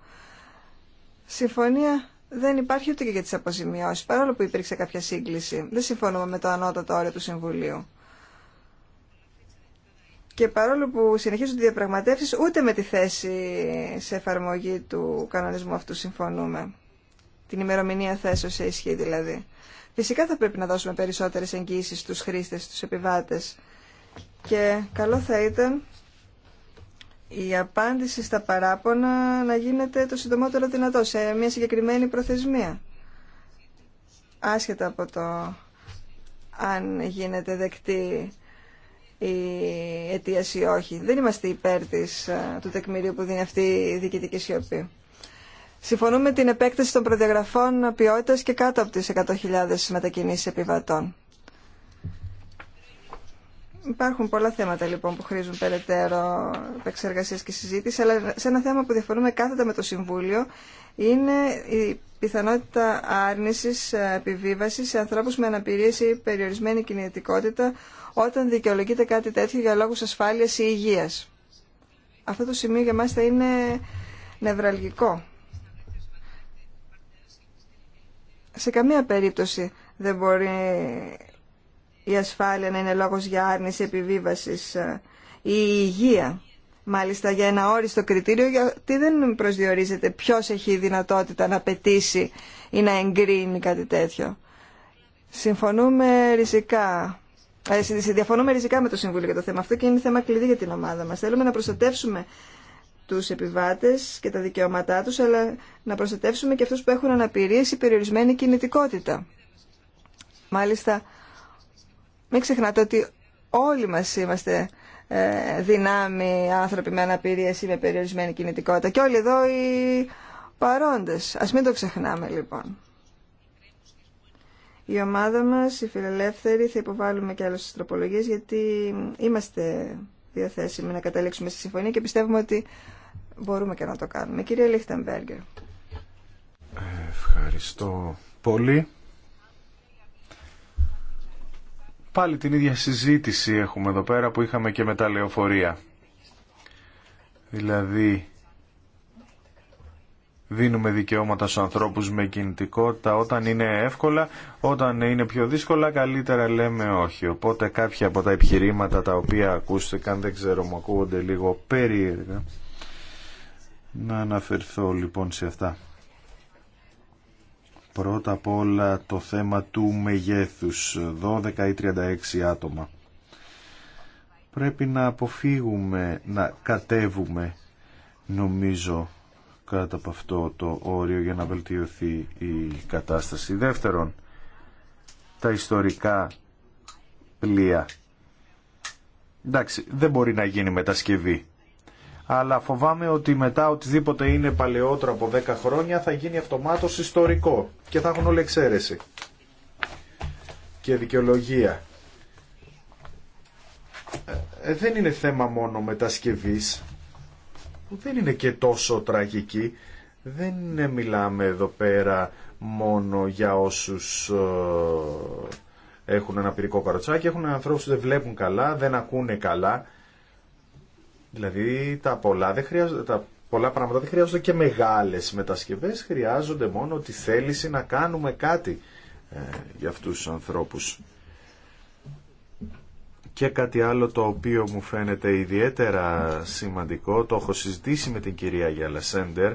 Συμφωνία δεν υπάρχει ούτε και για τις αποζημιώσεις, παρόλο που υπήρξε κάποια σύγκληση. Δεν συμφωνούμε με το ανώτατο όριο του Συμβουλίου. Και παρόλο που συνεχίζουν τι διαπραγματεύσει ούτε με τη θέση σε εφαρμογή του κανονισμού αυτού συμφωνούμε. Την ημερομηνία θέσεως σε ισχύ δηλαδή. Φυσικά θα πρέπει να δώσουμε περισσότερες εγγύσει στους χρήστε, στους επιβάτες. Και καλό θα ήταν η απάντηση στα παράπονα να γίνεται το συντομότερο δυνατό σε μια συγκεκριμένη προθεσμία. Άσχετα από το αν γίνεται δεκτή η αιτία ή όχι. Δεν είμαστε υπέρ της, ε, του τεκμηρίου που δίνει αυτή η διοικητική σιωπή. Συμφωνούμε με την επέκταση των προδιαγραφών ποιότητα και κάτω από τις 100.000 μετακινήσεις επιβατών. Υπάρχουν πολλά θέματα λοιπόν που χρήζουν περαιτέρω επεξεργασία και συζήτηση, αλλά σε ένα θέμα που διαφορούμε κάθετα με το Συμβούλιο είναι η πιθανότητα άρνησης ε, επιβίβασης σε ανθρώπους με αναπηρία ή περιορισμένη κινητικότητα όταν δικαιολογείται κάτι τέτοιο για λόγους ασφάλειας ή υγείας. Αυτό το σημείο για μας θα είναι νευραλγικό. Σε καμία περίπτωση δεν μπορεί η ασφάλεια να είναι λόγος για άρνηση επιβίβασης ε, ή υγεία. Μάλιστα για ένα όριστο κριτήριο γιατί δεν προσδιορίζεται ποιος έχει δυνατότητα να πετήσει ή να εγκρίνει κάτι τέτοιο. Συμφωνούμε ριζικά ε, διαφωνούμε ριζικά με το Συμβούλιο για το θέμα αυτό και είναι θέμα κλειδί για την ομάδα μα. Θέλουμε να προστατεύσουμε του επιβάτε και τα δικαιώματά του, αλλά να προστατεύσουμε και αυτού που έχουν αναπηρίε ή περιορισμένη κινητικότητα. Μάλιστα, μην ξεχνάτε ότι όλοι μα είμαστε ε, δυνάμοι άνθρωποι με αναπηρίε ή με περιορισμένη κινητικότητα και όλοι εδώ οι παρόντε, α μην το ξεχνάμε λοιπόν. Η ομάδα μας, οι φιλελεύθεροι, θα υποβάλουμε και άλλες τροπολογίες γιατί είμαστε διαθέσιμοι να καταλήξουμε στη συμφωνία και πιστεύουμε ότι μπορούμε και να το κάνουμε. Κυρία Λίχτεμπεργκερ. Ευχαριστώ πολύ. Πάλι την ίδια συζήτηση έχουμε εδώ πέρα που είχαμε και με τα λεωφορεία. Δηλαδή δίνουμε δικαιώματα στους ανθρώπους με κινητικότητα όταν είναι εύκολα, όταν είναι πιο δύσκολα καλύτερα λέμε όχι. Οπότε κάποια από τα επιχειρήματα τα οποία ακούστηκαν δεν ξέρω μου ακούγονται λίγο περίεργα. Να αναφερθώ λοιπόν σε αυτά. Πρώτα απ' όλα το θέμα του μεγέθους 12 ή 36 άτομα. Πρέπει να αποφύγουμε να κατέβουμε νομίζω κάτω από αυτό το όριο για να βελτιωθεί η κατάσταση. Δεύτερον, τα ιστορικά πλοία. Εντάξει, δεν μπορεί να γίνει μετασκευή. Αλλά φοβάμαι ότι μετά οτιδήποτε είναι παλαιότερο από 10 χρόνια θα γίνει αυτομάτως ιστορικό και θα έχουν όλη εξαίρεση και δικαιολογία. Ε, ε, δεν είναι θέμα μόνο μετασκευής, που δεν είναι και τόσο τραγική. Δεν μιλάμε εδώ πέρα μόνο για όσους ε, έχουν ένα πυρικό καροτσάκι, έχουν ανθρώπους που δεν βλέπουν καλά, δεν ακούνε καλά. Δηλαδή τα πολλά, δεν χρειάζονται, τα πολλά πράγματα δεν χρειάζονται και μεγάλες μετασκευές, χρειάζονται μόνο τη θέληση να κάνουμε κάτι ε, για αυτούς τους ανθρώπους. Και κάτι άλλο το οποίο μου φαίνεται ιδιαίτερα σημαντικό, το έχω συζητήσει με την κυρία Γιαλασέντερ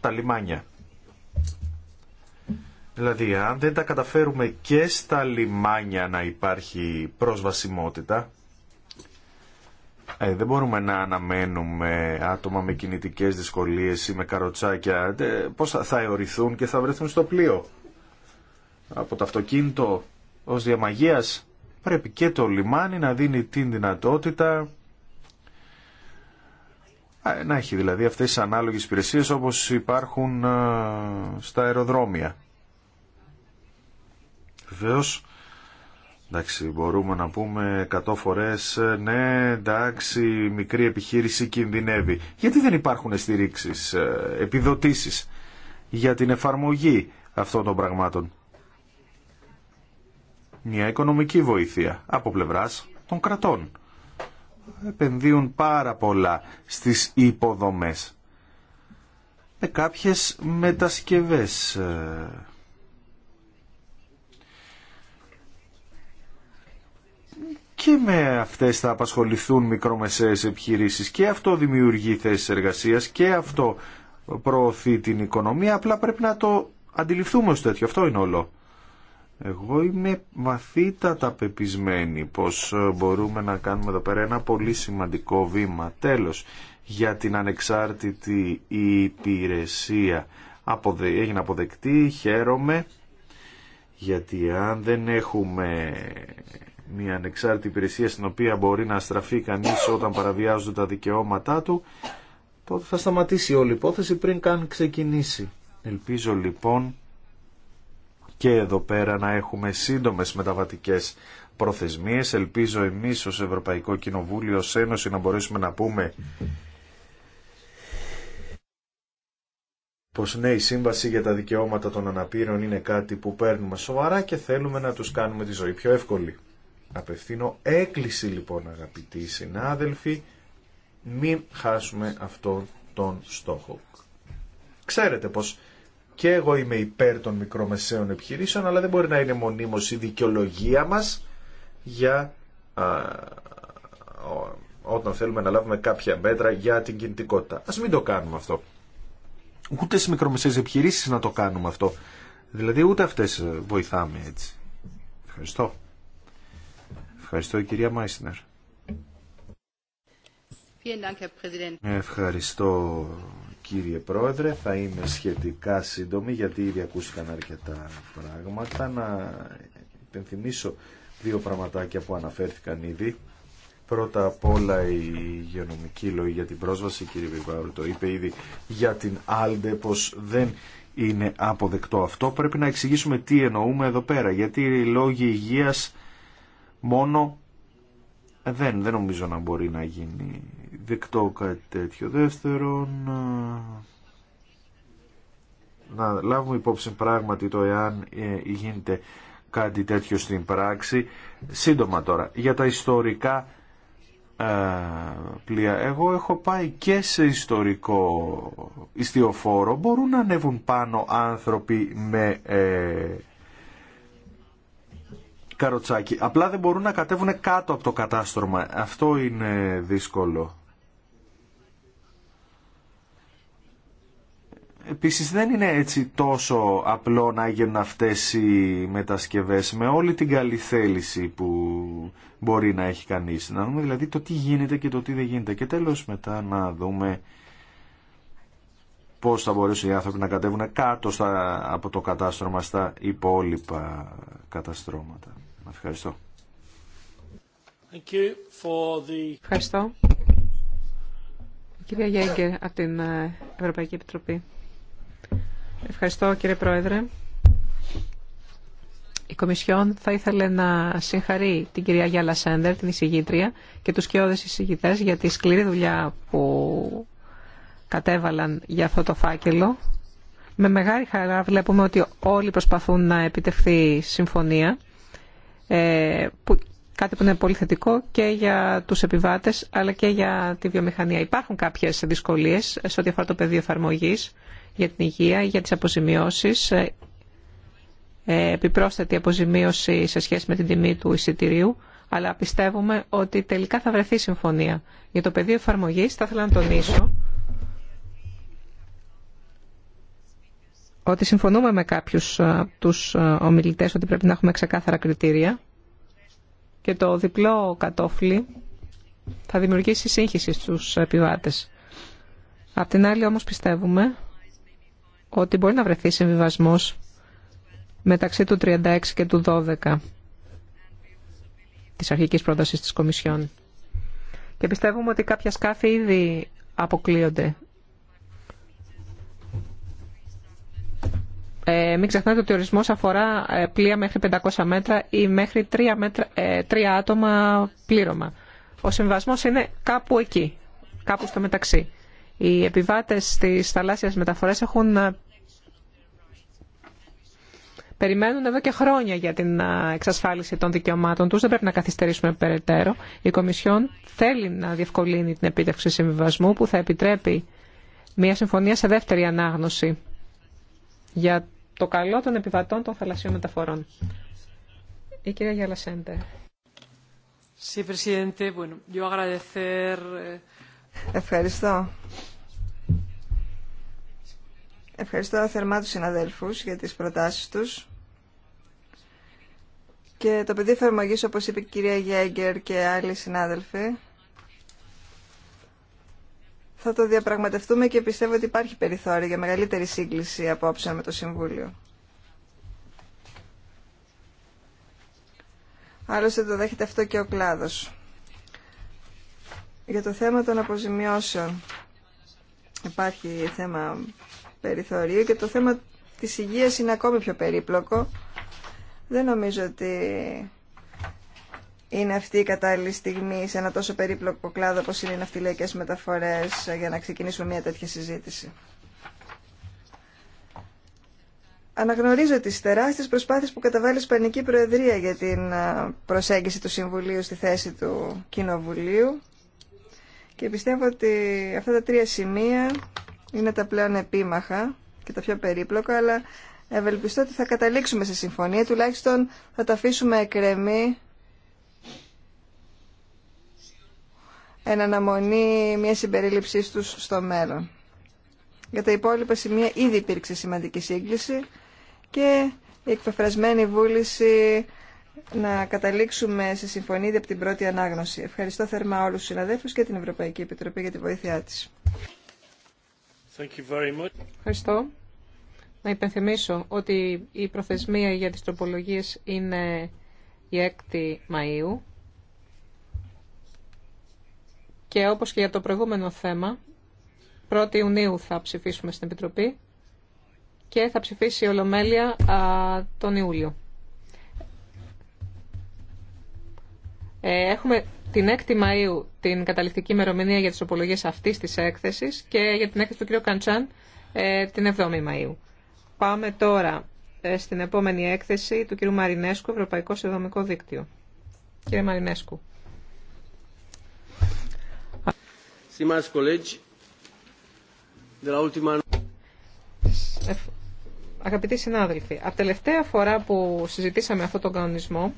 τα λιμάνια. Δηλαδή, αν δεν τα καταφέρουμε και στα λιμάνια να υπάρχει προσβασιμότητα, ε, δεν μπορούμε να αναμένουμε άτομα με κινητικές δυσκολίες ή με καροτσάκια ε, πώς θα, θα και θα βρεθούν στο πλοίο. Από το αυτοκίνητο ως διαμαγείας πρέπει και το λιμάνι να δίνει την δυνατότητα να έχει δηλαδή αυτές τις ανάλογες υπηρεσίε όπως υπάρχουν στα αεροδρόμια. Βεβαίω, εντάξει, μπορούμε να πούμε 100 φορές ε, ναι, εντάξει, μικρή επιχείρηση κινδυνεύει. Γιατί δεν υπάρχουν στηρίξεις, ε, επιδοτήσεις για την εφαρμογή αυτών των πραγμάτων μια οικονομική βοήθεια από πλευράς των κρατών. Επενδύουν πάρα πολλά στις υποδομές. Με κάποιες μετασκευές. Ε, και με αυτές θα απασχοληθούν μικρομεσαίες επιχειρήσεις και αυτό δημιουργεί θέσεις εργασίας και αυτό προωθεί την οικονομία. Απλά πρέπει να το αντιληφθούμε ως τέτοιο. Αυτό είναι όλο. Εγώ είμαι βαθύτατα πεπισμένη πως ε, μπορούμε να κάνουμε εδώ πέρα ένα πολύ σημαντικό βήμα. Τέλος, για την ανεξάρτητη υπηρεσία. Έγινε αποδεκτή, χαίρομαι, γιατί αν δεν έχουμε μια ανεξάρτητη υπηρεσία στην οποία μπορεί να στραφεί κανείς όταν παραβιάζονται τα δικαιώματά του, τότε θα σταματήσει όλη η υπόθεση πριν καν ξεκινήσει. Ελπίζω λοιπόν και εδώ πέρα να έχουμε σύντομες μεταβατικές προθεσμίες. Ελπίζω εμείς ως Ευρωπαϊκό Κοινοβούλιο, ως Ένωση να μπορέσουμε να πούμε πως ναι η σύμβαση για τα δικαιώματα των αναπήρων είναι κάτι που παίρνουμε σοβαρά και θέλουμε να τους κάνουμε τη ζωή πιο εύκολη. Απευθύνω έκκληση λοιπόν αγαπητοί συνάδελφοι, μην χάσουμε αυτόν τον στόχο. Ξέρετε πως και εγώ είμαι υπέρ των μικρομεσαίων επιχειρήσεων, αλλά δεν μπορεί να είναι μονίμως η δικαιολογία μας για α, όταν θέλουμε να λάβουμε κάποια μέτρα για την κινητικότητα. Ας μην το κάνουμε αυτό. Ούτε στις μικρομεσαίες επιχειρήσεις να το κάνουμε αυτό. Δηλαδή ούτε αυτές ε, βοηθάμε έτσι. Ευχαριστώ. Ευχαριστώ κυρία Μάισνερ. Ευχαριστώ κύριε Πρόεδρε. Θα είμαι σχετικά σύντομη γιατί ήδη ακούστηκαν αρκετά πράγματα. Να υπενθυμίσω δύο πραγματάκια που αναφέρθηκαν ήδη. Πρώτα απ' όλα η υγειονομική λόγη για την πρόσβαση, κύριε Βιβάρου το είπε ήδη για την Άλντε πως δεν είναι αποδεκτό αυτό. Πρέπει να εξηγήσουμε τι εννοούμε εδώ πέρα, γιατί οι λόγοι υγείας μόνο δεν, δεν νομίζω να μπορεί να γίνει δεκτό κάτι τέτοιο. Δεύτερον, να λάβουμε υπόψη πράγματι το εάν ε, γίνεται κάτι τέτοιο στην πράξη. Σύντομα τώρα, για τα ιστορικά ε, πλοία. Εγώ έχω πάει και σε ιστορικό ιστιοφόρο. Μπορούν να ανέβουν πάνω άνθρωποι με ε, καροτσάκι. Απλά δεν μπορούν να κατέβουν κάτω από το κατάστρωμα. Αυτό είναι δύσκολο. Επίση, δεν είναι έτσι τόσο απλό να έγιναν αυτέ οι μετασκευέ με όλη την καλή θέληση που μπορεί να έχει κανείς. Να δούμε δηλαδή το τι γίνεται και το τι δεν γίνεται. Και τέλο μετά να δούμε πώς θα μπορέσουν οι άνθρωποι να κατέβουν κάτω στα, από το κατάστρωμα στα υπόλοιπα καταστρώματα. Ευχαριστώ. Thank you Ευχαριστώ. Κυρία Γέγκερ από την ε, Ευρωπαϊκή Επιτροπή. Ευχαριστώ κύριε Πρόεδρε. Η Κομισιόν θα ήθελε να συγχαρεί την κυρία Γιάλα Σέντερ, την εισηγήτρια, και τους κοιόδες εισηγητές για τη σκληρή δουλειά που κατέβαλαν για αυτό το φάκελο. Με μεγάλη χαρά βλέπουμε ότι όλοι προσπαθούν να επιτευχθεί συμφωνία, ε, που, κάτι που είναι πολύ θετικό και για τους επιβάτες αλλά και για τη βιομηχανία. Υπάρχουν κάποιες δυσκολίες σε ό,τι αφορά το πεδίο εφαρμογής για την υγεία, για τις αποζημιώσεις, ε, επιπρόσθετη αποζημίωση σε σχέση με την τιμή του εισιτηρίου, αλλά πιστεύουμε ότι τελικά θα βρεθεί συμφωνία. Για το πεδίο εφαρμογή, θα ήθελα να τονίσω ότι συμφωνούμε με κάποιους ε, τους ε, ομιλητές ότι πρέπει να έχουμε ξεκάθαρα κριτήρια και το διπλό κατόφλι θα δημιουργήσει σύγχυση στους επιβάτες. Απ' την άλλη όμως πιστεύουμε ότι μπορεί να βρεθεί συμβιβασμός μεταξύ του 36 και του 12 της αρχικής πρότασης της Κομισιόν. Και πιστεύουμε ότι κάποια σκάφη ήδη αποκλείονται. Ε, μην ξεχνάτε ότι ο ορισμός αφορά ε, πλοία μέχρι 500 μέτρα ή μέχρι 3, μέτρα, 3 ε, άτομα πλήρωμα. Ο συμβασμός είναι κάπου εκεί, κάπου στο μεταξύ. Οι επιβάτες της θαλάσσιας μεταφορές έχουν ε, περιμένουν εδώ και χρόνια για την εξασφάλιση των δικαιωμάτων τους. Δεν πρέπει να καθυστερήσουμε περαιτέρω. Η Κομισιόν θέλει να διευκολύνει την επίτευξη συμβιβασμού που θα επιτρέπει μια συμφωνία σε δεύτερη ανάγνωση για το καλό των επιβατών των θαλασσιών μεταφορών. Η κυρία Γιαλασέντε. Eh, Ευχαριστώ. Ευχαριστώ θερμά τους συναδέλφους για τις προτάσεις τους. Και το παιδί εφαρμογή, όπως είπε η κυρία Γέγκερ και άλλοι συνάδελφοι, θα το διαπραγματευτούμε και πιστεύω ότι υπάρχει περιθώριο για μεγαλύτερη σύγκληση απόψε με το Συμβούλιο. Άλλωστε το δέχεται αυτό και ο κλάδος. Για το θέμα των αποζημιώσεων υπάρχει θέμα περιθωρίου και το θέμα της υγείας είναι ακόμη πιο περίπλοκο. Δεν νομίζω ότι είναι αυτή η κατάλληλη στιγμή σε ένα τόσο περίπλοκο κλάδο όπως είναι οι ναυτιλιακές μεταφορές για να ξεκινήσουμε μια τέτοια συζήτηση. Αναγνωρίζω τις τεράστιες προσπάθειες που καταβάλει η Ισπανική Προεδρία για την ε, προσέγγιση του Συμβουλίου στη θέση του Κοινοβουλίου και πιστεύω ότι αυτά τα τρία σημεία είναι τα πλέον επίμαχα και τα πιο περίπλοκα, αλλά ευελπιστώ ότι θα καταλήξουμε σε συμφωνία. Τουλάχιστον θα τα αφήσουμε εκρεμή εν αναμονή μια συμπερίληψή του στο μέλλον. Για τα υπόλοιπα σημεία ήδη υπήρξε σημαντική σύγκληση και η εκπεφρασμένη βούληση να καταλήξουμε σε συμφωνία από την πρώτη ανάγνωση. Ευχαριστώ θερμά όλους τους συναδέλφους και την Ευρωπαϊκή Επιτροπή για τη βοήθειά της. Ευχαριστώ. Να υπενθυμίσω ότι η προθεσμία για τις τροπολογίες είναι η 6η Μαΐου και όπως και για το προηγούμενο θέμα 1η Ιουνίου θα ψηφίσουμε στην Επιτροπή και θα ψηφίσει η Ολομέλεια τον Ιούλιο. Ε, έχουμε την 6η Μαΐου την καταληκτική ημερομηνία για τις οπολογίες αυτής της έκθεσης και για την έκθεση του κ. Καντσάν ε, την 7η Μαΐου. Πάμε τώρα ε, στην επόμενη έκθεση του κ. Μαρινέσκου, Ευρωπαϊκό Συνδρομικό Δίκτυο. Κύριε Μαρινέσκου. Αγαπητοί συνάδελφοι, από τελευταία φορά που συζητήσαμε αυτό τον κανονισμό,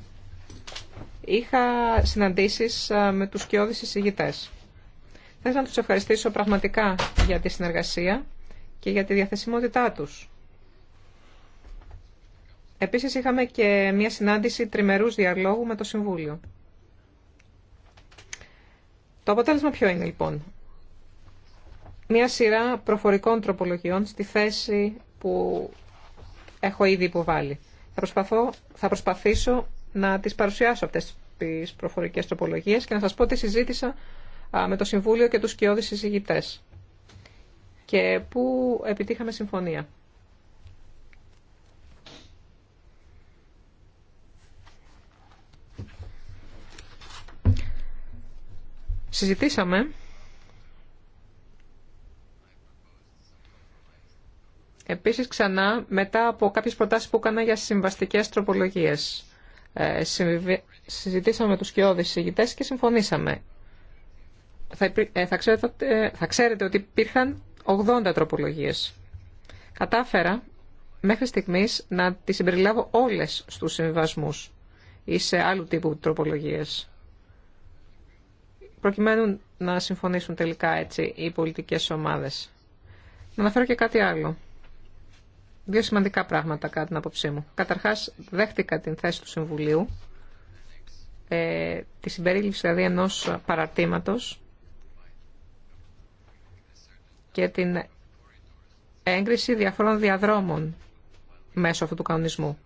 Είχα συναντήσεις με τους κοιόδης εισηγητές. Θέλω να τους ευχαριστήσω πραγματικά για τη συνεργασία και για τη διαθεσιμότητά τους. Επίσης είχαμε και μια συνάντηση τριμερούς διαλόγου με το Συμβούλιο. Το αποτέλεσμα ποιο είναι λοιπόν. Μια σειρά προφορικών τροπολογιών στη θέση που έχω ήδη υποβάλει. Θα, προσπαθώ, θα προσπαθήσω να τις παρουσιάσω αυτές τις προφορικές τροπολογίες και να σας πω τι συζήτησα με το Συμβούλιο και τους κοιόδη συζητητές και πού επιτύχαμε συμφωνία. Συζητήσαμε επίσης ξανά μετά από κάποιες προτάσεις που έκανα για συμβαστικές τροπολογίες ε, συζητήσαμε με τους κοιόδης συζητητές και συμφωνήσαμε. Θα, ε, ε, θα, ξέρετε, θα ότι υπήρχαν 80 τροπολογίες. Κατάφερα μέχρι στιγμής να τις συμπεριλάβω όλες στους συμβιβασμούς ή σε άλλου τύπου τροπολογίες. Προκειμένου να συμφωνήσουν τελικά έτσι οι πολιτικές ομάδες. Να αναφέρω και κάτι άλλο δύο σημαντικά πράγματα κατά την άποψή μου. Καταρχάς, δέχτηκα την θέση του Συμβουλίου, ε, τη συμπερίληψη δηλαδή ενός και την έγκριση διαφόρων διαδρόμων μέσω αυτού του κανονισμού.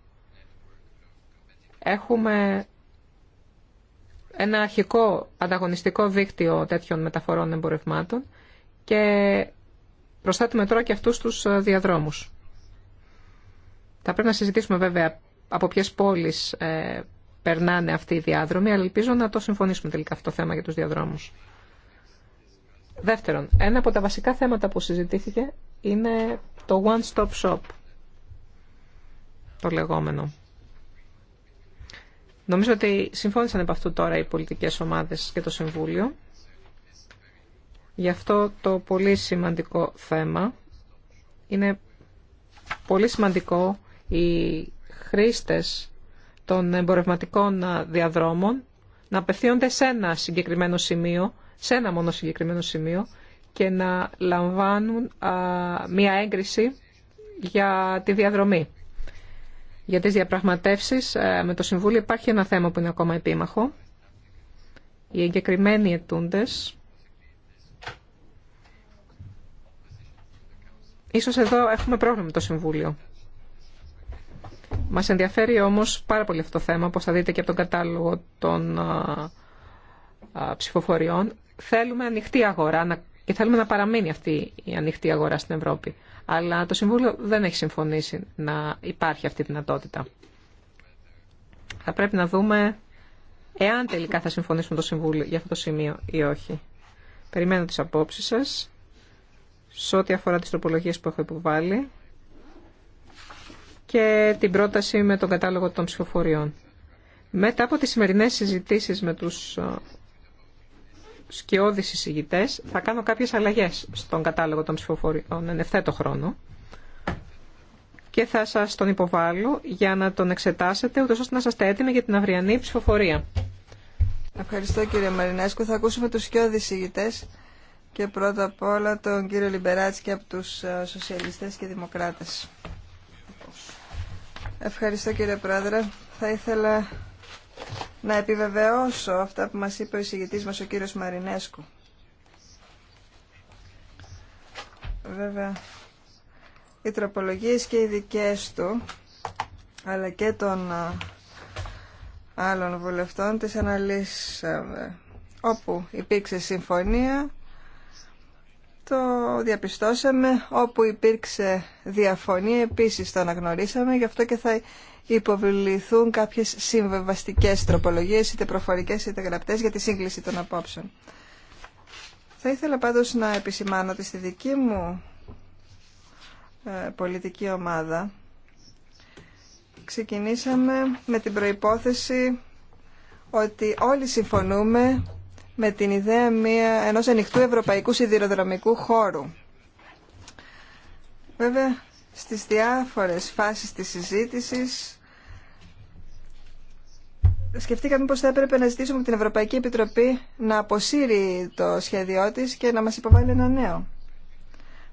Έχουμε ένα αρχικό ανταγωνιστικό δίκτυο τέτοιων μεταφορών εμπορευμάτων και προσθέτουμε τώρα και αυτούς τους ε, διαδρόμους. Θα πρέπει να συζητήσουμε βέβαια από ποιες πόλεις ε, περνάνε αυτοί οι διάδρομοι, αλλά ελπίζω να το συμφωνήσουμε τελικά αυτό το θέμα για τους διαδρόμους. Δεύτερον, ένα από τα βασικά θέματα που συζητήθηκε είναι το one-stop shop, το λεγόμενο. Νομίζω ότι συμφώνησαν από αυτού τώρα οι πολιτικές ομάδες και το Συμβούλιο. Γι' αυτό το πολύ σημαντικό θέμα είναι πολύ σημαντικό οι χρήστες των εμπορευματικών διαδρόμων να απευθύνονται σε ένα συγκεκριμένο σημείο, σε ένα μόνο συγκεκριμένο σημείο και να λαμβάνουν μία έγκριση για τη διαδρομή. Για τις διαπραγματεύσεις ε, με το Συμβούλιο υπάρχει ένα θέμα που είναι ακόμα επίμαχο. Οι εγκεκριμένοι ετούντες Ίσως εδώ έχουμε πρόβλημα με το Συμβούλιο. Μα ενδιαφέρει όμως πάρα πολύ αυτό το θέμα, όπως θα δείτε και από τον κατάλογο των ψηφοφοριών. Θέλουμε ανοιχτή αγορά και θέλουμε να παραμείνει αυτή η ανοιχτή αγορά στην Ευρώπη. Αλλά το Συμβούλιο δεν έχει συμφωνήσει να υπάρχει αυτή η δυνατότητα. Θα πρέπει να δούμε εάν τελικά θα συμφωνήσουμε το Συμβούλιο για αυτό το σημείο ή όχι. Περιμένω τις απόψεις σας σε ό,τι αφορά τις τροπολογίες που έχω υποβάλει και την πρόταση με τον κατάλογο των ψηφοφοριών. Μετά από τις σημερινές συζητήσεις με τους ε, σκιώδεις εισηγητές, θα κάνω κάποιες αλλαγές στον κατάλογο των ψηφοφοριών εν ευθέτω χρόνο και θα σας τον υποβάλω για να τον εξετάσετε, ούτως ώστε να είστε έτοιμοι για την αυριανή ψηφοφορία. Ευχαριστώ κύριε Μαρινέσκου. Θα ακούσουμε τους σκιώδεις εισηγητές και πρώτα απ' όλα τον κύριο Λιμπεράτσκι από τους ε, Σοσιαλιστές και Δημοκράτες. Ευχαριστώ κύριε Πρόεδρε. Θα ήθελα να επιβεβαιώσω αυτά που μας είπε ο εισηγητής μας ο κύριος Μαρινέσκου. Βέβαια, οι τροπολογίες και οι δικές του, αλλά και των άλλων βουλευτών, τις αναλύσαμε. Όπου υπήρξε συμφωνία, το διαπιστώσαμε όπου υπήρξε διαφωνία, επίσης το αναγνωρίσαμε, γι' αυτό και θα υποβληθούν κάποιες συμβεβαστικές τροπολογίες, είτε προφορικές είτε γραπτές, για τη σύγκληση των απόψεων. Θα ήθελα πάντως να επισημάνω ότι στη δική μου ε, πολιτική ομάδα ξεκινήσαμε με την προϋπόθεση ότι όλοι συμφωνούμε με την ιδέα μια, ενός ανοιχτού ευρωπαϊκού σιδηροδρομικού χώρου. Βέβαια, στις διάφορες φάσεις της συζήτησης σκεφτήκαμε πως θα έπρεπε να ζητήσουμε από την Ευρωπαϊκή Επιτροπή να αποσύρει το σχέδιό της και να μας υποβάλει ένα νέο.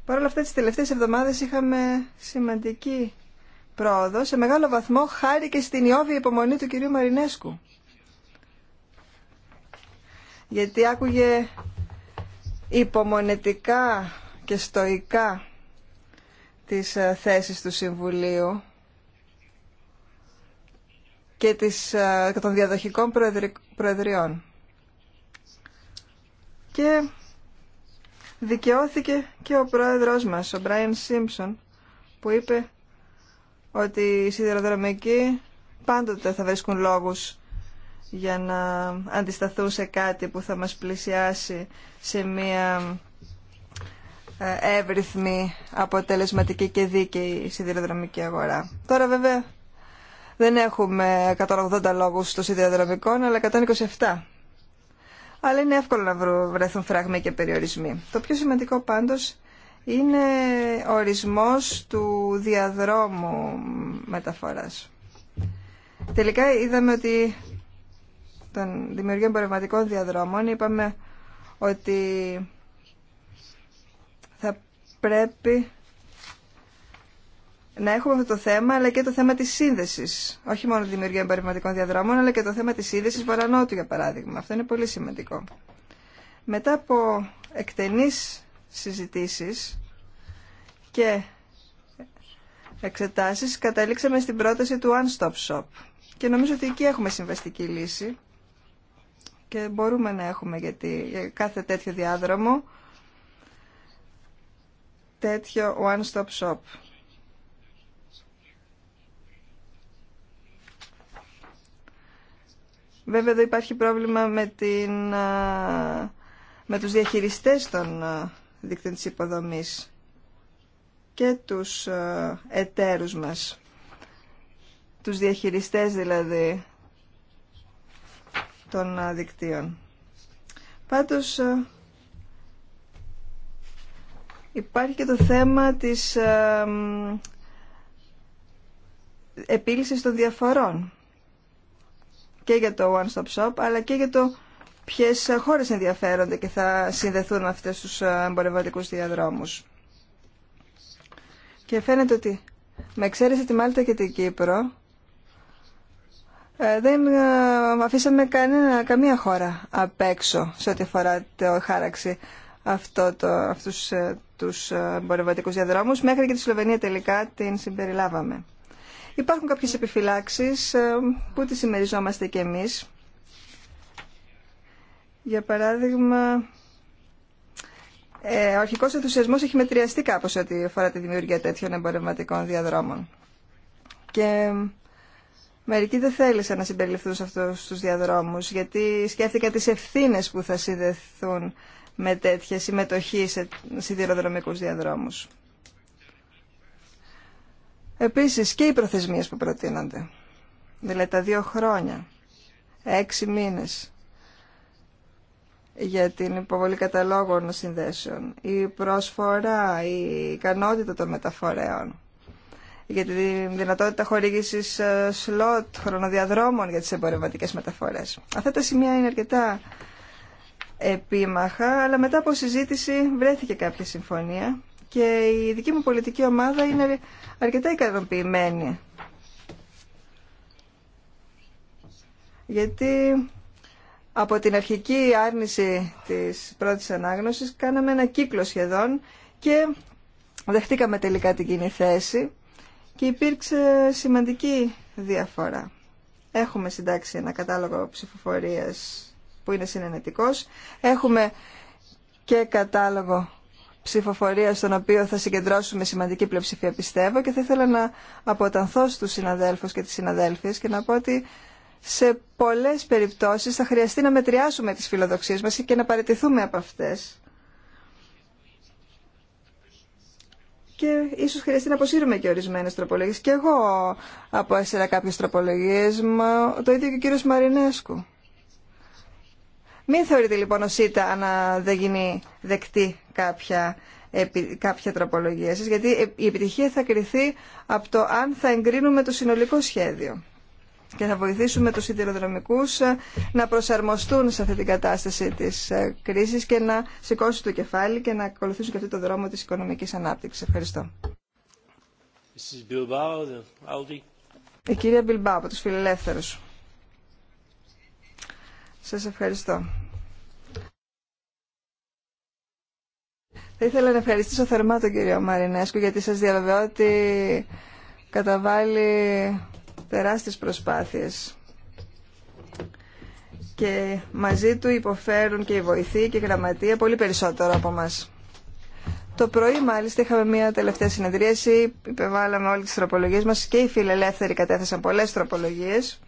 Παρ' όλα αυτά τις τελευταίες εβδομάδες είχαμε σημαντική πρόοδο σε μεγάλο βαθμό χάρη και στην ιόβη υπομονή του κυρίου Μαρινέσκου γιατί άκουγε υπομονετικά και στοικά τις ε, θέσεις του Συμβουλίου και τις ε, των διαδοχικών προεδριών. Και δικαιώθηκε και ο πρόεδρος μας, ο Μπράιν Σίμψον, που είπε ότι οι σιδηροδρομικοί πάντοτε θα βρίσκουν λόγους για να αντισταθούν σε κάτι που θα μας πλησιάσει σε μια ε, εύρυθμη, αποτελεσματική και δίκαιη σιδηροδρομική αγορά. Τώρα βέβαια δεν έχουμε 180 λόγους των σιδηροδρομικών, αλλά 127. Αλλά είναι εύκολο να βρεθούν φράγμοι και περιορισμοί. Το πιο σημαντικό πάντως είναι ο ορισμός του διαδρόμου μεταφοράς. Τελικά είδαμε ότι των δημιουργίων πνευματικών διαδρόμων είπαμε ότι θα πρέπει να έχουμε αυτό το θέμα, αλλά και το θέμα της σύνδεσης. Όχι μόνο τη δημιουργία εμπορευματικών διαδρόμων, αλλά και το θέμα της σύνδεσης βορανότου, για παράδειγμα. Αυτό είναι πολύ σημαντικό. Μετά από εκτενείς συζητήσεις και εξετάσεις, καταλήξαμε στην πρόταση του One Stop Shop. Και νομίζω ότι εκεί έχουμε συμβαστική λύση και μπορούμε να έχουμε γιατί για κάθε τέτοιο διάδρομο τέτοιο one-stop shop. Βέβαια εδώ υπάρχει πρόβλημα με, την, με τους διαχειριστές των δίκτυων της υποδομής και τους εταίρους μας. Τους διαχειριστές δηλαδή των δικτύων. Πάντως υπάρχει και το θέμα της επίλυσης των διαφορών και για το One Stop Shop αλλά και για το ποιες χώρες ενδιαφέρονται και θα συνδεθούν με αυτές τους εμπορευματικούς διαδρόμους. Και φαίνεται ότι με εξαίρεση τη Μάλτα και την Κύπρο ε, δεν ε, αφήσαμε κανένα, καμία χώρα απ' έξω σε ό,τι αφορά το χάραξη αυτό το, αυτούς ε, τους εμπορευματικούς διαδρόμους. Μέχρι και τη Σλοβενία τελικά την συμπεριλάβαμε. Υπάρχουν κάποιες επιφυλάξεις που τις συμμεριζόμαστε και εμείς. Για παράδειγμα, ο αρχικός ενθουσιασμός έχει μετριαστεί κάπως ό,τι αφορά τη δημιουργία τέτοιων εμπορευματικών διαδρόμων. Και Μερικοί δεν θέλησαν να συμπεριληφθούν σε αυτούς τους διαδρόμους, γιατί σκέφτηκα τις ευθύνε που θα συνδεθούν με τέτοια συμμετοχή σε σιδηροδρομικούς διαδρόμους. Επίσης και οι προθεσμίε που προτείνονται, δηλαδή τα δύο χρόνια, έξι μήνες για την υποβολή καταλόγων συνδέσεων, η προσφορά, η ικανότητα των μεταφορέων για τη δυνατότητα χορηγήση ε, σλότ χρονοδιαδρόμων για τις εμπορευματικέ μεταφορές. Αυτά τα σημεία είναι αρκετά επίμαχα, αλλά μετά από συζήτηση βρέθηκε κάποια συμφωνία και η δική μου πολιτική ομάδα είναι αρκετά ικανοποιημένη. Γιατί από την αρχική άρνηση της πρώτης ανάγνωσης κάναμε ένα κύκλο σχεδόν και δεχτήκαμε τελικά την κοινή θέση και υπήρξε σημαντική διαφορά. Έχουμε συντάξει ένα κατάλογο ψηφοφορίας που είναι συνενετικός. Έχουμε και κατάλογο ψηφοφορίας στον οποίο θα συγκεντρώσουμε σημαντική πλειοψηφία πιστεύω και θα ήθελα να αποτανθώ στους συναδέλφους και τις συναδέλφιες και να πω ότι σε πολλές περιπτώσεις θα χρειαστεί να μετριάσουμε τις φιλοδοξίες μας και να παραιτηθούμε από αυτές. και ίσω χρειαστεί να αποσύρουμε και ορισμένε τροπολογίε Και εγώ από έσυρα κάποιε τροπολογίε το ίδιο και ο κύριο Μαρινέσκου. Μην θεωρείτε λοιπόν ο ΣΥΤΑ να δεν γίνει δεκτή κάποια, κάποια τροπολογία σας, γιατί η επιτυχία θα κριθεί από το αν θα εγκρίνουμε το συνολικό σχέδιο και θα βοηθήσουμε τους σιδηροδρομικούς ε, να προσαρμοστούν σε αυτή την κατάσταση της ε, κρίσης και να σηκώσουν το κεφάλι και να ακολουθήσουν και αυτό το δρόμο της οικονομικής ανάπτυξης. Ευχαριστώ. Η κυρία Μπιλμπά από τους Φιλελεύθερους. Σας ευχαριστώ. Θα ήθελα να ευχαριστήσω θερμά τον κύριο Μαρινέσκου γιατί σας διαβεβαιώ ότι καταβάλει τεράστιες προσπάθειες και μαζί του υποφέρουν και οι βοηθοί και η γραμματεία πολύ περισσότερο από μας. Το πρωί μάλιστα είχαμε μια τελευταία συνεδρίαση, υπεβάλαμε όλες τις τροπολογίες μας και οι φιλελεύθεροι κατέθεσαν πολλές τροπολογίες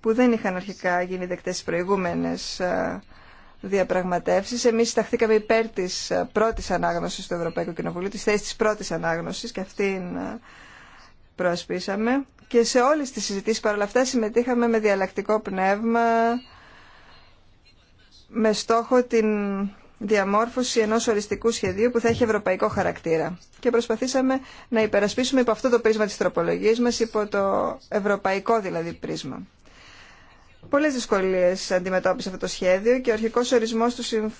που δεν είχαν αρχικά γίνει δεκτές στις προηγούμενες ε, διαπραγματεύσεις. Εμείς σταχθήκαμε υπέρ της ε, πρώτης ανάγνωσης του Ευρωπαϊκού Κοινοβουλίου, της θέσης της πρώτης ανάγνωσης και αυτήν ε, προασπίσαμε και σε όλες τις συζητήσεις παρόλα αυτά συμμετείχαμε με διαλλακτικό πνεύμα, με στόχο την διαμόρφωση ενός οριστικού σχεδίου που θα έχει ευρωπαϊκό χαρακτήρα. Και προσπαθήσαμε να υπερασπίσουμε υπό αυτό το πρίσμα της τροπολογίας μας, υπό το ευρωπαϊκό δηλαδή πρίσμα. Πολλές δυσκολίες αντιμετώπισε αυτό το σχέδιο και ο αρχικός ορισμός του,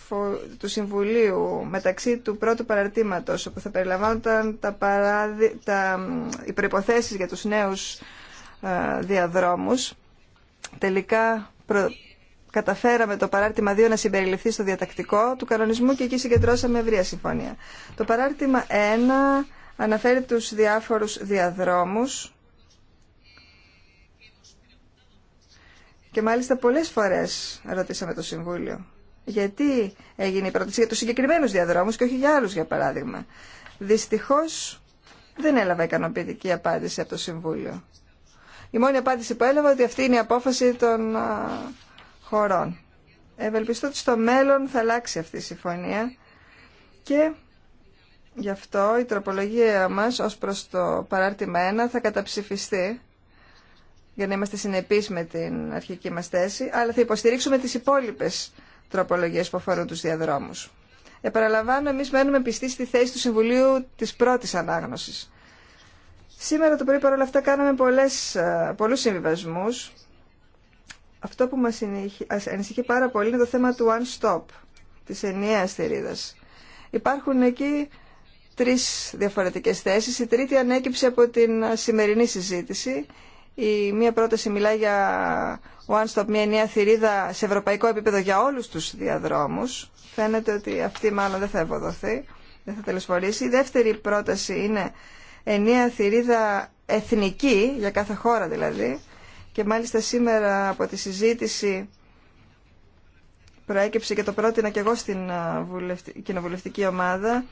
του Συμβουλίου μεταξύ του πρώτου παραρτήματος όπου θα περιλαμβάνονταν τα τα... οι προϋποθέσεις για τους νέους ε, διαδρόμους τελικά καταφέραμε το παράρτημα 2 να συμπεριληφθεί στο διατακτικό του κανονισμού και εκεί συγκεντρώσαμε ευρεία συμφωνία. Το παράρτημα 1 αναφέρει τους διάφορους διαδρόμους Και μάλιστα πολλές φορές ρωτήσαμε το Συμβούλιο. Γιατί έγινε η πρόταση για του συγκεκριμένου διαδρόμου και όχι για άλλου, για παράδειγμα. Δυστυχώ δεν έλαβα ικανοποιητική απάντηση από το Συμβούλιο. Η μόνη απάντηση που έλαβα ότι αυτή είναι η απόφαση των α, χωρών. Ευελπιστώ ότι στο μέλλον θα αλλάξει αυτή η συμφωνία και γι' αυτό η τροπολογία μας ως προς το παράρτημα 1 θα καταψηφιστεί για να είμαστε συνεπείς με την αρχική μας θέση, αλλά θα υποστηρίξουμε τις υπόλοιπες τροπολογίες που αφορούν τους διαδρόμους. Επαναλαμβάνω, εμείς μένουμε πιστοί στη θέση του Συμβουλίου της πρώτης ανάγνωσης. Σήμερα το πρωί παρόλα αυτά κάναμε πολλές, ε, πολλούς συμβιβασμούς. Αυτό που μας ανησυχεί πάρα πολύ είναι το θέμα του One Stop, της ενιαίας θηρίδας. Υπάρχουν εκεί τρεις διαφορετικές θέσεις. Η τρίτη ανέκυψε από την σημερινή συζήτηση η μία πρόταση μιλάει για one-stop, μια νέα θηρίδα σε ευρωπαϊκό επίπεδο για όλους τους διαδρόμους. Φαίνεται ότι αυτή μάλλον δεν θα ευοδοθεί, δεν θα τελεσφορήσει. Η δεύτερη πρόταση είναι ενιαία θηρίδα εθνική, για κάθε χώρα δηλαδή. Και μάλιστα σήμερα από τη συζήτηση προέκυψε και το πρότεινα και εγώ στην ε, κοινοβουλευτική ομάδα,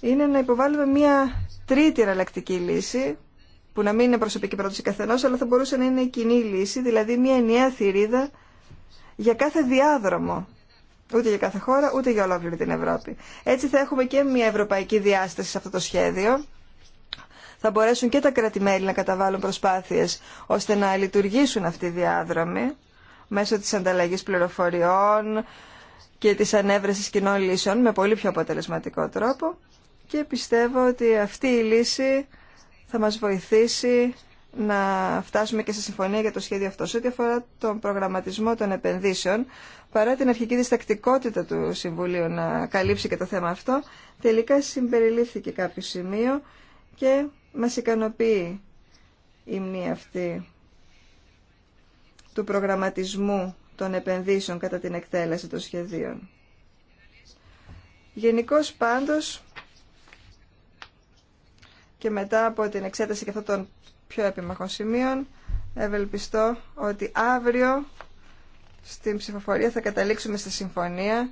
είναι να υποβάλουμε μια τρίτη εναλλακτική λύση που να μην είναι προσωπική πρόταση καθενός, αλλά θα μπορούσε να είναι κοινή λύση, δηλαδή μια ενιαία θηρίδα για κάθε διάδρομο. Ούτε για κάθε χώρα, ούτε για ολόκληρη την Ευρώπη. Έτσι θα έχουμε και μια ευρωπαϊκή διάσταση σε αυτό το σχέδιο. Θα μπορέσουν και τα κράτη-μέλη να καταβάλουν προσπάθειες ώστε να λειτουργήσουν αυτοί οι διάδρομοι μέσω της ανταλλαγής πληροφοριών και της ανέβρεσης κοινών λύσεων με πολύ πιο αποτελεσματικό τρόπο. Και πιστεύω ότι αυτή η λύση θα μας βοηθήσει να φτάσουμε και σε συμφωνία για το σχέδιο αυτό. Σε ό,τι αφορά τον προγραμματισμό των επενδύσεων, παρά την αρχική διστακτικότητα του Συμβουλίου να καλύψει και το θέμα αυτό, τελικά συμπεριλήφθηκε κάποιο σημείο και μας ικανοποιεί η μνή αυτή του προγραμματισμού των επενδύσεων κατά την εκτέλεση των σχεδίων. Γενικώ πάντως και μετά από την εξέταση και αυτών των πιο επιμαχών σημείων ευελπιστώ ότι αύριο στην ψηφοφορία θα καταλήξουμε στη συμφωνία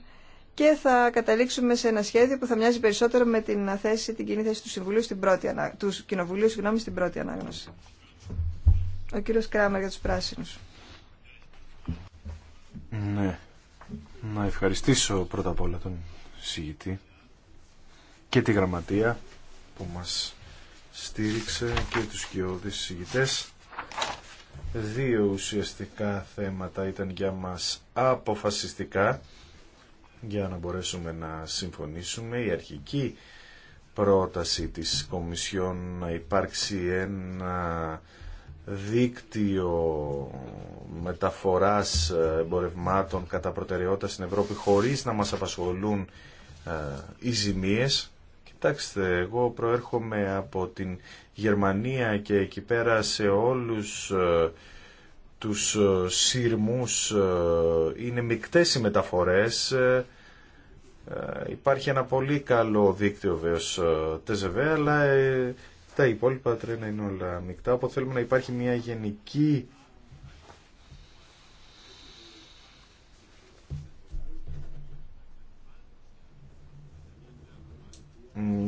και θα καταλήξουμε σε ένα σχέδιο που θα μοιάζει περισσότερο με την, θέση, την κοινή θέση του, Συμβουλίου στην πρώτη, του Κοινοβουλίου συγγνώμη, στην πρώτη ανάγνωση. Ο κύριος Κράμερ για τους πράσινους. Ναι. Να ευχαριστήσω πρώτα απ' όλα τον συγητή και τη γραμματεία που μας στήριξε και τους κοιόδης συγητές. Δύο ουσιαστικά θέματα ήταν για μας αποφασιστικά για να μπορέσουμε να συμφωνήσουμε. Η αρχική πρόταση της Κομισιόν να υπάρξει ένα δίκτυο μεταφοράς εμπορευμάτων κατά προτεραιότητα στην Ευρώπη χωρίς να μας απασχολούν ε, οι ζημίες Κοιτάξτε, εγώ προέρχομαι από την Γερμανία και εκεί πέρα σε όλους ε, τους ε, σύρμους ε, είναι μικτές οι μεταφορές. Υπάρχει ένα πολύ καλό δίκτυο βέβαιος ΤΖΒ, αλλά τα υπόλοιπα τρένα είναι όλα μεικτά, οπότε θέλουμε να υπάρχει μια γενική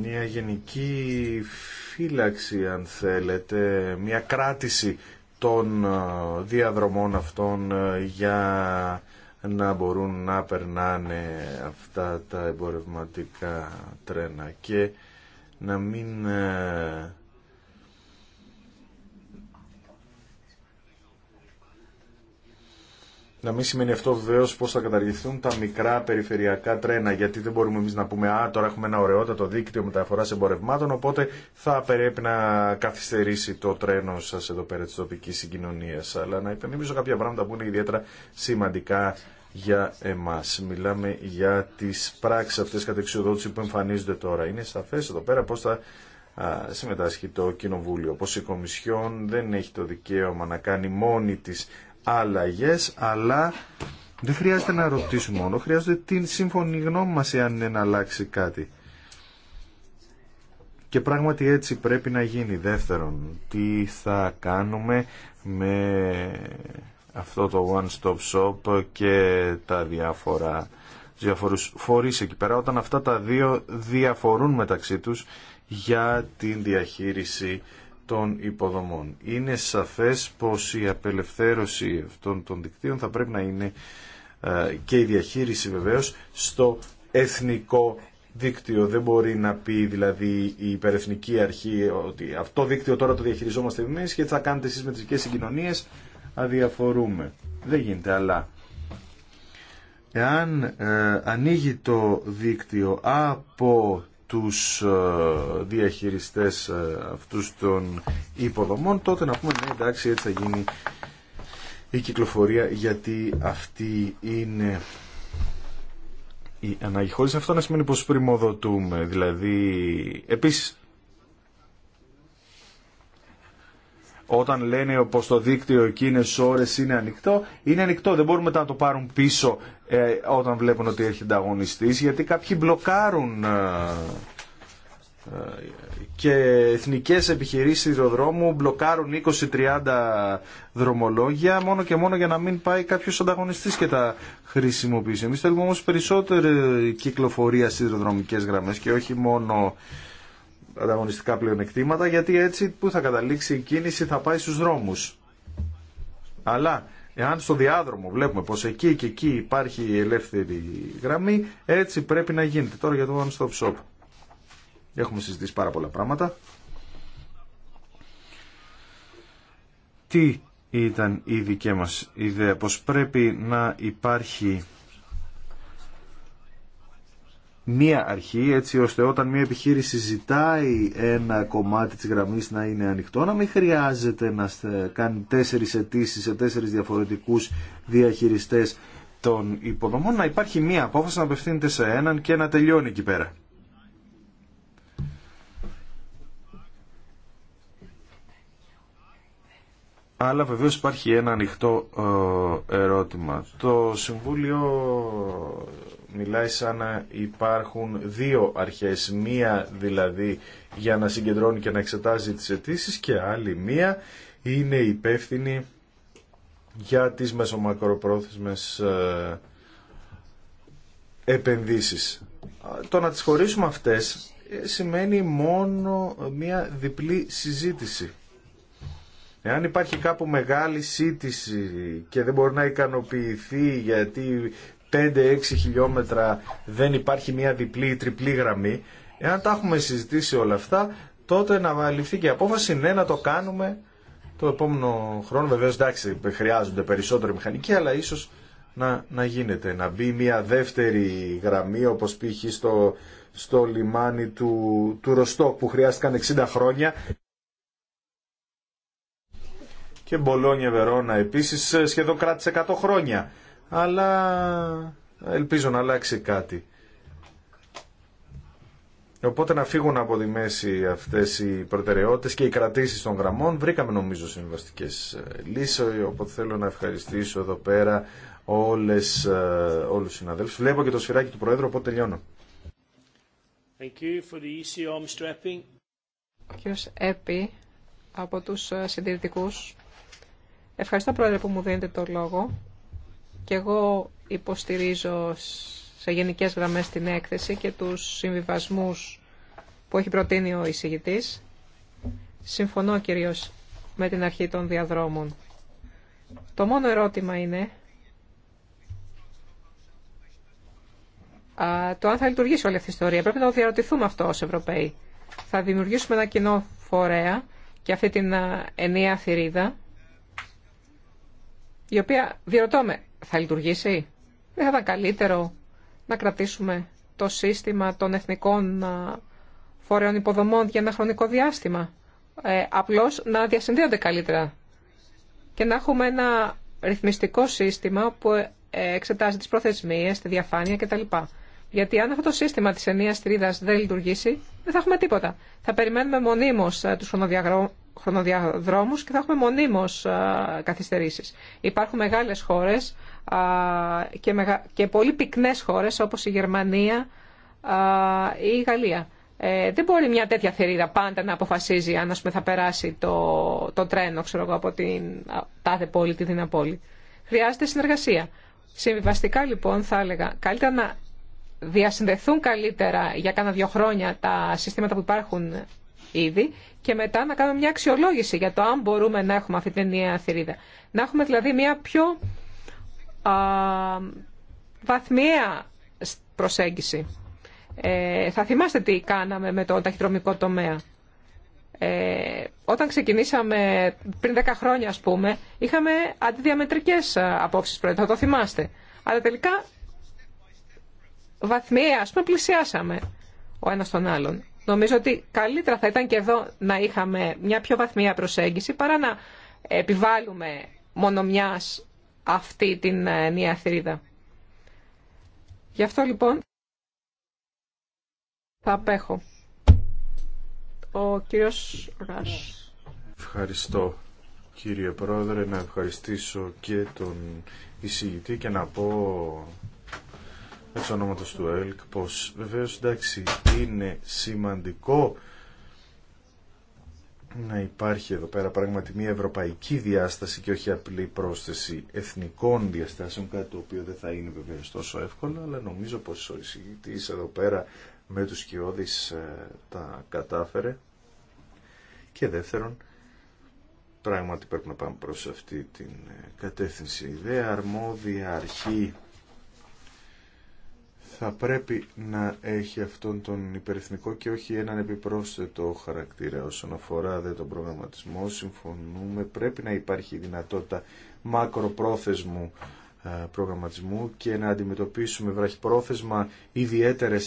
μια γενική φύλαξη αν θέλετε, μια κράτηση των ε, διαδρομών αυτών ε, για να μπορούν να περνάνε αυτά τα εμπορευματικά τρένα και να μην ε, Να μην σημαίνει αυτό βεβαίω πώ θα καταργηθούν τα μικρά περιφερειακά τρένα, γιατί δεν μπορούμε εμεί να πούμε Α, τώρα έχουμε ένα ωραιότατο δίκτυο μεταφορά εμπορευμάτων, οπότε θα πρέπει να καθυστερήσει το τρένο σα εδώ πέρα τη τοπική συγκοινωνία. Αλλά να υπενθυμίσω κάποια πράγματα που είναι ιδιαίτερα σημαντικά για εμά. Μιλάμε για τι πράξει αυτέ κατεξοδότηση που εμφανίζονται τώρα. Είναι σαφέ εδώ πέρα πώ θα συμμετάσχει το Κοινοβούλιο. Πως η Κομισιόν δεν έχει το δικαίωμα να κάνει μόνη τη αλλαγές, αλλά δεν χρειάζεται να ρωτήσουμε μόνο, χρειάζεται την σύμφωνη γνώμη μας εάν είναι να αλλάξει κάτι. Και πράγματι έτσι πρέπει να γίνει. Δεύτερον, τι θα κάνουμε με αυτό το One Stop Shop και τα διάφορα διαφορούς φορείς εκεί πέρα, όταν αυτά τα δύο διαφορούν μεταξύ τους για την διαχείριση των υποδομών. Είναι σαφές πως η απελευθέρωση αυτών των δικτύων θα πρέπει να είναι ε, και η διαχείριση βεβαίως στο εθνικό δίκτυο. Δεν μπορεί να πει δηλαδή η υπερεθνική αρχή ότι αυτό δίκτυο τώρα το διαχειριζόμαστε εμείς και θα κάνετε εσείς με τις δικές συγκοινωνίες αδιαφορούμε. Δεν γίνεται αλλά εάν ε, ανοίγει το δίκτυο από τους ε, διαχειριστές ε, αυτούς των υποδομών, τότε να πούμε ναι εντάξει έτσι θα γίνει η κυκλοφορία γιατί αυτή είναι η ανάγκη. Χωρίς αυτό να σημαίνει πως πριμοδοτούμε. δηλαδή επίσης Όταν λένε πως το δίκτυο εκείνες ώρες είναι ανοιχτό, είναι ανοιχτό. Δεν μπορούμε μετά να το πάρουν πίσω ε, όταν βλέπουν ότι έχει ανταγωνιστής, γιατί κάποιοι μπλοκάρουν ε, ε, και εθνικές επιχειρήσεις σιδηροδρόμου μπλοκάρουν 20-30 δρομολόγια μόνο και μόνο για να μην πάει κάποιος ανταγωνιστής και τα χρησιμοποιήσει. Εμείς θέλουμε όμως περισσότερη κυκλοφορία σιδηροδρομικές γραμμές και όχι μόνο ανταγωνιστικά πλεονεκτήματα γιατί έτσι που θα καταλήξει η κίνηση θα πάει στους δρόμους. Αλλά εάν στο διάδρομο βλέπουμε πως εκεί και εκεί υπάρχει η ελεύθερη γραμμή έτσι πρέπει να γίνεται. Τώρα για το One Stop Shop. Έχουμε συζητήσει πάρα πολλά πράγματα. Τι ήταν η δική μας ιδέα πως πρέπει να υπάρχει μία αρχή έτσι ώστε όταν μία επιχείρηση ζητάει ένα κομμάτι της γραμμής να είναι ανοιχτό να μην χρειάζεται να κάνει τέσσερις αιτήσει σε τέσσερις διαφορετικούς διαχειριστές των υποδομών να υπάρχει μία απόφαση να απευθύνεται σε έναν και να τελειώνει εκεί πέρα. Αλλά βεβαίω υπάρχει ένα ανοιχτό ε, ερώτημα. Το Συμβούλιο Μιλάει σαν να υπάρχουν δύο αρχές, μία δηλαδή για να συγκεντρώνει και να εξετάζει τις αιτήσει και άλλη μία είναι υπεύθυνη για τις μεσομακροπρόθεσμες ε, επενδύσεις. Το να τις χωρίσουμε αυτές ε, σημαίνει μόνο μία διπλή συζήτηση. Εάν υπάρχει κάπου μεγάλη σύντηση και δεν μπορεί να ικανοποιηθεί γιατί 5-6 χιλιόμετρα δεν υπάρχει μια διπλή ή τριπλή γραμμή, εάν τα έχουμε συζητήσει όλα αυτά, τότε να ληφθεί και η απόφαση ναι να το κάνουμε το επόμενο χρόνο. Βεβαίω εντάξει χρειάζονται περισσότερη μηχανική, αλλά ίσω να, να γίνεται. Να μπει μια δεύτερη γραμμή όπω π.χ. στο, στο λιμάνι του, του Ροστόκ που χρειάστηκαν 60 χρόνια και Μπολόνια Βερόνα επίσης ε, σχεδόν κράτησε 100 χρόνια αλλά ελπίζω να αλλάξει κάτι. Οπότε να φύγουν από τη μέση αυτές οι προτεραιότητες και οι κρατήσεις των γραμμών. Βρήκαμε νομίζω συμβαστικές ε, λύσεις, οπότε θέλω να ευχαριστήσω εδώ πέρα όλες, ε, όλους τους συναδέλφους. Βλέπω και το σφυράκι του Προέδρου, οπότε τελειώνω. Thank you for the Κύριος Έπι, από τους ε, συντηρητικούς. Ευχαριστώ Πρόεδρε που μου δίνετε το λόγο. Και εγώ υποστηρίζω σε γενικές γραμμές την έκθεση και τους συμβιβασμούς που έχει προτείνει ο εισηγητής. Συμφωνώ κυρίως με την αρχή των διαδρόμων. Το μόνο ερώτημα είναι το αν θα λειτουργήσει όλη αυτή η ιστορία. Πρέπει να το διαρωτηθούμε αυτό ως Ευρωπαίοι. Θα δημιουργήσουμε ένα κοινό φορέα και αυτή την ενιαία θηρίδα, η οποία, διαρωτώ θα λειτουργήσει. Δεν θα ήταν καλύτερο να κρατήσουμε το σύστημα των εθνικών φορέων υποδομών για ένα χρονικό διάστημα. Ε, απλώς να διασυνδέονται καλύτερα και να έχουμε ένα ρυθμιστικό σύστημα που ε, εξετάζει τις προθεσμίες, τη διαφάνεια κτλ. Γιατί αν αυτό το σύστημα της ενίας τρίδας δεν λειτουργήσει, δεν θα έχουμε τίποτα. Θα περιμένουμε μονίμως ε, τους χρονοδιαδρόμους και θα έχουμε μονίμως καθυστερήσεις. Υπάρχουν μεγάλες χώρες και πολύ πυκνές χώρες όπως η Γερμανία ή η Γαλλία. Ε, δεν μπορεί μια τέτοια θερίδα πάντα να αποφασίζει αν θα περάσει το, το τρένο ξέρω από την τάδε πόλη, τη δίνα πόλη. Χρειάζεται συνεργασία. Συμβιβαστικά λοιπόν θα έλεγα καλύτερα να διασυνδεθούν καλύτερα για κάνα δύο χρόνια τα συστήματα που υπάρχουν ήδη και μετά να κάνουμε μια αξιολόγηση για το αν μπορούμε να έχουμε αυτή την ενιαία θηρίδα. Να έχουμε δηλαδή μια πιο α, βαθμιαία προσέγγιση. Ε, θα θυμάστε τι κάναμε με το ταχυδρομικό τομέα. Ε, όταν ξεκινήσαμε πριν 10 χρόνια, ας πούμε, είχαμε αντιδιαμετρικές απόψεις πρώτα, θα το θυμάστε. Αλλά τελικά βαθμιαία, ας πούμε, πλησιάσαμε ο ένας τον άλλον. Νομίζω ότι καλύτερα θα ήταν και εδώ να είχαμε μια πιο βαθμία προσέγγιση παρά να επιβάλλουμε μόνο αυτή την ε, νέα θηρίδα. Γι' αυτό λοιπόν θα απέχω. Ο κύριος Ράς. Ευχαριστώ κύριε Πρόεδρε, να ευχαριστήσω και τον εισηγητή και να πω εξ ονόματος του ΕΛΚ πως βεβαίως εντάξει είναι σημαντικό να υπάρχει εδώ πέρα πράγματι μια ευρωπαϊκή διάσταση και όχι απλή πρόσθεση εθνικών διαστάσεων, κάτι το οποίο δεν θα είναι βεβαίως τόσο εύκολο, αλλά νομίζω πως ο εισηγητής εδώ πέρα με τους κοιόδης ε, τα κατάφερε. Και δεύτερον, πράγματι πρέπει να πάμε προς αυτή την ε, κατεύθυνση. ιδέα αρμόδια αρχή θα πρέπει να έχει αυτόν τον υπερεθνικό και όχι έναν επιπρόσθετο χαρακτήρα όσον αφορά δε τον προγραμματισμό. Συμφωνούμε, πρέπει να υπάρχει δυνατότητα μακροπρόθεσμου ε, προγραμματισμού και να αντιμετωπίσουμε βραχυπρόθεσμα ιδιαίτερε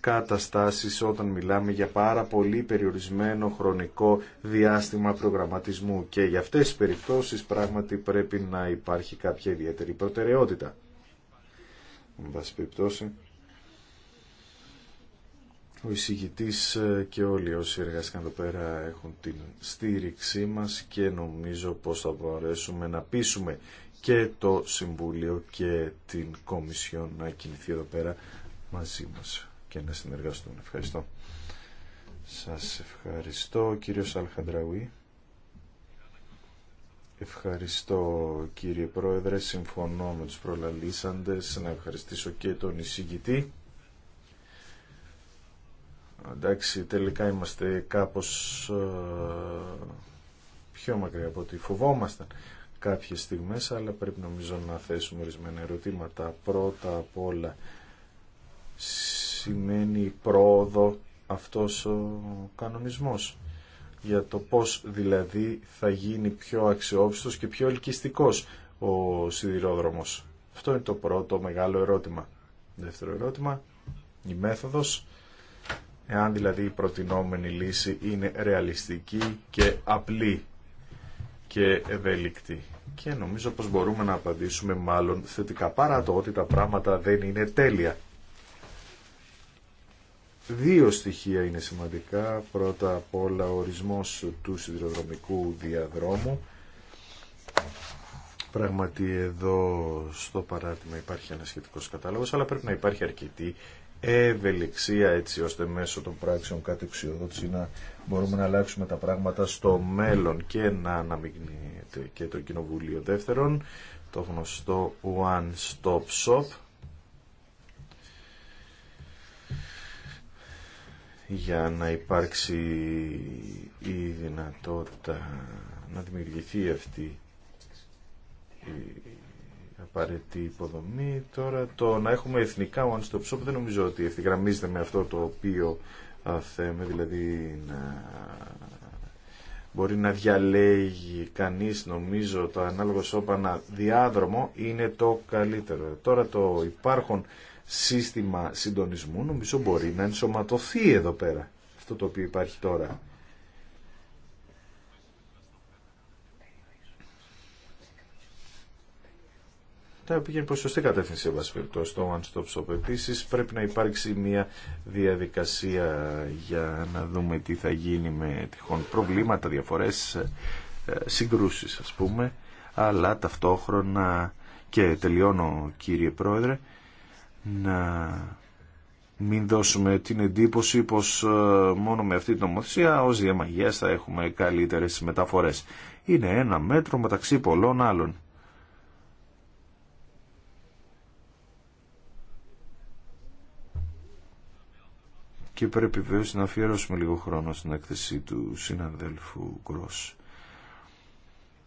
καταστάσεις όταν μιλάμε για πάρα πολύ περιορισμένο χρονικό διάστημα προγραμματισμού και για αυτές τις περιπτώσεις πράγματι πρέπει να υπάρχει κάποια ιδιαίτερη προτεραιότητα. Με πάση περιπτώσει, ο εισηγητής ε, και όλοι όσοι εργάστηκαν εδώ πέρα έχουν την στήριξή μας και νομίζω πως θα μπορέσουμε να πείσουμε και το Συμβούλιο και την Κομισιόν να κινηθεί εδώ πέρα μαζί μας και να συνεργαστούν. Ευχαριστώ. Σας ευχαριστώ κύριος Αλχαντραουή. Ευχαριστώ κύριε Πρόεδρε, συμφωνώ με τους προλαλήσαντες, να ευχαριστήσω και τον εισηγητή εντάξει, τελικά είμαστε κάπως ε, πιο μακριά από ό,τι φοβόμασταν κάποιες στιγμές, αλλά πρέπει νομίζω να θέσουμε ορισμένα ερωτήματα. Πρώτα απ' όλα, σημαίνει πρόοδο αυτός ο κανονισμός για το πώς δηλαδή θα γίνει πιο αξιόπιστος και πιο ελκυστικός ο σιδηρόδρομος. Αυτό είναι το πρώτο μεγάλο ερώτημα. Δεύτερο ερώτημα, η μέθοδος εάν δηλαδή η προτινόμενη λύση είναι ρεαλιστική και απλή και ευέλικτη. Και νομίζω πως μπορούμε να απαντήσουμε μάλλον θετικά, παρά το ότι τα πράγματα δεν είναι τέλεια. Δύο στοιχεία είναι σημαντικά. Πρώτα απ' όλα ο ορισμός του σιδηροδρομικού διαδρόμου. Πραγματι εδώ στο παράδειγμα υπάρχει ένα σχετικό κατάλογος, αλλά πρέπει να υπάρχει αρκετή ευελιξία έτσι ώστε μέσω των πράξεων κατεξιοδότηση να μπορούμε να αλλάξουμε τα πράγματα στο μέλλον και να αναμειγνύεται και το Κοινοβούλιο δεύτερον το γνωστό One Stop Shop για να υπάρξει η δυνατότητα να δημιουργηθεί αυτή η απαραίτητη υποδομή. Τώρα το να έχουμε εθνικά one stop shop δεν νομίζω ότι ευθυγραμμίζεται με αυτό το οποίο θέμε, δηλαδή μπορεί να διαλέγει κανείς νομίζω το ανάλογο σώπανα διάδρομο είναι το καλύτερο. Τώρα το υπάρχον σύστημα συντονισμού νομίζω μπορεί να ενσωματωθεί εδώ πέρα αυτό το οποίο υπάρχει τώρα. τα πηγαίνει προς σωστή κατεύθυνση περιπτώσει το One Stop Shop. Επίσης πρέπει να υπάρξει μια διαδικασία για να δούμε τι θα γίνει με τυχόν προβλήματα, διαφορές, ε, συγκρούσεις ας πούμε, αλλά ταυτόχρονα και τελειώνω κύριε Πρόεδρε να μην δώσουμε την εντύπωση πως ε, μόνο με αυτή την νομοθεσία ως διαμαγείας θα έχουμε καλύτερες μεταφορές. Είναι ένα μέτρο μεταξύ πολλών άλλων. και πρέπει βέβαια να αφιερώσουμε λίγο χρόνο στην έκθεση του συναδέλφου Γκρός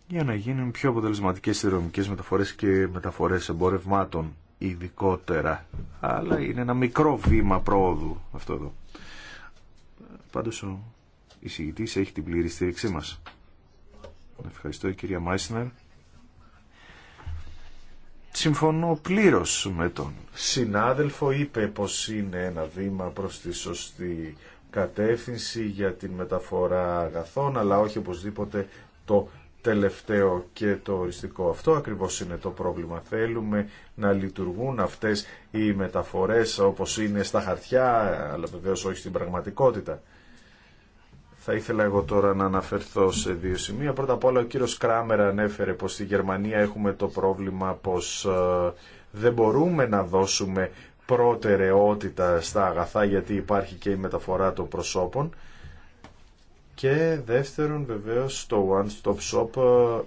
για να γίνουν πιο αποτελεσματικές συνδρομικές μεταφορές και μεταφορές εμπορευμάτων ειδικότερα αλλά είναι ένα μικρό βήμα πρόοδου αυτό εδώ πάντως ο εισηγητής έχει την πλήρη στήριξή μας Ευχαριστώ η κυρία Μάισνερ συμφωνώ πλήρως με τον συνάδελφο. Είπε πως είναι ένα βήμα προς τη σωστή κατεύθυνση για την μεταφορά αγαθών, αλλά όχι οπωσδήποτε το τελευταίο και το οριστικό. Αυτό ακριβώς είναι το πρόβλημα. Θέλουμε να λειτουργούν αυτές οι μεταφορές όπως είναι στα χαρτιά, αλλά βεβαίω όχι στην πραγματικότητα. Θα ήθελα εγώ τώρα να αναφερθώ σε δύο σημεία. Πρώτα απ' όλα ο κύριος Κράμερα ανέφερε πως στη Γερμανία έχουμε το πρόβλημα πως ε, δεν μπορούμε να δώσουμε προτεραιότητα στα αγαθά γιατί υπάρχει και η μεταφορά των προσώπων και δεύτερον βεβαίως το One Stop Shop ε,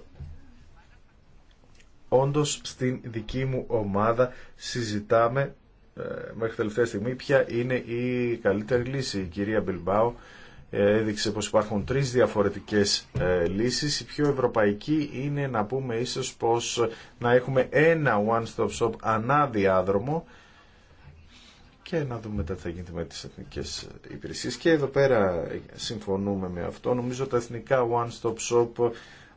όντως στην δική μου ομάδα συζητάμε ε, μέχρι τελευταία στιγμή ποια είναι η καλύτερη λύση η κυρία Μπιλμπάου ε, έδειξε πως υπάρχουν τρεις διαφορετικές ε, λύσεις. Η πιο ευρωπαϊκή είναι να πούμε ίσως πως να έχουμε ένα one-stop shop ανά διάδρομο και να δούμε τι θα γίνει με τις εθνικές υπηρεσίες. Και εδώ πέρα συμφωνούμε με αυτό. Νομίζω τα εθνικά one-stop shop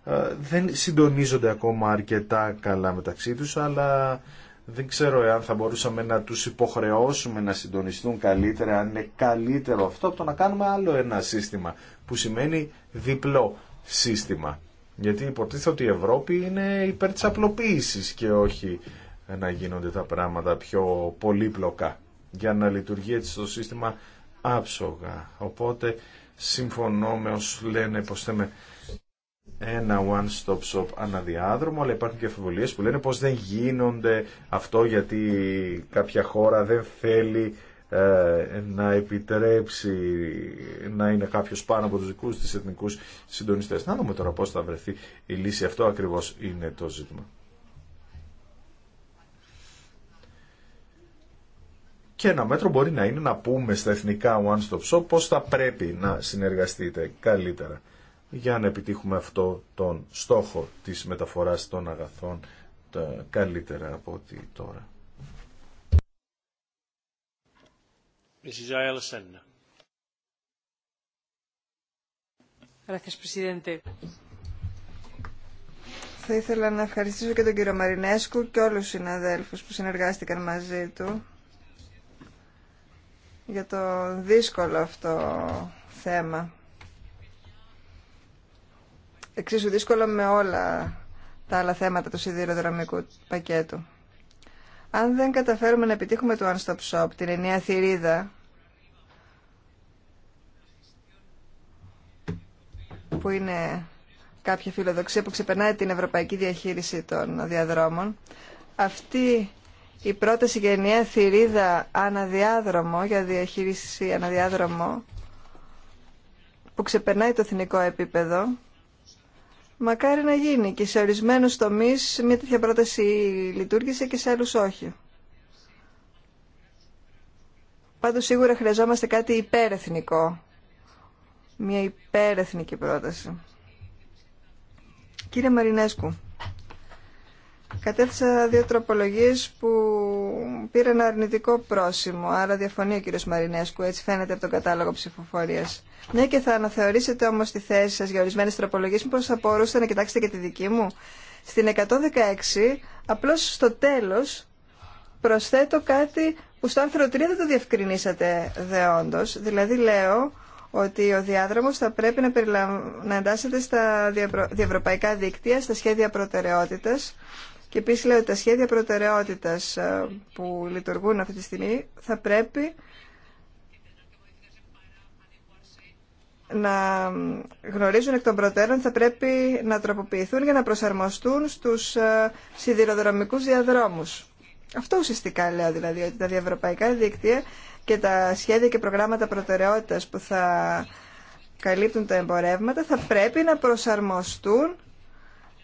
ε, δεν συντονίζονται ακόμα αρκετά καλά μεταξύ τους, αλλά δεν ξέρω εάν θα μπορούσαμε να τους υποχρεώσουμε να συντονιστούν καλύτερα, αν είναι καλύτερο αυτό, από το να κάνουμε άλλο ένα σύστημα, που σημαίνει διπλό σύστημα. Γιατί υποτίθεται ότι η Ευρώπη είναι υπέρ της απλοποίησης και όχι να γίνονται τα πράγματα πιο πολύπλοκα για να λειτουργεί έτσι το σύστημα άψογα. Οπότε συμφωνώ με όσους λένε πως θέμε ένα one-stop shop αναδιάδρομο, αλλά υπάρχουν και αφιβολίες που λένε πως δεν γίνονται αυτό γιατί κάποια χώρα δεν θέλει ε, να επιτρέψει να είναι κάποιος πάνω από τους δικούς της εθνικούς συντονιστές. Να δούμε τώρα πώς θα βρεθεί η λύση. Αυτό ακριβώς είναι το ζήτημα. Και ένα μέτρο μπορεί να είναι να πούμε στα εθνικά one-stop shop πώς θα πρέπει να συνεργαστείτε καλύτερα για να επιτύχουμε αυτό τον στόχο της μεταφοράς των αγαθών καλύτερα από ότι τώρα. Θα ήθελα να ευχαριστήσω και τον κύριο Μαρινέσκου και όλους τους συναδέλφους που συνεργάστηκαν μαζί του για το δύσκολο αυτό θέμα εξίσου δύσκολο με όλα τα άλλα θέματα του σιδηροδρομικού πακέτου. Αν δεν καταφέρουμε να επιτύχουμε το One Stop Shop, την ενιαία θηρίδα, που είναι κάποια φιλοδοξία που ξεπερνάει την ευρωπαϊκή διαχείριση των διαδρόμων, αυτή η πρόταση για ενιαία θηρίδα αναδιάδρομο, για διαχείριση αναδιάδρομο, που ξεπερνάει το εθνικό επίπεδο, Μακάρι να γίνει και σε ορισμένους τομείς μια τέτοια πρόταση λειτουργήσε και σε άλλους όχι. Πάντως σίγουρα χρειαζόμαστε κάτι υπερεθνικό. Μια υπερεθνική πρόταση. Κύριε Μαρινέσκου, Κατέθεσα δύο τροπολογίε που πήραν αρνητικό πρόσημο, άρα διαφωνεί ο κύριο Μαρινέσκου, έτσι φαίνεται από τον κατάλογο ψηφοφορία. Ναι και θα αναθεωρήσετε όμω τη θέση σα για ορισμένε τροπολογίε, μήπως θα μπορούσατε να κοιτάξετε και τη δική μου. Στην 116, Απλώ στο τέλο προσθέτω κάτι που στο άρθρο 3 δεν το διευκρινίσατε δεόντω. δηλαδή λέω ότι ο διάδρομο θα πρέπει να, περιλαμ... να εντάσσεται στα διευρωπαϊκά δίκτυα, στα σχέδια προτεραιότητα. Και επίση λέω ότι τα σχέδια προτεραιότητα ε, που λειτουργούν αυτή τη στιγμή θα πρέπει να γνωρίζουν εκ των προτέρων θα πρέπει να τροποποιηθούν για να προσαρμοστούν στους ε, σιδηροδρομικούς διαδρόμους. Αυτό ουσιαστικά λέω δηλαδή ότι τα διευρωπαϊκά δίκτυα και τα σχέδια και προγράμματα προτεραιότητας που θα καλύπτουν τα εμπορεύματα θα πρέπει να προσαρμοστούν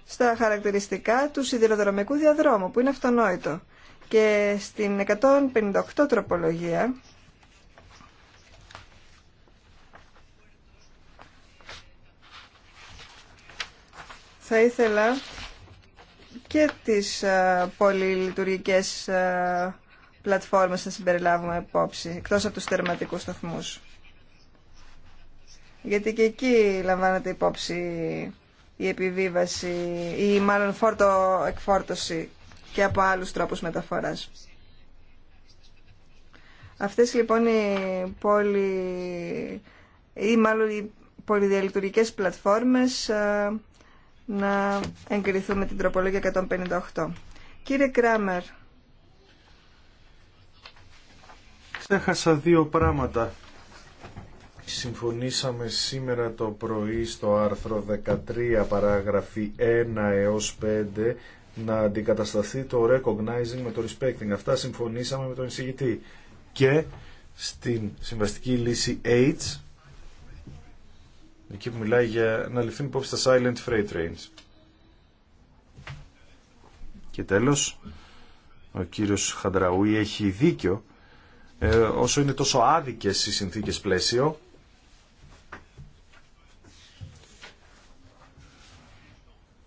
στα χαρακτηριστικά του σιδηροδρομικού διαδρόμου, που είναι αυτονόητο. Και στην 158 τροπολογία θα ήθελα και τις ε, πολυλειτουργικές ε, πλατφόρμες να συμπεριλάβουμε υπόψη, εκτός από τους θερματικούς σταθμούς. Γιατί και εκεί λαμβάνεται υπόψη η επιβίβαση ή μάλλον φόρτο εκφόρτωση και από άλλους τρόπους μεταφοράς. Αυτές λοιπόν οι πολυ... ή μάλλον οι πολυδιαλειτουργικές πλατφόρμες ε, να εγκριθούν με την τροπολογία 158. Κύριε Κράμερ. Ξέχασα δύο πράγματα Συμφωνήσαμε σήμερα το πρωί στο άρθρο 13 παράγραφη 1 έως 5 να αντικατασταθεί το recognizing με το respecting. Αυτά συμφωνήσαμε με τον εισηγητή. Και στην συμβαστική λύση H, εκεί που μιλάει για να ληφθούν υπόψη τα silent freight trains. Και τέλος, ο κύριος Χαντραούι έχει δίκιο. Ε, όσο είναι τόσο άδικες οι συνθήκες πλαίσιο,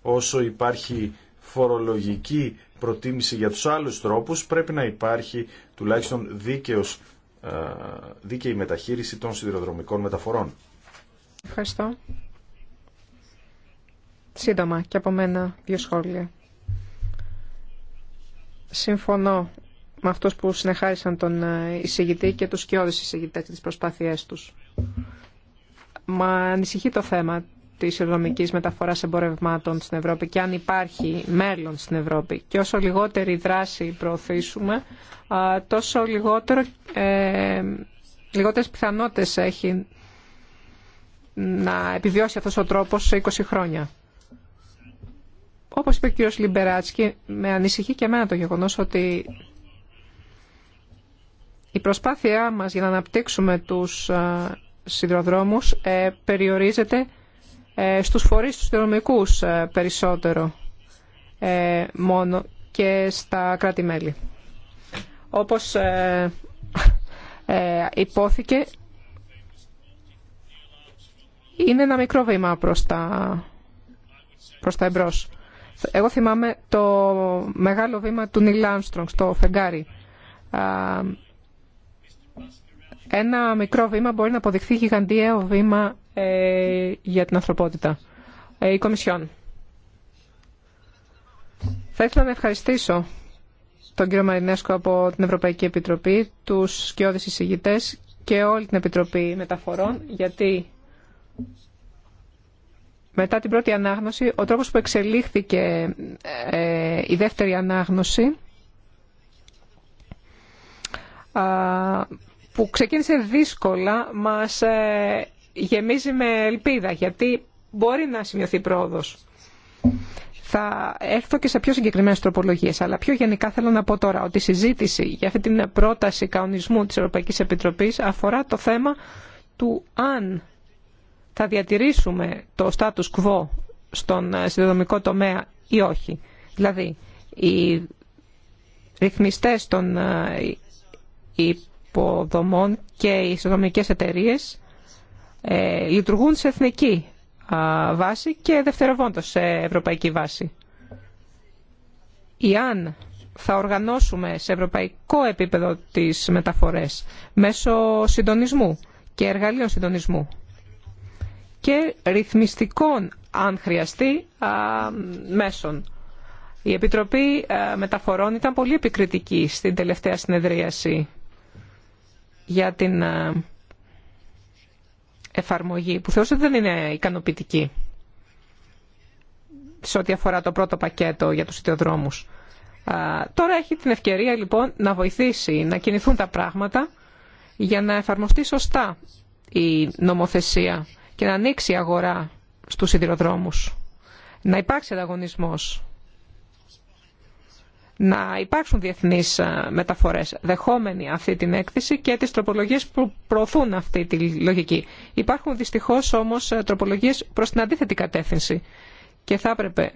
όσο υπάρχει φορολογική προτίμηση για τους άλλους τρόπους, πρέπει να υπάρχει τουλάχιστον δίκαιος, ε, δίκαιη μεταχείριση των σιδηροδρομικών μεταφορών. Ευχαριστώ. Σύντομα και από μένα δύο σχόλια. Συμφωνώ με αυτούς που συνεχάρισαν τον ε, εισηγητή και τους σκιώδες εισηγητές και προσπάθειές τους. Μα ανησυχεί το θέμα τη οικονομική μεταφορά εμπορευμάτων στην Ευρώπη και αν υπάρχει μέλλον στην Ευρώπη. Και όσο λιγότερη δράση προωθήσουμε, τόσο λιγότερο, ε, λιγότερες πιθανότητες έχει να επιβιώσει αυτός ο τρόπος σε 20 χρόνια. Όπως είπε ο κ. Λιμπεράτσκι, με ανησυχεί και εμένα το γεγονός ότι η προσπάθειά μας για να αναπτύξουμε τους σιδηροδρόμους ε, περιορίζεται ε, στους φορείς τους δρομικούς ε, περισσότερο ε, μόνο και στα κράτη-μέλη. Όπως υπόθηκε, είναι ένα μικρό βήμα προς τα, προς τα εμπρός. Εγώ θυμάμαι το μεγάλο βήμα του Νίλ Άμστρονγκ στο φεγγάρι. Ένα μικρό βήμα μπορεί να αποδειχθεί γιγαντιαίο βήμα για την ανθρωπότητα. Ε, η Κομισιόν. Θα ήθελα να ευχαριστήσω τον κύριο Μαρινέσκο από την Ευρωπαϊκή Επιτροπή, τους σκιώδεις εισηγητές και όλη την Επιτροπή Μεταφορών, γιατί μετά την πρώτη ανάγνωση, ο τρόπος που εξελίχθηκε ε, η δεύτερη ανάγνωση, που ξεκίνησε δύσκολα, μας ε, γεμίζει με ελπίδα, γιατί μπορεί να σημειωθεί πρόοδος. Θα έρθω και σε πιο συγκεκριμένες τροπολογίες, αλλά πιο γενικά θέλω να πω τώρα ότι η συζήτηση για αυτή την πρόταση καονισμού της Ευρωπαϊκής Επιτροπής αφορά το θέμα του αν θα διατηρήσουμε το status quo στον ε, συνδεδομικό τομέα ή όχι. Δηλαδή, οι ρυθμιστές των ε, υποδομών και οι συνδεδομικές εταιρείες ε, λειτουργούν σε εθνική βάση και δευτερευόντως σε ευρωπαϊκή βάση. Εάν θα οργανώσουμε σε ευρωπαϊκό επίπεδο τις μεταφορές μέσω συντονισμού και εργαλείων συντονισμού και ρυθμιστικών, αν χρειαστεί, μέσων. Η Επιτροπή Μεταφορών ήταν πολύ επικριτική στην τελευταία συνεδρίαση για την εφαρμογή που θεωρώ ότι δεν είναι ικανοποιητική σε ό,τι αφορά το πρώτο πακέτο για τους ιδιοδρόμους. Τώρα έχει την ευκαιρία λοιπόν να βοηθήσει, να κινηθούν τα πράγματα για να εφαρμοστεί σωστά η νομοθεσία και να ανοίξει η αγορά στους σιδηροδρόμους. Να υπάρξει ανταγωνισμός να υπάρξουν διεθνείς ε, μεταφορές δεχόμενοι αυτή την έκθεση και τις τροπολογίες που προωθούν αυτή τη λογική. Υπάρχουν δυστυχώς όμως ε, τροπολογίες προς την αντίθετη κατεύθυνση και θα έπρεπε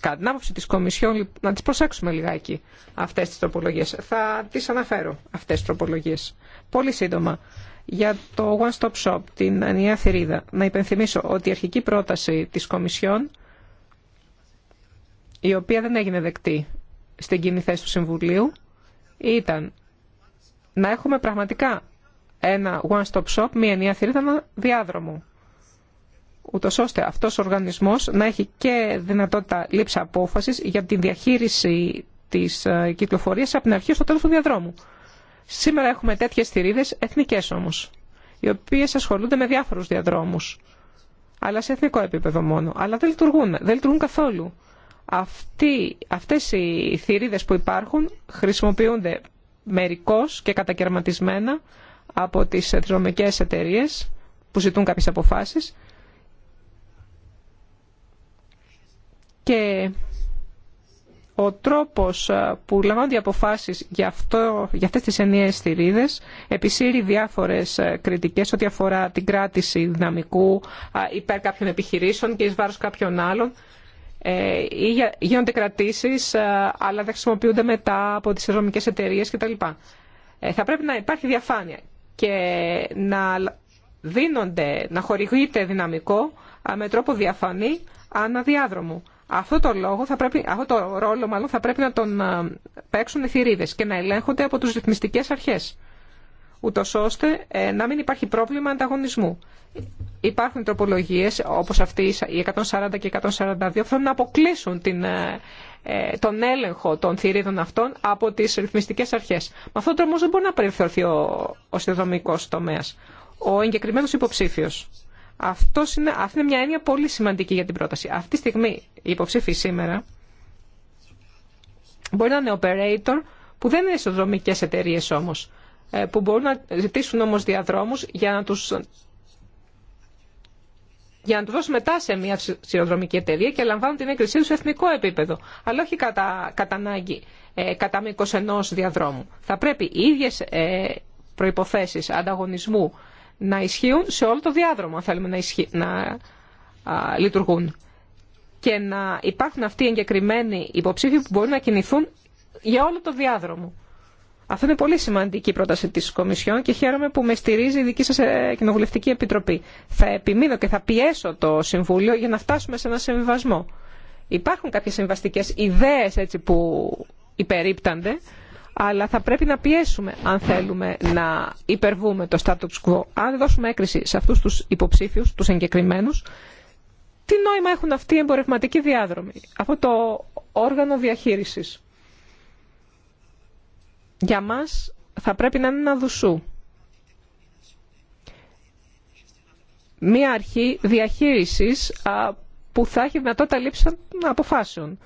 κατά την άποψη της Κομισιόν να τις προσέξουμε λιγάκι αυτές τις τροπολογίες. Θα τις αναφέρω αυτές τις τροπολογίες. Πολύ σύντομα για το One Stop Shop, την ενιαία θηρίδα. Να υπενθυμίσω ότι η αρχική πρόταση της Κομισιόν η οποία δεν έγινε δεκτή στην κοινή θέση του Συμβουλίου ήταν να έχουμε πραγματικά ένα one-stop shop, μία ενιαία θηρίδα, διάδρομο. Ούτω ώστε αυτό ο οργανισμό να έχει και δυνατότητα λήψη απόφαση για τη διαχείριση τη ε, κυκλοφορία από την αρχή στο τέλο του διαδρόμου. Σήμερα έχουμε τέτοιε θηρίδε, εθνικέ όμω, οι οποίε ασχολούνται με διάφορου διαδρόμου. Αλλά σε εθνικό επίπεδο μόνο. Αλλά δεν λειτουργούν, δεν λειτουργούν καθόλου αυτοί, αυτές οι θηρίδες που υπάρχουν χρησιμοποιούνται μερικώς και κατακαιρματισμένα από τις θηρομικές εταιρείες που ζητούν κάποιες αποφάσεις και ο τρόπος που λαμβάνονται οι αποφάσεις για, αυτό, για αυτές τις ενιαίες θηρίδες επισύρει διάφορες κριτικές ό,τι αφορά την κράτηση δυναμικού υπέρ κάποιων επιχειρήσεων και εις βάρος κάποιων άλλων ε, ή γίνονται κρατήσει, ε, αλλά δεν χρησιμοποιούνται μετά από τις αερομικές εταιρείε κτλ. Ε, θα πρέπει να υπάρχει διαφάνεια και να δίνονται, να χορηγείται δυναμικό με τρόπο διαφανή αναδιάδρομου. Αυτό το, λόγο θα πρέπει, αυτό το ρόλο μάλλον θα πρέπει να τον παίξουν οι θηρίδες και να ελέγχονται από τους ρυθμιστικές αρχές ούτω ώστε ε, να μην υπάρχει πρόβλημα ανταγωνισμού. Υπάρχουν τροπολογίε, όπω αυτή οι 140 και 142 που θέλουν να αποκλείσουν την, ε, ε, τον έλεγχο των θηρίδων αυτών από τι ρυθμιστικέ αρχέ. Με αυτόν τον τρόπο δεν μπορεί να περιφερθεί ο, ο τομέα, Ο εγκεκριμένο υποψήφιο. αυτή είναι μια έννοια πολύ σημαντική για την πρόταση. Αυτή τη στιγμή οι υποψήφοι σήμερα μπορεί να είναι operator που δεν είναι ισοδρομικέ εταιρείε όμω. Ε, που μπορούν να ζητήσουν όμως διαδρόμους για να τους για να του δώσουμε μετά σε μια σιδηροδρομική εταιρεία και λαμβάνουν την έγκρισή του σε εθνικό επίπεδο. Αλλά όχι κατά, κατά ε, κατά μήκο ενό διαδρόμου. Θα πρέπει οι ίδιε ε, προποθέσει ανταγωνισμού να ισχύουν σε όλο το διάδρομο, αν θέλουμε να, να λειτουργούν. Και να υπάρχουν αυτοί οι εγκεκριμένοι υποψήφοι που μπορούν να κινηθούν για όλο το διάδρομο. Αυτό είναι πολύ σημαντική πρόταση τη Κομισιόν και χαίρομαι που με στηρίζει η δική σα ε, Κοινοβουλευτική Επιτροπή. Θα επιμείνω και θα πιέσω το Συμβούλιο για να φτάσουμε σε ένα συμβιβασμό. Υπάρχουν κάποιε συμβαστικέ ιδέε που υπερίπτανται, αλλά θα πρέπει να πιέσουμε αν θέλουμε να υπερβούμε το status quo. Αν δώσουμε έκριση σε αυτού του υποψήφιους, του εγκεκριμένου, τι νόημα έχουν αυτοί οι εμπορευματικοί διάδρομοι, αυτό το όργανο διαχείρισης για μας θα πρέπει να είναι ένα δουσού. Μία αρχή διαχείρισης που θα έχει δυνατότητα λήψη αποφάσεων.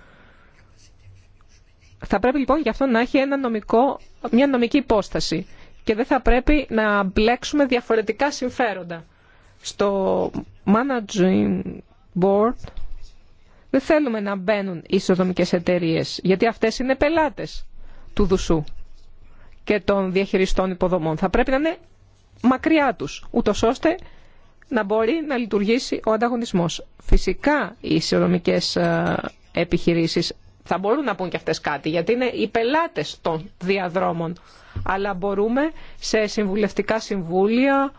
Θα πρέπει λοιπόν γι' αυτό να έχει ένα νομικό, μια νομική υπόσταση και δεν θα πρέπει να μπλέξουμε διαφορετικά συμφέροντα. Στο Managing Board δεν θέλουμε να μπαίνουν ισοδομικές εταιρείες γιατί αυτές είναι πελάτες του Δουσού και των διαχειριστών υποδομών. Θα πρέπει να είναι μακριά τους, ούτω ώστε να μπορεί να λειτουργήσει ο ανταγωνισμός. Φυσικά οι ισοδομικές ε, επιχειρήσεις θα μπορούν να πούν και αυτές κάτι, γιατί είναι οι πελάτες των διαδρόμων. Αλλά μπορούμε σε συμβουλευτικά συμβούλια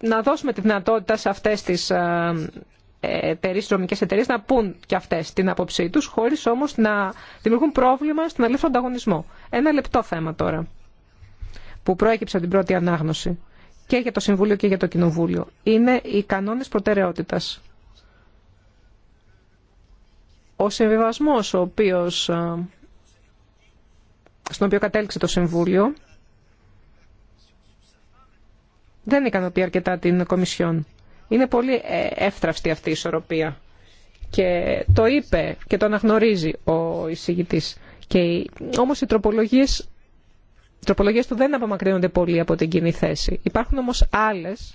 να δώσουμε τη δυνατότητα σε αυτές τις ε, ε, περιστρομικές εταιρείες να πούν και αυτές την άποψή του, χωρίς όμως να δημιουργούν πρόβλημα στον αλήθεια ανταγωνισμό. Ένα λεπτό θέμα τώρα, που προέκυψε από την πρώτη ανάγνωση και για το Συμβούλιο και για το Κοινοβούλιο. Είναι οι κανόνες προτεραιότητας. Ο συμβιβασμό ο οποίος, ε, στον οποίο κατέληξε το Συμβούλιο δεν ικανοποιεί αρκετά την Κομισιόν. Είναι πολύ ε, εύθραυστη αυτή η ισορροπία. Και το είπε και το αναγνωρίζει ο εισηγητή. Και όμως οι τροπολογίες, οι τροπολογίες του δεν απομακρύνονται πολύ από την κοινή θέση. Υπάρχουν όμως άλλες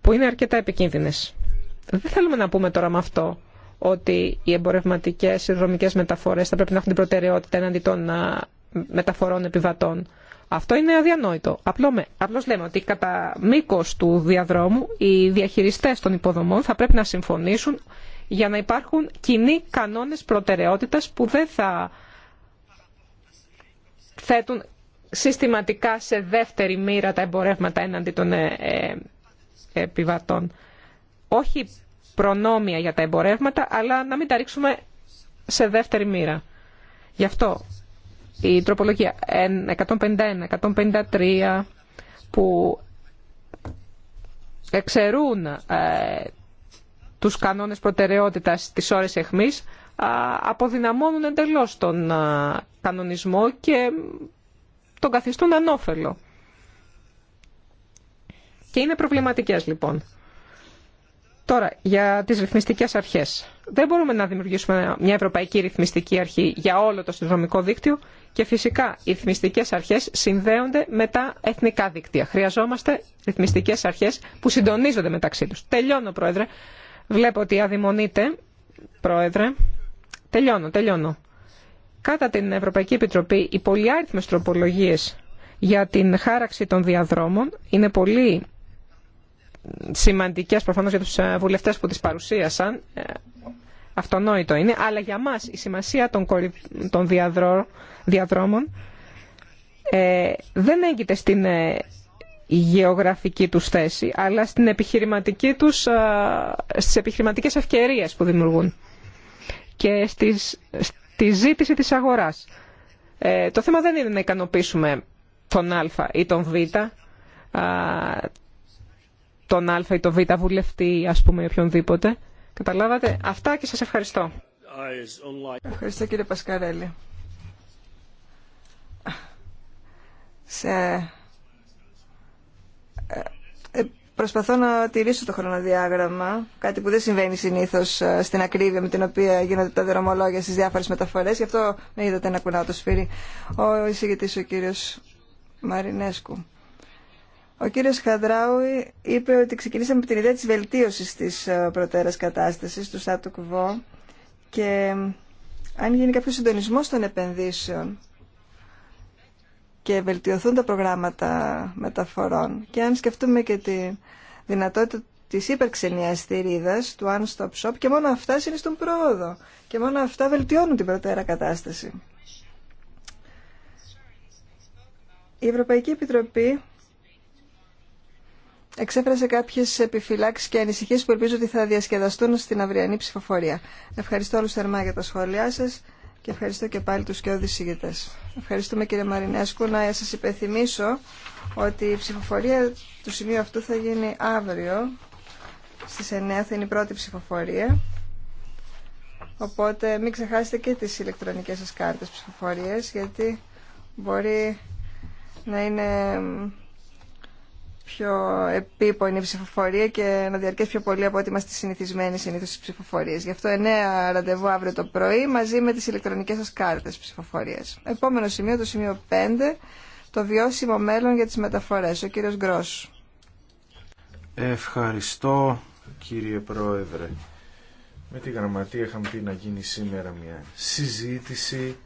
που είναι αρκετά επικίνδυνες. Δεν θέλουμε να πούμε τώρα με αυτό ότι οι εμπορευματικές, οι μεταφορές θα πρέπει να έχουν την προτεραιότητα εναντί των μεταφορών επιβατών. Αυτό είναι αδιανόητο. Απλώς λέμε ότι κατά μήκο του διαδρόμου οι διαχειριστές των υποδομών θα πρέπει να συμφωνήσουν για να υπάρχουν κοινοί κανόνες προτεραιότητας που δεν θα θέτουν συστηματικά σε δεύτερη μοίρα τα εμπορεύματα έναντι των ε, ε, επιβατών. Όχι προνόμια για τα εμπορεύματα, αλλά να μην τα ρίξουμε σε δεύτερη μοίρα. Γι' αυτό η τροπολογία 151, 153 που εξαιρούν ε, τους κανόνες προτεραιότητας της ώρες εχμής αποδυναμώνουν εντελώς τον κανονισμό και τον καθιστούν ανώφελο. Και είναι προβληματικές λοιπόν. Τώρα, για τις ρυθμιστικές αρχές. Δεν μπορούμε να δημιουργήσουμε μια ευρωπαϊκή ρυθμιστική αρχή για όλο το συνδρομικό δίκτυο και φυσικά οι ρυθμιστικές αρχές συνδέονται με τα εθνικά δίκτυα. Χρειαζόμαστε ρυθμιστικές αρχές που συντονίζονται μεταξύ τους. Τελειώνω, Πρόεδρε. Βλέπω ότι αδειμονείτε, Πρόεδρε. Τελειώνω, τελειώνω. Κατά την Ευρωπαϊκή Επιτροπή, οι πολυάριθμε τροπολογίε για την χάραξη των διαδρόμων είναι πολύ σημαντικές προφανώς για τους ε, βουλευτές που τις παρουσίασαν, ε, αυτονόητο είναι, αλλά για μας η σημασία των, των διαδρόμων ε, δεν έγκυται στην γεωγραφική τους θέση, αλλά στην επιχειρηματική τους, στις επιχειρηματικές ευκαιρίες που δημιουργούν και στις, στη ζήτηση της αγοράς. το θέμα δεν είναι να ικανοποιήσουμε τον Α ή τον Β, τον Α ή τον Β βουλευτή, ας πούμε, οποιονδήποτε. Καταλάβατε. Αυτά και σας ευχαριστώ. Ευχαριστώ κύριε Πασκαρέλη. Σε... Ε, προσπαθώ να τηρήσω το χρονοδιάγραμμα, κάτι που δεν συμβαίνει συνήθως ε, στην ακρίβεια με την οποία γίνονται τα δρομολόγια στις διάφορες μεταφορές, γι' αυτό με είδατε να κουνάω το σφύρι. Ο εισηγητής ο κύριος Μαρινέσκου. Ο κύριος Χαδράουι είπε ότι ξεκινήσαμε από την ιδέα της βελτίωσης της ε, προτέρας κατάστασης του Σάτου Κουβό και ε, αν γίνει κάποιο συντονισμός των επενδύσεων και βελτιωθούν τα προγράμματα μεταφορών και αν σκεφτούμε και τη δυνατότητα της ύπερξενιας θηρίδας, του One Stop Shop και μόνο αυτά συνιστούν πρόοδο και μόνο αυτά βελτιώνουν την προτέρα κατάσταση. Η Ευρωπαϊκή Επιτροπή εξέφρασε κάποιε επιφυλάξει και ανησυχίε που ελπίζω ότι θα διασκεδαστούν στην αυριανή ψηφοφορία. Ευχαριστώ όλους θερμά για τα σχόλιά σα και ευχαριστώ και πάλι του και οδησίγητες. Ευχαριστούμε κύριε Μαρινέσκου. Να σα υπενθυμίσω ότι η ψηφοφορία του σημείου αυτού θα γίνει αύριο στις 9 θα είναι η πρώτη ψηφοφορία. Οπότε μην ξεχάσετε και τις ηλεκτρονικές σας κάρτες ψηφοφορίες γιατί μπορεί να είναι πιο επίπονη ψηφοφορία και να διαρκέσει πιο πολύ από ό,τι είμαστε συνηθισμένοι συνήθω στι ψηφοφορίε. Γι' αυτό εννέα ραντεβού αύριο το πρωί μαζί με τι ηλεκτρονικέ σα κάρτε ψηφοφορία. Επόμενο σημείο, το σημείο 5, το βιώσιμο μέλλον για τι μεταφορέ. Ο κύριο Γκρό. Ευχαριστώ κύριε Πρόεδρε. Με τη γραμματεία είχαμε πει να γίνει σήμερα μια συζήτηση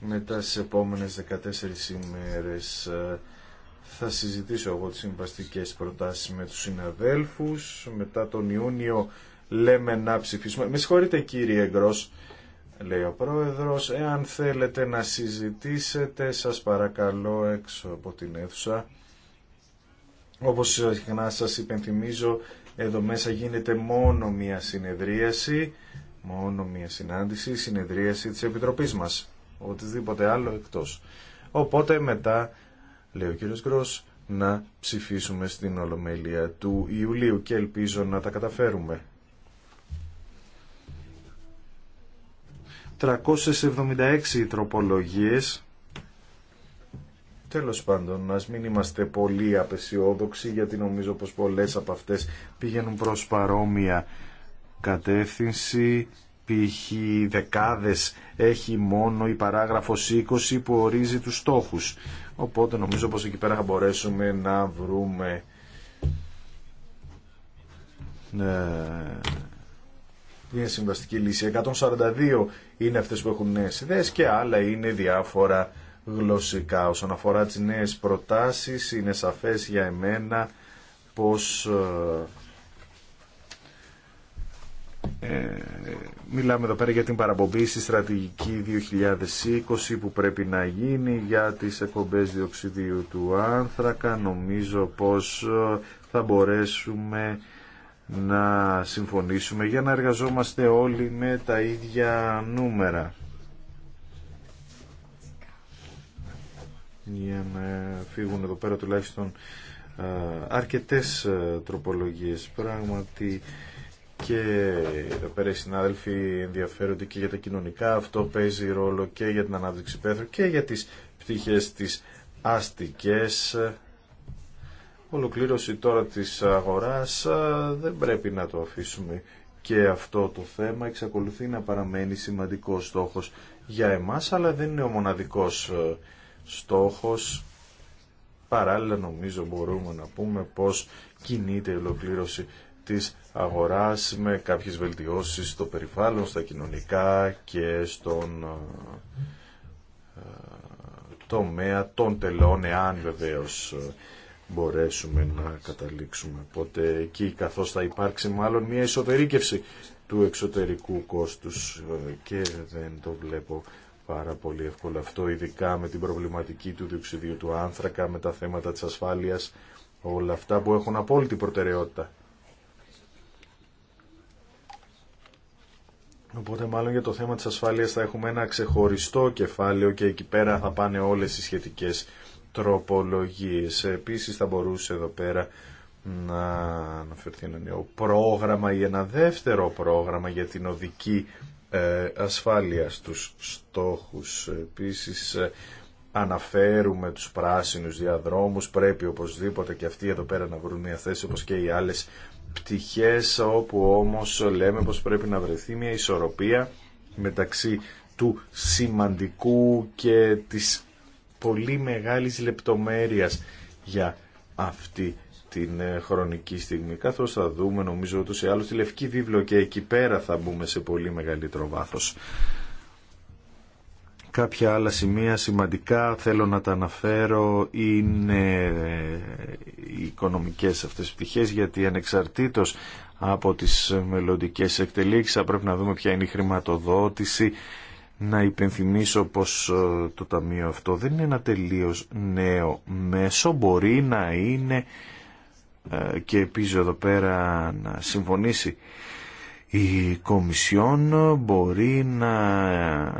μετά στις επόμενες 14 ημέρες ε, θα συζητήσω εγώ τις συμβαστικές προτάσεις με τους συναδέλφους. Μετά τον Ιούνιο λέμε να ψηφίσουμε. Με συγχωρείτε κύριε Γκρός, λέει ο πρόεδρος, εάν θέλετε να συζητήσετε σας παρακαλώ έξω από την αίθουσα. Όπως συχνά σας υπενθυμίζω, εδώ μέσα γίνεται μόνο μία συνεδρίαση, μόνο μία συνάντηση, συνεδρίαση της Επιτροπής μας. Οτιδήποτε άλλο εκτός. Οπότε μετά λέει ο κύριος να ψηφίσουμε στην Ολομέλεια του Ιουλίου και ελπίζω να τα καταφέρουμε. 376 τροπολογίες. Τέλος πάντων, ας μην είμαστε πολύ απεσιόδοξοι γιατί νομίζω πως πολλές από αυτές πήγαινουν προς παρόμοια κατεύθυνση π.χ. δεκάδες έχει μόνο η παράγραφος 20 που ορίζει τους στόχους. Οπότε νομίζω πως εκεί πέρα θα μπορέσουμε να βρούμε ε, μια συμβαστική λύση. 142 είναι αυτές που έχουν νέες ιδέες και άλλα είναι διάφορα γλωσσικά. Όσον αφορά τις νέες προτάσεις είναι σαφές για εμένα πως ε, ε, μιλάμε εδώ πέρα για την παραπομπή στη στρατηγική 2020 που πρέπει να γίνει για τις εκπομπές διοξιδίου του άνθρακα. Νομίζω πως ε, θα μπορέσουμε να συμφωνήσουμε για να εργαζόμαστε όλοι με τα ίδια νούμερα. Για να φύγουν εδώ πέρα τουλάχιστον ε, αρκετές τροπολογίες. Πράγματι και εδώ πέρα οι συνάδελφοι ενδιαφέρονται και για τα κοινωνικά. Αυτό παίζει ρόλο και για την ανάπτυξη πέθρου και για τις πτυχές της αστικές. Ολοκλήρωση τώρα της αγοράς δεν πρέπει να το αφήσουμε και αυτό το θέμα εξακολουθεί να παραμένει σημαντικός στόχος για εμάς αλλά δεν είναι ο μοναδικός ε, στόχος. Παράλληλα νομίζω μπορούμε να πούμε πως κινείται η ολοκλήρωση της αγοράς με κάποιες βελτιώσεις στο περιβάλλον, στα κοινωνικά και στον ε, ε, τομέα των τελών, εάν βεβαίως ε, μπορέσουμε να καταλήξουμε. Οπότε εκεί καθώς θα υπάρξει μάλλον μια ισοπερίκευση του εξωτερικού κόστους και δεν το βλέπω πάρα πολύ εύκολο αυτό, ειδικά με την προβληματική του διοξιδίου του άνθρακα, με τα θέματα της ασφάλειας, όλα αυτά που έχουν απόλυτη προτεραιότητα. Οπότε μάλλον για το θέμα της ασφάλειας θα έχουμε ένα ξεχωριστό κεφάλαιο και εκεί πέρα θα πάνε όλες οι σχετικές τροπολογίες. Επίσης θα μπορούσε εδώ πέρα να αναφερθεί ένα νέο πρόγραμμα ή ένα δεύτερο πρόγραμμα για την οδική ε, ασφάλεια στους στόχους. Επίσης ε, αναφέρουμε τους πράσινους διαδρόμους, πρέπει οπωσδήποτε και αυτοί εδώ πέρα να βρουν μια θέση όπως και οι άλλες πτυχές όπου όμως λέμε πως πρέπει να βρεθεί μια ισορροπία μεταξύ του σημαντικού και της πολύ μεγάλης λεπτομέρειας για αυτή την ε, χρονική στιγμή. Καθώς θα δούμε νομίζω ούτως ή άλλως τη Λευκή Βίβλο και εκεί πέρα θα μπούμε σε πολύ μεγαλύτερο βάθος. Κάποια άλλα σημεία σημαντικά θέλω να τα αναφέρω είναι οι οικονομικές αυτές πτυχές γιατί ανεξαρτήτως από τις μελλοντικέ εκτελήξεις θα πρέπει να δούμε ποια είναι η χρηματοδότηση να υπενθυμίσω πως ε, το ταμείο αυτό δεν είναι ένα τελείως νέο μέσο μπορεί να είναι ε, και επίσης εδώ πέρα να συμφωνήσει η Κομισιόν μπορεί να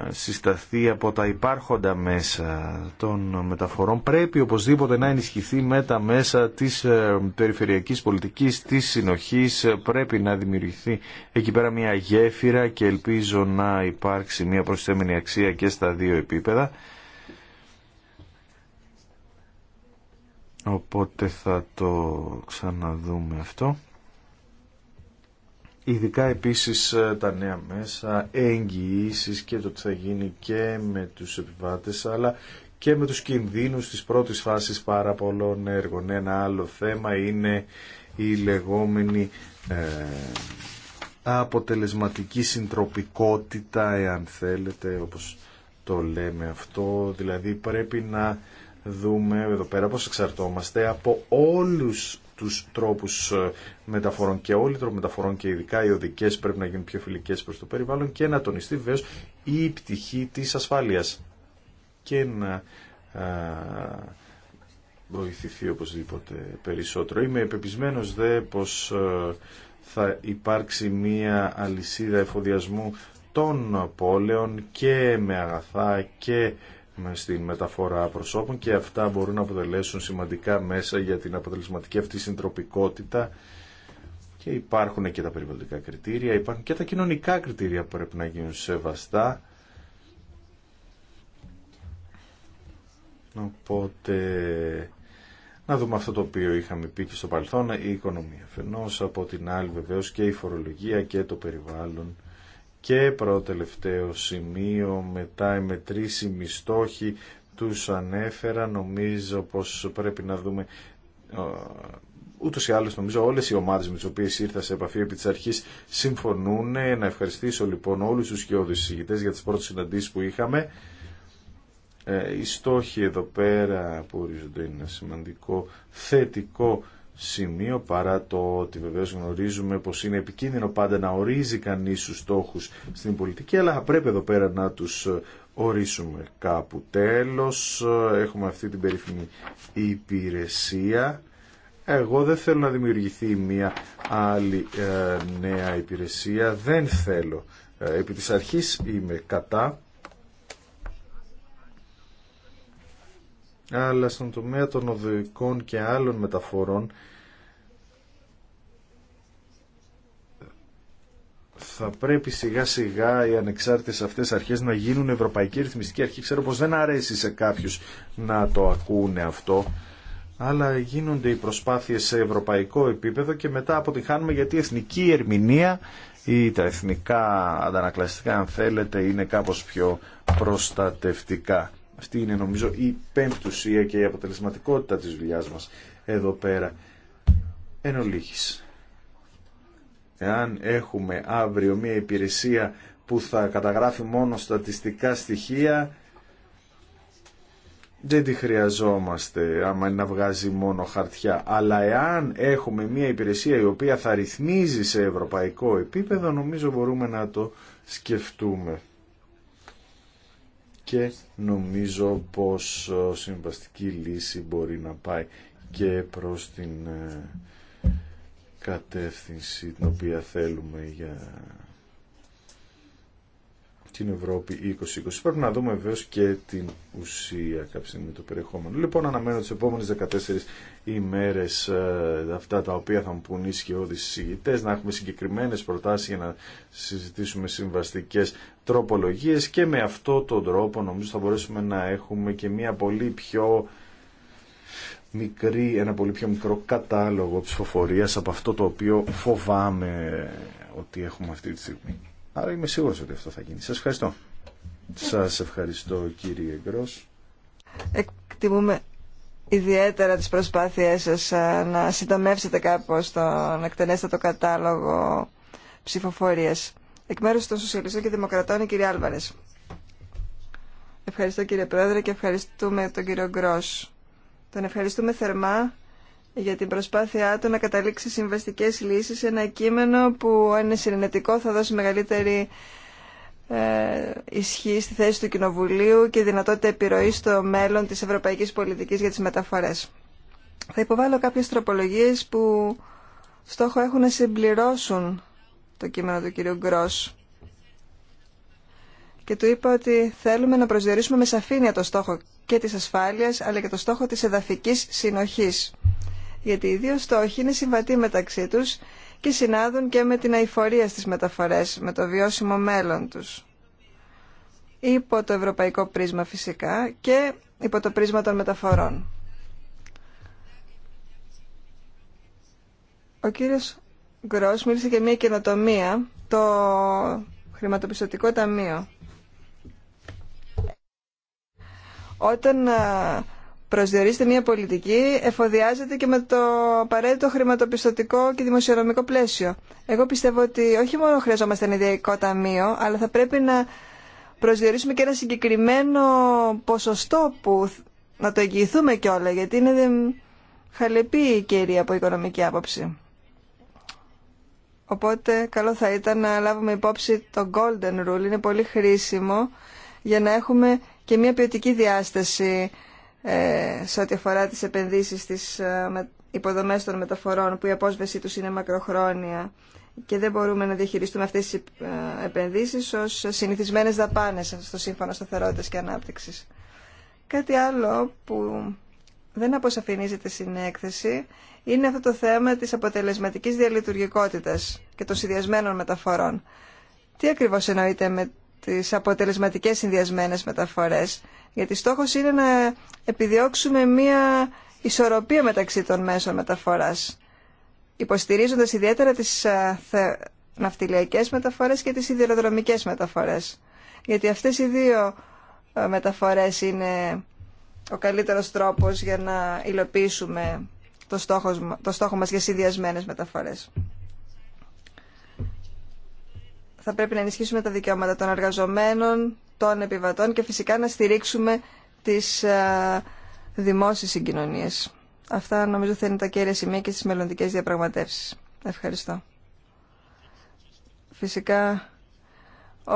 συσταθεί από τα υπάρχοντα μέσα των μεταφορών. Πρέπει οπωσδήποτε να ενισχυθεί με τα μέσα της ε, περιφερειακής πολιτικής, της συνοχής. Πρέπει να δημιουργηθεί εκεί πέρα μια γέφυρα και ελπίζω να υπάρξει μια προσθέμενη αξία και στα δύο επίπεδα. Οπότε θα το ξαναδούμε αυτό. Ειδικά επίσης ε, τα νέα μέσα, εγγυήσει και το τι θα γίνει και με τους επιβάτες αλλά και με τους κινδύνους της πρώτης φάσης πάρα πολλών έργων. Ένα άλλο θέμα είναι η λεγόμενη ε, αποτελεσματική συντροπικότητα, εάν θέλετε, όπως το λέμε αυτό. Δηλαδή πρέπει να δούμε εδώ πέρα πώς εξαρτώμαστε από όλους τους τρόπους ε, μεταφορών και όλοι τρόποι μεταφορών και ειδικά οι οδικές πρέπει να γίνουν πιο φιλικές προς το περιβάλλον και να τονιστεί βεβαίως η πτυχή της ασφάλειας και να ε, βοηθηθεί οπωσδήποτε περισσότερο. Είμαι επεπισμένος δε πως ε, θα υπάρξει μία αλυσίδα εφοδιασμού των πόλεων και με αγαθά και στην μεταφορά προσώπων και αυτά μπορούν να αποτελέσουν σημαντικά μέσα για την αποτελεσματική αυτή συντροπικότητα και υπάρχουν και τα περιβαλλοντικά κριτήρια, υπάρχουν και τα κοινωνικά κριτήρια που πρέπει να γίνουν σεβαστά. Οπότε να δούμε αυτό το οποίο είχαμε πει και στο παρελθόν, η οικονομία φαινός, από την άλλη βεβαίως και η φορολογία και το περιβάλλον και προτελευταίο σημείο μετά οι μετρήσιμοι στόχοι τους ανέφερα. Νομίζω πως πρέπει να δούμε ούτως ή άλλως νομίζω όλες οι ομάδες με τις οποίες ήρθα σε επαφή επί της αρχής συμφωνούν. Να ευχαριστήσω λοιπόν όλους τους σκιώδους συζητητές για τις πρώτες συναντήσεις που είχαμε. Ε, οι στόχοι εδώ πέρα που ορίζονται είναι σημαντικό θετικό σημείο παρά το ότι βεβαίω γνωρίζουμε πως είναι επικίνδυνο πάντα να ορίζει κανείς τους στόχους στην πολιτική αλλά πρέπει εδώ πέρα να τους ε, ορίσουμε κάπου. Τέλος ε, έχουμε αυτή την περίφημη υπηρεσία. Εγώ δεν θέλω να δημιουργηθεί μια άλλη ε, νέα υπηρεσία. Δεν θέλω. Επί της αρχής είμαι κατά αλλά στον τομέα των οδοικών και άλλων μεταφορών θα πρέπει σιγά σιγά οι ανεξάρτητες αυτές αρχές να γίνουν ευρωπαϊκή ρυθμιστική αρχή. Ξέρω πως δεν αρέσει σε κάποιους να το ακούνε αυτό, αλλά γίνονται οι προσπάθειες σε ευρωπαϊκό επίπεδο και μετά αποτυχάνουμε γιατί η εθνική ερμηνεία ή τα εθνικά αντανακλαστικά αν θέλετε είναι κάπως πιο προστατευτικά. Αυτή είναι νομίζω η πέμπτουσία και η αποτελεσματικότητα της δουλειά μας εδώ πέρα. Εν ολίγης. Εάν έχουμε αύριο μια υπηρεσία που θα καταγράφει μόνο στατιστικά στοιχεία, δεν τη χρειαζόμαστε άμα είναι να βγάζει μόνο χαρτιά. Αλλά εάν έχουμε μια υπηρεσία η οποία θα ρυθμίζει σε ευρωπαϊκό επίπεδο, νομίζω μπορούμε να το σκεφτούμε και νομίζω πως ε, συμβαστική λύση μπορεί να πάει και προς την ε, κατεύθυνση την οποία θέλουμε για την Ευρώπη 2020. Πρέπει να δούμε βέβαια και την ουσία κάποια στιγμή το περιεχόμενο. Λοιπόν, αναμένω τις επόμενες 14 ημέρες ε, αυτά τα οποία θα μου πούν οι συζητητές, να έχουμε συγκεκριμένες προτάσεις για να συζητήσουμε συμβαστικές τροπολογίες και με αυτό τον τρόπο νομίζω θα μπορέσουμε να έχουμε και μια πολύ πιο μικρή, ένα πολύ πιο μικρό κατάλογο ψηφοφορίας από αυτό το οποίο φοβάμαι ότι έχουμε αυτή τη στιγμή. Άρα είμαι σίγουρος ότι αυτό θα γίνει. Σας ευχαριστώ. Σας ευχαριστώ κύριε Γκρός. Εκτιμούμε ιδιαίτερα τις προσπάθειές σας να συντομεύσετε κάπως τον εκτενέστατο κατάλογο ψηφοφορίας. Εκ μέρους των Σοσιαλιστών και Δημοκρατών, η κυρία Άλβαρες. Ευχαριστώ κύριε Πρόεδρε και ευχαριστούμε τον κύριο Γκρός. Τον ευχαριστούμε θερμά για την προσπάθειά του να καταλήξει συμβαστικές λύσεις σε ένα κείμενο που αν είναι συνενετικό θα δώσει μεγαλύτερη ε, ισχύ στη θέση του Κοινοβουλίου και δυνατότητα επιρροή στο μέλλον της ευρωπαϊκής πολιτικής για τις μεταφορές. Θα υποβάλω κάποιες τροπολογίες που στόχο έχουν να συμπληρώσουν το κείμενο του κυρίου Γκρός και του είπα ότι θέλουμε να προσδιορίσουμε με σαφήνεια το στόχο και της ασφάλειας αλλά και το στόχο της εδαφικής συνοχής. Γιατί οι δύο στόχοι είναι συμβατοί μεταξύ τους και συνάδουν και με την αηφορία στις μεταφορές, με το βιώσιμο μέλλον τους. Υπό το ευρωπαϊκό πρίσμα φυσικά και υπό το πρίσμα των μεταφορών. Ο κύριος Γκρός μίλησε για μια καινοτομία, το χρηματοπιστωτικό ταμείο. Όταν ε, προσδιορίζεται μια πολιτική, εφοδιάζεται και με το απαραίτητο χρηματοπιστωτικό και δημοσιονομικό πλαίσιο. Εγώ πιστεύω ότι όχι μόνο χρειαζόμαστε ένα ιδιαικό ταμείο, αλλά θα πρέπει να προσδιορίσουμε και ένα συγκεκριμένο ποσοστό που να το εγγυηθούμε κιόλα, γιατί είναι χαλεπή η κυρία από οικονομική άποψη. Οπότε καλό θα ήταν να λάβουμε υπόψη το golden rule. Είναι πολύ χρήσιμο για να έχουμε και μια ποιοτική διάσταση ε, σε ό,τι αφορά τις επενδύσεις στις ε, υποδομές των μεταφορών που η απόσβεσή τους είναι μακροχρόνια και δεν μπορούμε να διαχειριστούμε αυτές τις ε, επενδύσεις ως συνηθισμένες δαπάνες στο Σύμφωνο Σταθερότητας και Ανάπτυξης. Κάτι άλλο που δεν αποσαφηνίζεται στην έκθεση είναι αυτό το θέμα της αποτελεσματικής διαλειτουργικότητας και των συνδυασμένων μεταφορών. Τι ακριβώς εννοείται με τις αποτελεσματικές συνδυασμένες μεταφορές, γιατί στόχος είναι να επιδιώξουμε μία ισορροπία μεταξύ των μέσων μεταφοράς, υποστηρίζοντας ιδιαίτερα τις ναυτιλιακές μεταφορές και τις ιδιοδρομικές μεταφορές. Γιατί αυτές οι δύο μεταφορές είναι ο καλύτερος τρόπος για να υλοποιήσουμε το στόχο, το στόχο μας για συνδυασμένες μεταφορές. Θα πρέπει να ενισχύσουμε τα δικαιώματα των εργαζομένων, των επιβατών και φυσικά να στηρίξουμε τις ε, δημόσιες συγκοινωνίες. Αυτά νομίζω θα είναι τα κέρια σημεία και στις μελλοντικές διαπραγματεύσεις. Ευχαριστώ. Φυσικά, ο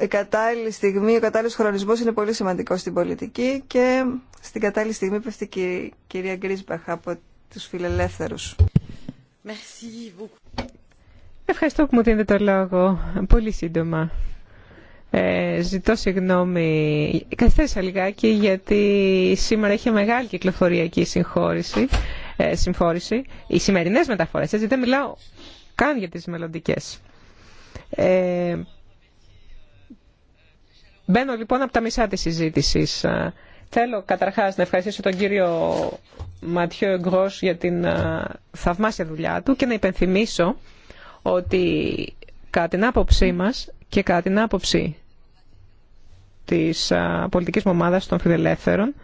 η ε, κατάλληλη στιγμή, ο κατάλληλος χρονισμός είναι πολύ σημαντικό στην πολιτική και στην κατάλληλη στιγμή πέφτει η κυρία Γκρίσμπαχ από τους φιλελεύθερους. Ευχαριστώ που μου δίνετε το λόγο. Πολύ σύντομα. Ε, ζητώ συγγνώμη. Καθέσα λιγάκι γιατί σήμερα έχει μεγάλη κυκλοφοριακή ε, συμφόρηση. Οι σημερινές μεταφορές, έτσι δεν μιλάω καν για τις μελλοντικές. Ε, Μπαίνω λοιπόν από τα μισά της συζήτησης. Ε, θέλω καταρχάς να ευχαριστήσω τον κύριο Ματιό Εγκρός για την ε, θαυμάσια δουλειά του και να υπενθυμίσω ότι κατά την άποψή μας και κατά την άποψη της ε, πολιτικής μου ομάδας των φιλελεύθερων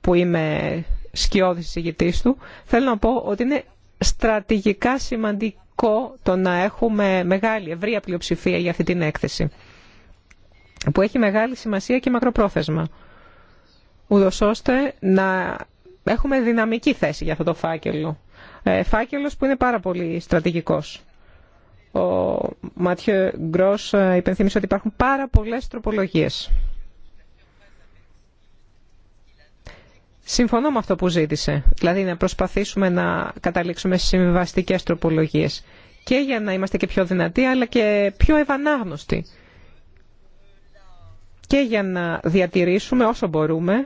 που είμαι σκιώδης εισηγητής του, θέλω να πω ότι είναι στρατηγικά σημαντικό το να έχουμε μεγάλη ευρεία πλειοψηφία για αυτή την έκθεση που έχει μεγάλη σημασία και μακροπρόθεσμα, ούτως ώστε να έχουμε δυναμική θέση για αυτό το φάκελο. Ε, φάκελος που είναι πάρα πολύ στρατηγικός. Ο Μάτιο Γκρός ε, υπενθύμισε ότι υπάρχουν πάρα πολλές τροπολογίες. Συμφωνώ με αυτό που ζήτησε, δηλαδή να προσπαθήσουμε να καταλήξουμε σε συμβιβαστικές τροπολογίες και για να είμαστε και πιο δυνατοί αλλά και πιο ευανάγνωστοι και για να διατηρήσουμε όσο μπορούμε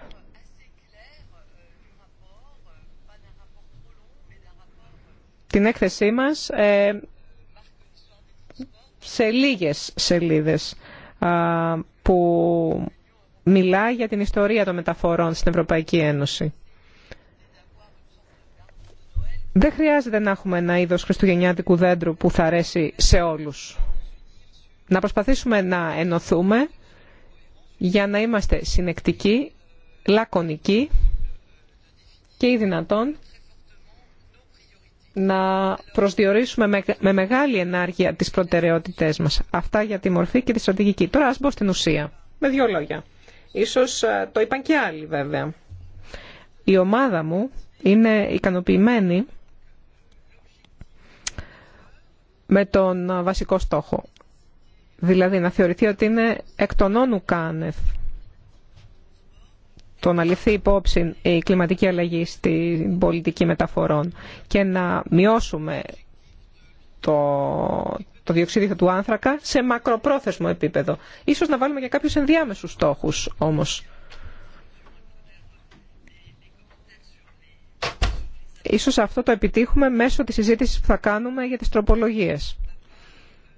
την έκθεσή μας ε, σε λίγες σελίδες που μιλάει για την ιστορία των μεταφορών στην Ευρωπαϊκή Ένωση. Δεν χρειάζεται να έχουμε ένα είδος χριστουγεννιάτικου δέντρου που θα αρέσει σε όλους. Να προσπαθήσουμε να ενωθούμε για να είμαστε συνεκτικοί, λακωνικοί και ή δυνατόν να προσδιορίσουμε με μεγάλη ενάργεια τις προτεραιότητές μας. Αυτά για τη μορφή και τη στρατηγική. Τώρα ας μπω στην ουσία. Με δύο λόγια. Ίσως ε, το είπαν και άλλοι βέβαια. Η ομάδα μου είναι ικανοποιημένη με τον βασικό στόχο. Δηλαδή να θεωρηθεί ότι είναι εκ των όνου κάνευ το να ληφθεί υπόψη η κλιματική αλλαγή στην πολιτική μεταφορών και να μειώσουμε το, το διοξίδιο του άνθρακα σε μακροπρόθεσμο επίπεδο. Ίσως να βάλουμε και κάποιους ενδιάμεσους στόχους όμως. Ίσως αυτό το επιτύχουμε μέσω της συζήτησης που θα κάνουμε για τις τροπολογίες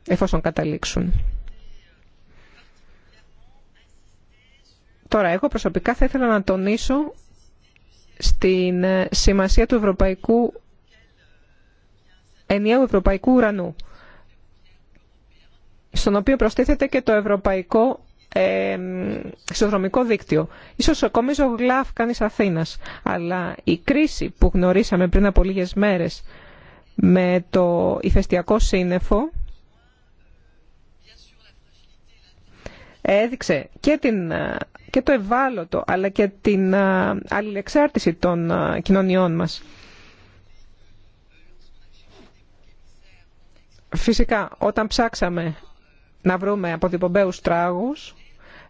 εφόσον καταλήξουν. Τώρα, εγώ προσωπικά θα ήθελα να τονίσω στην ε, σημασία του ευρωπαϊκού, ενιαίου ευρωπαϊκού ουρανού, στον οποίο προστίθεται και το ευρωπαϊκό ε, δίκτυο. Ίσως ακόμη Γλάφ κανείς Αθήνας, αλλά η κρίση που γνωρίσαμε πριν από λίγες μέρες με το ηφαιστειακό σύννεφο έδειξε και, την, και το ευάλωτο αλλά και την αλληλεξάρτηση των κοινωνιών μας. Φυσικά, όταν ψάξαμε να βρούμε από τράγους, τράγους,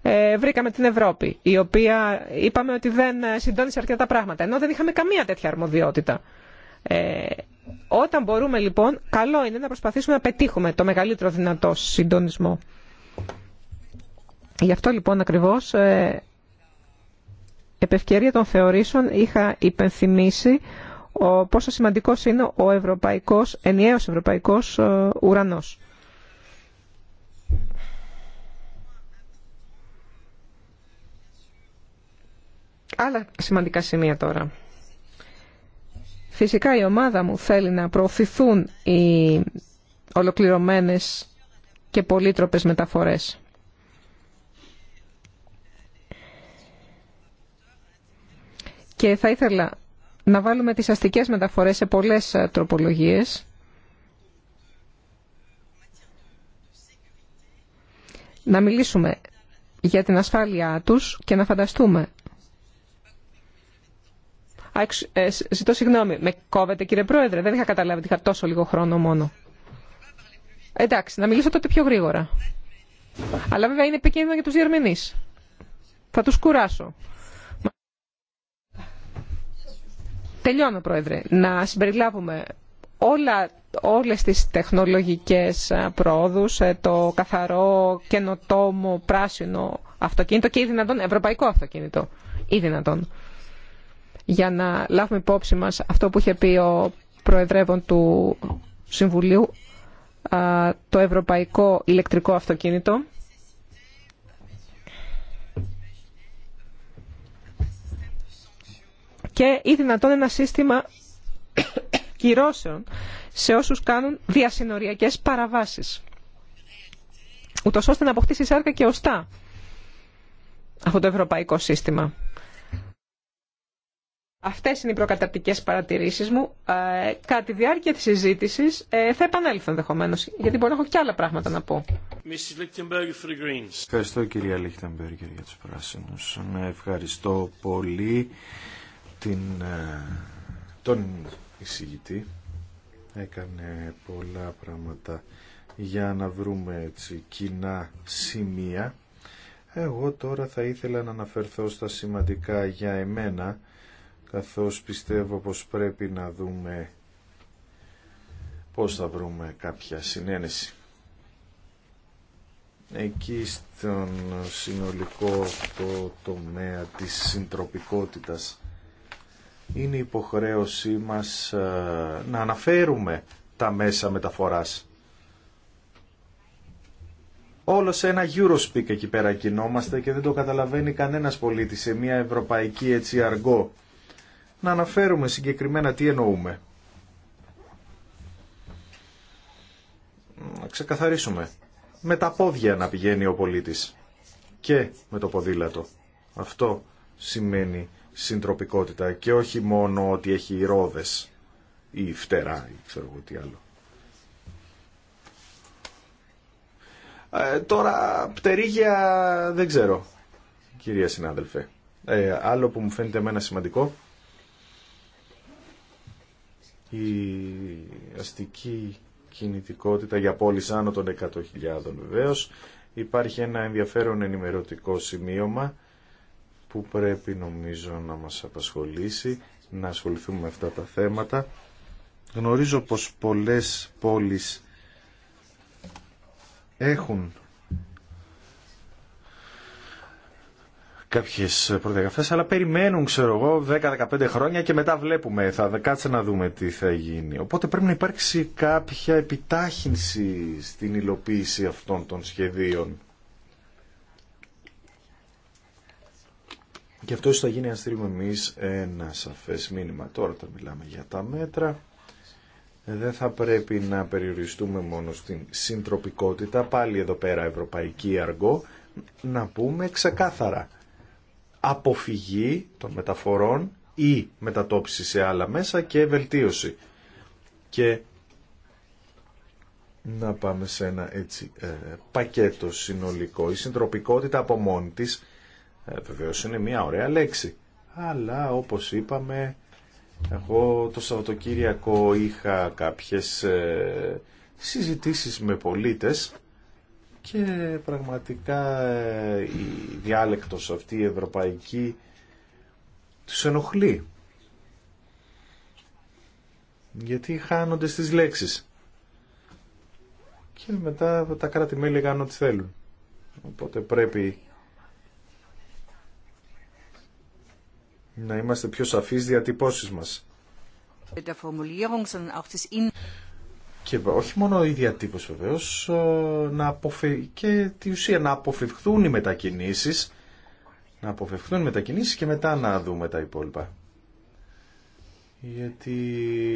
ε, βρήκαμε την Ευρώπη, η οποία είπαμε ότι δεν συντώνησε αρκετά πράγματα, ενώ δεν είχαμε καμία τέτοια αρμοδιότητα. Ε, όταν μπορούμε λοιπόν, καλό είναι να προσπαθήσουμε να πετύχουμε το μεγαλύτερο δυνατό συντονισμό. Γι' αυτό λοιπόν ακριβώς ε, επ' ευκαιρία των θεωρήσεων είχα υπενθυμίσει ο, πόσο σημαντικός είναι ο ευρωπαϊκός, ενιαίος ευρωπαϊκός ε, ουρανός. Άλλα σημαντικά σημεία τώρα. Φυσικά η ομάδα μου θέλει να προωθηθούν οι ολοκληρωμένες και πολύτροπες μεταφορές. Και θα ήθελα να βάλουμε τις αστικές μεταφορές σε πολλές ε, τροπολογίες. Να μιλήσουμε για την ασφάλειά τους και να φανταστούμε. Ε, ζητώ συγγνώμη, με κόβετε κύριε Πρόεδρε, δεν είχα καταλάβει ότι είχα τόσο λίγο χρόνο μόνο. Εντάξει, να μιλήσω τότε πιο γρήγορα. Αλλά βέβαια είναι επικίνδυνο για τους διερμηνείς. Θα τους κουράσω. Τελειώνω, Πρόεδρε. Να συμπεριλάβουμε όλα, όλες τις τεχνολογικές προόδους, ε, το καθαρό, καινοτόμο, πράσινο αυτοκίνητο και ή δυνατόν ευρωπαϊκό αυτοκίνητο. Ή δυνατόν. Για να λάβουμε υπόψη μας αυτό που είχε πει ο Προεδρεύων του Συμβουλίου, το ευρωπαϊκό ηλεκτρικό αυτοκίνητο και ή δυνατόν ένα σύστημα κυρώσεων σε όσους κάνουν διασυνοριακές παραβάσεις. Ούτω ώστε να αποκτήσει σάρκα και οστά αυτό το ευρωπαϊκό σύστημα. Αυτές είναι οι προκαταρτικές παρατηρήσεις μου. Ε, κατά τη διάρκεια της συζήτησης ε, θα επανέλθω ενδεχομένω, γιατί μπορώ να έχω και άλλα πράγματα να πω. Ευχαριστώ κυρία Λίχτεμπεργκερ για τους πράσινους. Ναι, ευχαριστώ πολύ την, ε, τον εισηγητή. Έκανε πολλά πράγματα για να βρούμε έτσι, κοινά σημεία. Εγώ τώρα θα ήθελα να αναφερθώ στα σημαντικά για εμένα, καθώς πιστεύω πως πρέπει να δούμε πώς θα βρούμε κάποια συνένεση. Εκεί στον συνολικό το τομέα της συντροπικότητας είναι υποχρέωσή μας ε, να αναφέρουμε τα μέσα μεταφοράς. Όλο σε ένα Eurospeak εκεί πέρα κινόμαστε και δεν το καταλαβαίνει κανένας πολίτης σε μια ευρωπαϊκή έτσι αργό. Να αναφέρουμε συγκεκριμένα τι εννοούμε. Να ξεκαθαρίσουμε. Με τα πόδια να πηγαίνει ο πολίτης. Και με το ποδήλατο. Αυτό σημαίνει συντροπικότητα και όχι μόνο ότι έχει ρόδες ή φτερά ή ξέρω εγώ τι άλλο. Ε, τώρα πτερίγια δεν ξέρω κυρία συνάδελφε. Ε, άλλο που μου φαίνεται εμένα σημαντικό η αστική κινητικότητα για πόλεις άνω των 100.000 βεβαίω. Υπάρχει ένα ενδιαφέρον ενημερωτικό σημείωμα που πρέπει νομίζω να μας απασχολήσει, να ασχοληθούμε με αυτά τα θέματα. Γνωρίζω πως πολλές πόλεις έχουν κάποιες προδιαγραφές, αλλά περιμένουν, ξέρω εγώ, 10-15 χρόνια και μετά βλέπουμε, θα κάτσε να δούμε τι θα γίνει. Οπότε πρέπει να υπάρξει κάποια επιτάχυνση στην υλοποίηση αυτών των σχεδίων. Και αυτό θα γίνει αν στείλουμε ένα σαφές μήνυμα. Τώρα τα μιλάμε για τα μέτρα. Δεν θα πρέπει να περιοριστούμε μόνο στην συντροπικότητα, πάλι εδώ πέρα ευρωπαϊκή αργό, να πούμε ξεκάθαρα. Αποφυγή των μεταφορών ή μετατόπιση σε άλλα μέσα και βελτίωση. Και να πάμε σε ένα έτσι, ε, πακέτο συνολικό. Η συντροπικότητα από μόνη της ε, είναι μια ωραία λέξη. Αλλά όπως είπαμε, εγώ το Σαββατοκύριακο είχα κάποιες ε, συζητήσεις με πολίτες και πραγματικά ε, η διάλεκτος αυτή η ευρωπαϊκή τους ενοχλεί. Γιατί χάνονται στις λέξεις. Και μετά τα κράτη-μέλη κάνουν ό,τι θέλουν. Οπότε πρέπει να είμαστε πιο σαφείς διατυπώσεις μας. Και όχι μόνο η διατύπωση βεβαίω, ε, να αποφε... και τη ουσία να αποφευχθούν οι μετακινήσεις, να αποφευχθούν οι μετακινήσεις και μετά να δούμε τα υπόλοιπα. Γιατί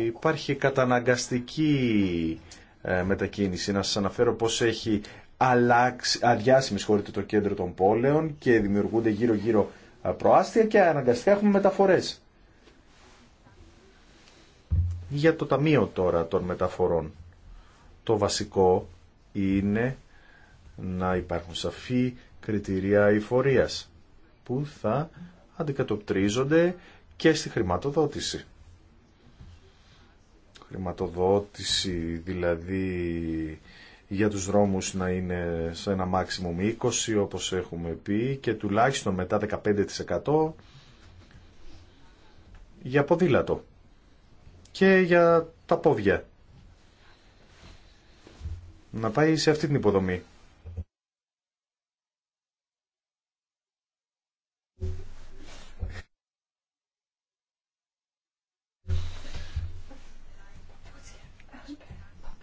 υπάρχει καταναγκαστική ε, μετακίνηση. Να σας αναφέρω πώς έχει αλλάξει, αδειάσει, με το κέντρο των πόλεων και δημιουργούνται γύρω-γύρω προάστια και αναγκαστικά έχουμε μεταφορές. Για το Ταμείο τώρα των Μεταφορών. Το βασικό είναι να υπάρχουν σαφή κριτηρία εφορίας που θα αντικατοπτρίζονται και στη χρηματοδότηση. Χρηματοδότηση δηλαδή για τους δρόμους να είναι σε ένα maximum 20 όπως έχουμε πει και τουλάχιστον μετά 15% για ποδήλατο και για τα πόδια. Να πάει σε αυτή την υποδομή.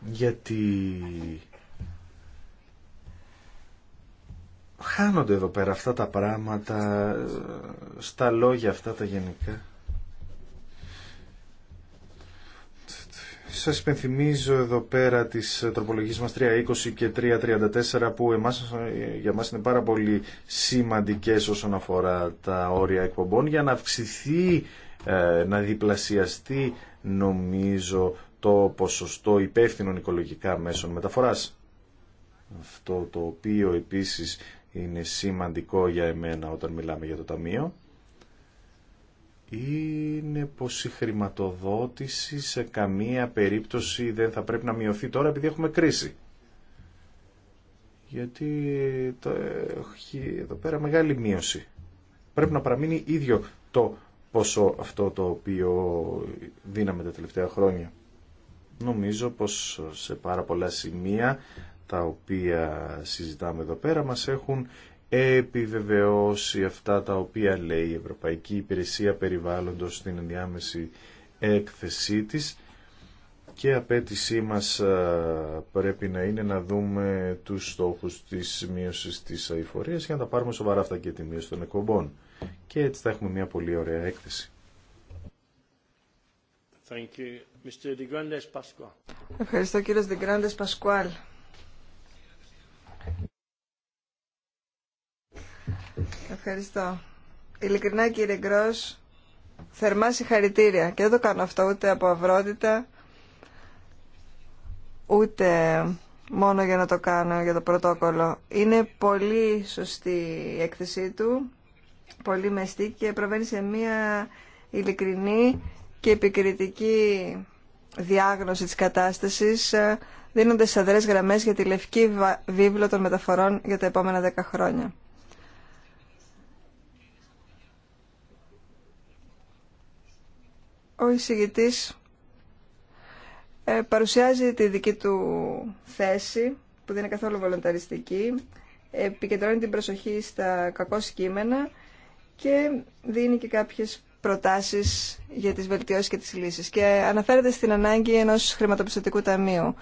γιατί χάνονται εδώ πέρα αυτά τα πράγματα στα λόγια αυτά τα γενικά. Σας υπενθυμίζω εδώ πέρα τις τροπολογίες μας 320 και 334 που εμάς, για μας είναι πάρα πολύ σημαντικές όσον αφορά τα όρια εκπομπών για να αυξηθεί, ε, να διπλασιαστεί νομίζω το ποσοστό υπεύθυνων οικολογικά μέσων μεταφοράς. Αυτό το οποίο επίσης είναι σημαντικό για εμένα όταν μιλάμε για το Ταμείο είναι πως η χρηματοδότηση σε καμία περίπτωση δεν θα πρέπει να μειωθεί τώρα επειδή έχουμε κρίση. Γιατί το, έχει εδώ πέρα μεγάλη μείωση. Πρέπει να παραμείνει ίδιο το ποσό αυτό το οποίο δίναμε τα τελευταία χρόνια. Νομίζω πως σε πάρα πολλά σημεία τα οποία συζητάμε εδώ πέρα μας έχουν επιβεβαιώσει αυτά τα οποία λέει η Ευρωπαϊκή Υπηρεσία Περιβάλλοντος στην ενδιάμεση έκθεσή της και απέτησή μας πρέπει να είναι να δούμε τους στόχους της μείωσης της αηφορίας για να τα πάρουμε σοβαρά αυτά και τη μείωση των εκπομπών. Και έτσι θα έχουμε μια πολύ ωραία έκθεση. Thank you. Mr. Ευχαριστώ κύριος Δεγκράντες Πασκουάλ. Ευχαριστώ. Ειλικρινά κύριε Γκρός, θερμά συγχαρητήρια. Και δεν το κάνω αυτό ούτε από αυρότητα, ούτε μόνο για να το κάνω για το πρωτόκολλο. Είναι πολύ σωστή η έκθεσή του, πολύ μεστή και προβαίνει σε μια ειλικρινή και επικριτική διάγνωση της κατάστασης ε, δίνοντας σαδρές γραμμές για τη λευκή βίβλο των μεταφορών για τα επόμενα δέκα χρόνια. ο εισηγητής ε, παρουσιάζει τη δική του θέση, που δεν είναι καθόλου βολονταριστική, επικεντρώνει την προσοχή στα κακό κείμενα και δίνει και κάποιες προτάσεις για τις βελτιώσεις και τις λύσεις. Και αναφέρεται στην ανάγκη ενός χρηματοπιστωτικού ταμείου.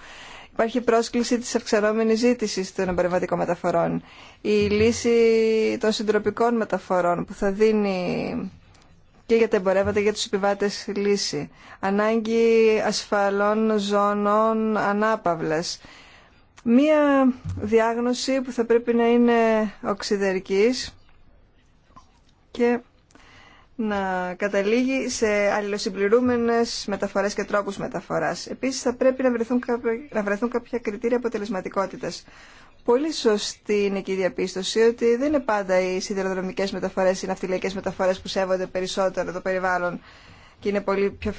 Υπάρχει πρόσκληση της αυξανόμενης ζήτησης των εμπορευματικών μεταφορών. Η λύση των συντροπικών μεταφορών που θα δίνει και για τα εμπορεύματα για τους επιβάτες λύση. Ανάγκη ασφαλών ζώνων ανάπαυλας. Μία διάγνωση που θα πρέπει να είναι οξυδερκής και να καταλήγει σε αλληλοσυμπληρούμενες μεταφορές και τρόπους μεταφοράς. Επίσης θα πρέπει να βρεθούν κάποια, να βρεθούν κάποια κριτήρια αποτελεσματικότητας Πολύ σωστή είναι και η διαπίστωση ότι δεν είναι πάντα οι σιδηροδρομικές μεταφορές, οι ναυτιλιακές μεταφορές που σέβονται περισσότερο το περιβάλλον και είναι πολύ πιο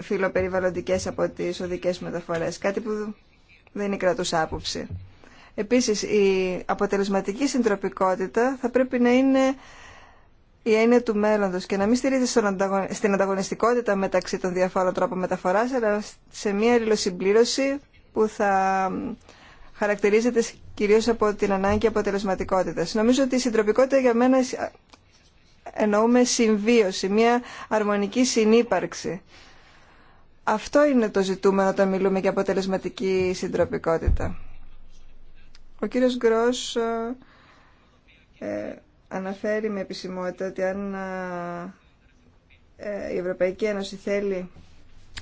φιλοπεριβαλλοντικές από τις οδικές μεταφορές. Κάτι που δεν είναι κρατούς άποψη. Επίσης, η αποτελεσματική συντροπικότητα θα πρέπει να είναι η έννοια του μέλλοντος και να μην στηρίζεται στην ανταγωνιστικότητα μεταξύ των διαφόρων τρόπων μεταφοράς, αλλά σε μια αλληλοσυμπλήρωση που θα χαρακτηρίζεται κυρίως από την ανάγκη αποτελεσματικότητα. Νομίζω ότι η συντροπικότητα για μένα ε, εννοούμε συμβίωση, μια αρμονική συνύπαρξη. Αυτό είναι το ζητούμενο όταν μιλούμε για αποτελεσματική συντροπικότητα. Ο κύριος Γκρός ε, ε, αναφέρει με επισημότητα ότι αν η Ευρωπαϊκή Ένωση θέλει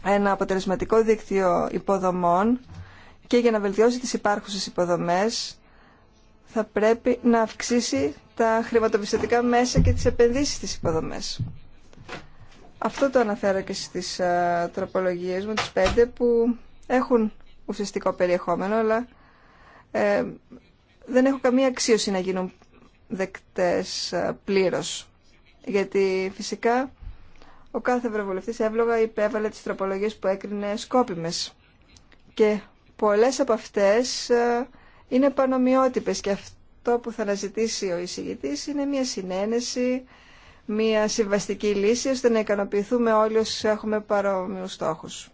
ένα αποτελεσματικό δίκτυο υποδομών και για να βελτιώσει τις υπάρχουσες υποδομές θα πρέπει να αυξήσει τα χρηματοπιστωτικά μέσα και τις επενδύσεις στις υποδομές. Αυτό το αναφέρω και στις α, τροπολογίες μου, τις πέντε, που έχουν ουσιαστικό περιεχόμενο, αλλά ε, δεν έχω καμία αξίωση να γίνουν δεκτές α, πλήρως. Γιατί φυσικά ο κάθε ευρωβουλευτής εύλογα υπέβαλε τις τροπολογίες που έκρινε σκόπιμες. Και πολλές από αυτές ε, είναι πανομοιότυπες και αυτό που θα αναζητήσει ο εισηγητής είναι μια συνένεση, μια συμβαστική λύση ώστε να ικανοποιηθούμε όλοι όσοι έχουμε παρόμοιους στόχους.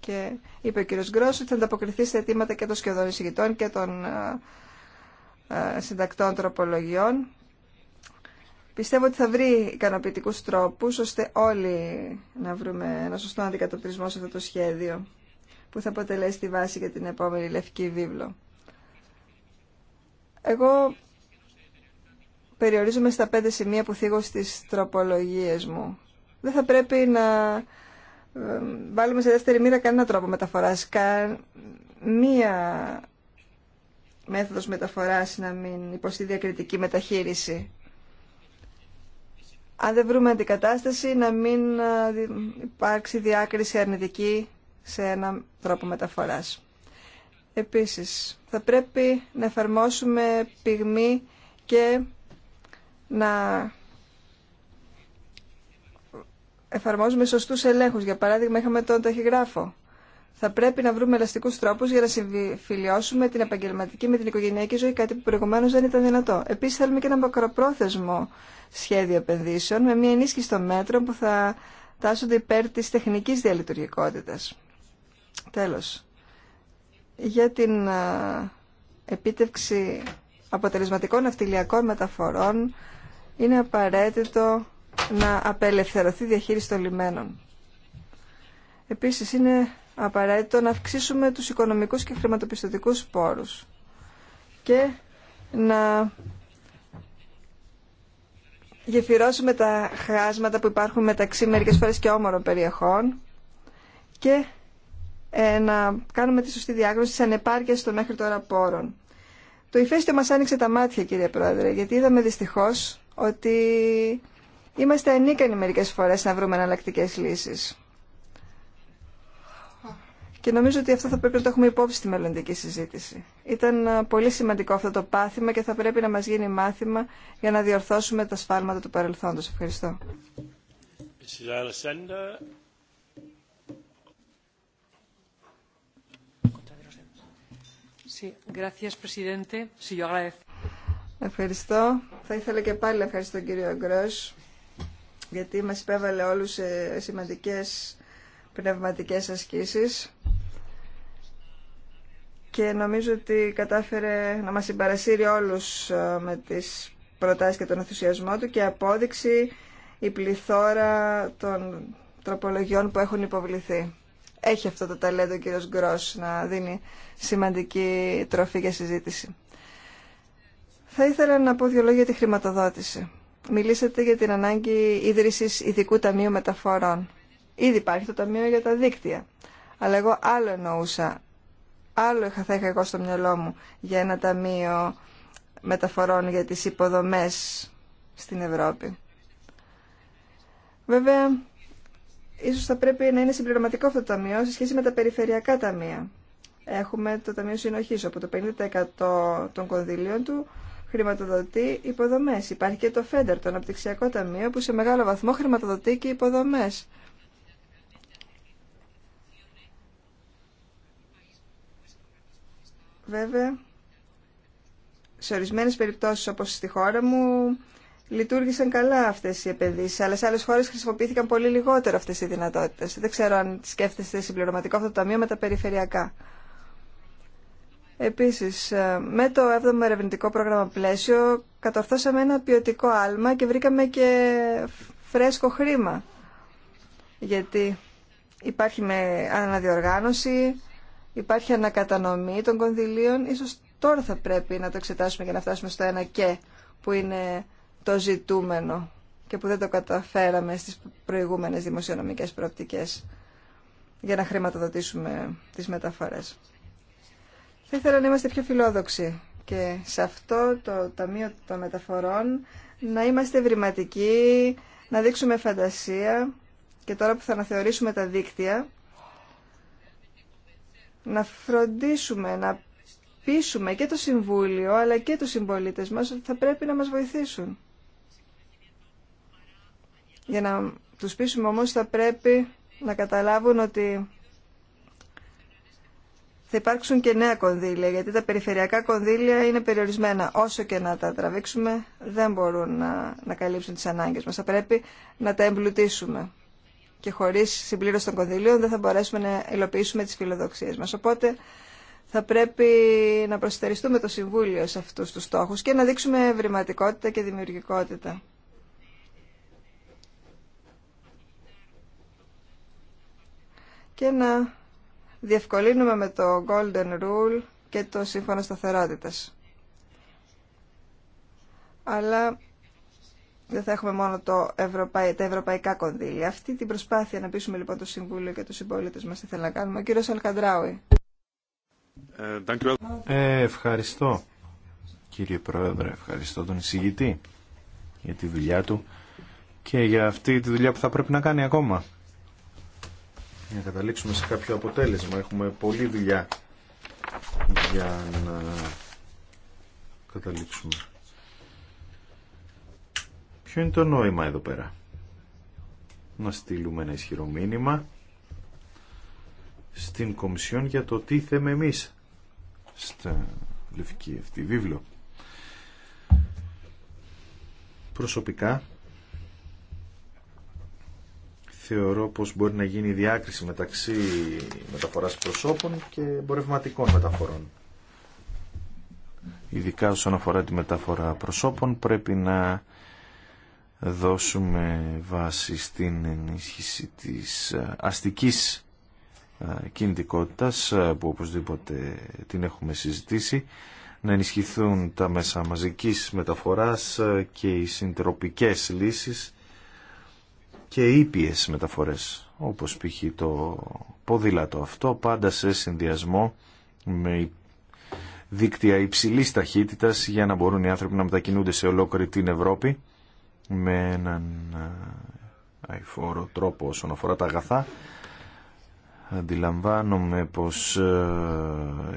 Και είπε ο κ. Γκρός ότι θα ανταποκριθεί στα αιτήματα και των σχεδόν εισηγητών και των ε, ε, συντακτών τροπολογιών. Πιστεύω ότι θα βρει ικανοποιητικού τρόπους ώστε όλοι να βρούμε ένα σωστό αντικατοπτρισμό σε αυτό το σχέδιο που θα αποτελέσει τη βάση για την επόμενη Λευκή Βίβλο. Εγώ περιορίζομαι στα πέντε σημεία που θίγω στις τροπολογίες μου. Δεν θα πρέπει να ε, βάλουμε σε δεύτερη μοίρα κανένα τρόπο μεταφοράς. Καμία Μία μέθοδος μεταφοράς να μην υποστεί διακριτική μεταχείριση. Αν δεν βρούμε αντικατάσταση, να μην ε, υπάρξει διάκριση αρνητική σε έναν τρόπο μεταφοράς. Επίσης, θα πρέπει να εφαρμόσουμε πυγμή και να εφαρμόζουμε σωστούς ελέγχους. Για παράδειγμα, είχαμε τον ταχυγράφο. Θα πρέπει να βρούμε ελαστικούς τρόπους για να συμφιλιώσουμε την επαγγελματική με την οικογενειακή ζωή, κάτι που προηγουμένως δεν ήταν δυνατό. Επίσης, θέλουμε και ένα μακροπρόθεσμο σχέδιο επενδύσεων με μια ενίσχυση των μέτρων που θα τάσσονται υπέρ της τεχνικής διαλειτουργικότητας. Τέλος, για την ε, επίτευξη αποτελεσματικών αυτιλιακών μεταφορών είναι απαραίτητο να απελευθερωθεί η διαχείριση των λιμένων. Επίσης είναι απαραίτητο να αυξήσουμε τους οικονομικούς και χρηματοπιστωτικούς πόρους και να γεφυρώσουμε τα χάσματα που υπάρχουν μεταξύ μερικές φορές και όμορων περιεχών και ε, να κάνουμε τη σωστή διάγνωση της ανεπάρκειας των μέχρι τώρα πόρων. Το ηφαίστειο μας άνοιξε τα μάτια, κύριε Πρόεδρε, γιατί είδαμε δυστυχώς ότι είμαστε ανίκανοι μερικές φορές να βρούμε εναλλακτικέ λύσεις. Και νομίζω ότι αυτό θα πρέπει να το έχουμε υπόψη στη μελλοντική συζήτηση. Ήταν ε, πολύ σημαντικό αυτό το πάθημα και θα πρέπει να μας γίνει μάθημα για να διορθώσουμε τα σφάλματα του παρελθόντος. Ευχαριστώ. Ευχαριστώ. Θα ήθελα και πάλι να ευχαριστώ τον κύριο Γκρός γιατί μας υπέβαλε όλους σε σημαντικές πνευματικές ασκήσεις και νομίζω ότι κατάφερε να μας συμπαρασύρει όλους ε, με τις προτάσεις και τον ενθουσιασμό του και απόδειξη η πληθώρα των τροπολογιών που έχουν υποβληθεί έχει αυτό το ταλέντο ο κύριος Γκρός να δίνει σημαντική τροφή για συζήτηση. Θα ήθελα να πω δύο λόγια για τη χρηματοδότηση. Μιλήσατε για την ανάγκη ίδρυσης ειδικού ταμείου μεταφορών. Ήδη υπάρχει το ταμείο για τα δίκτυα. Αλλά εγώ άλλο εννοούσα, άλλο θα είχα εγώ στο μυαλό μου για ένα ταμείο μεταφορών για τις υποδομές στην Ευρώπη. Βέβαια, Ίσως θα πρέπει να είναι συμπληρωματικό αυτό το ταμείο σε σχέση με τα περιφερειακά ταμεία. Έχουμε το Ταμείο συνοχή, όπου το 50% των κονδύλιων του χρηματοδοτεί υποδομές. Υπάρχει και το ΦΕΝΤΕΡ, το Αναπτυξιακό Ταμείο, που σε μεγάλο βαθμό χρηματοδοτεί και υποδομές. Βέβαια, σε ορισμένε περιπτώσεις όπως στη χώρα μου λειτουργήσαν καλά αυτέ οι επενδύσει, αλλά σε άλλε χώρε χρησιμοποιήθηκαν πολύ λιγότερο αυτέ οι δυνατότητε. Δεν ξέρω αν σκέφτεστε συμπληρωματικό αυτό το ταμείο με τα περιφερειακά. Επίση, ε, με το 7ο ερευνητικό πρόγραμμα πλαίσιο, κατορθώσαμε ένα ποιοτικό άλμα και βρήκαμε και φρέσκο χρήμα. Γιατί υπάρχει με αναδιοργάνωση, υπάρχει ανακατανομή των κονδυλίων. Ίσως τώρα θα πρέπει να το εξετάσουμε για να φτάσουμε στο ένα και που είναι το ζητούμενο και που δεν το καταφέραμε στις προηγούμενες δημοσιονομικές προοπτικές για να χρηματοδοτήσουμε τις μεταφορές. Θα ήθελα να είμαστε πιο φιλόδοξοι και σε αυτό το Ταμείο των Μεταφορών να είμαστε ευρηματικοί, να δείξουμε φαντασία και τώρα που θα αναθεωρήσουμε τα δίκτυα να φροντίσουμε, να πείσουμε και το Συμβούλιο αλλά και τους συμπολίτες μας ότι θα πρέπει να μας βοηθήσουν. Για να τους πείσουμε όμως θα πρέπει να καταλάβουν ότι θα υπάρξουν και νέα κονδύλια, γιατί τα περιφερειακά κονδύλια είναι περιορισμένα. Όσο και να τα τραβήξουμε, δεν μπορούν να, να καλύψουν τις ανάγκες μας. Θα πρέπει να τα εμπλουτίσουμε. Και χωρίς συμπλήρωση των κονδυλίων δεν θα μπορέσουμε να υλοποιήσουμε τις φιλοδοξίες μας. Οπότε θα πρέπει να προσθεριστούμε το Συμβούλιο σε αυτούς τους στόχους και να δείξουμε ευρηματικότητα και δημιουργικότητα. και να διευκολύνουμε με το Golden Rule και το Σύμφωνο Σταθερότητας. Αλλά δεν θα έχουμε μόνο το ευρωπαϊ... τα ευρωπαϊκά κονδύλια. Αυτή την προσπάθεια να πείσουμε λοιπόν το Συμβούλιο και τους συμπολίτε μας τι θέλει να κάνουμε. Ο κύριος Αλκαντράουι. Ε, ευχαριστώ κύριε Πρόεδρε, ευχαριστώ τον εισηγητή για τη δουλειά του και για αυτή τη δουλειά που θα πρέπει να κάνει ακόμα να καταλήξουμε σε κάποιο αποτέλεσμα. Έχουμε πολλή δουλειά για να καταλήξουμε. Ποιο είναι το νόημα εδώ πέρα. Να στείλουμε ένα ισχυρό μήνυμα στην Κομισιόν για το τι θέμε εμείς στα λευκή αυτή βίβλο. Προσωπικά θεωρώ πως μπορεί να γίνει διάκριση μεταξύ μεταφοράς προσώπων και εμπορευματικών μεταφορών. Ειδικά όσον αφορά τη μεταφορά προσώπων πρέπει να δώσουμε βάση στην ενίσχυση της ε, αστικής ε, κινητικότητας ε, που οπωσδήποτε την έχουμε συζητήσει να ενισχυθούν τα μέσα μαζικής μεταφοράς και οι συντροπικές λύσεις και ήπιες μεταφορές, όπως π.χ. το ποδήλατο αυτό, πάντα σε συνδυασμό με δίκτυα υψηλής ταχύτητας για να μπορούν οι άνθρωποι να μετακινούνται σε ολόκληρη την Ευρώπη με έναν ε, αηφόρο τρόπο όσον αφορά τα αγαθά. Αντιλαμβάνομαι πως ε,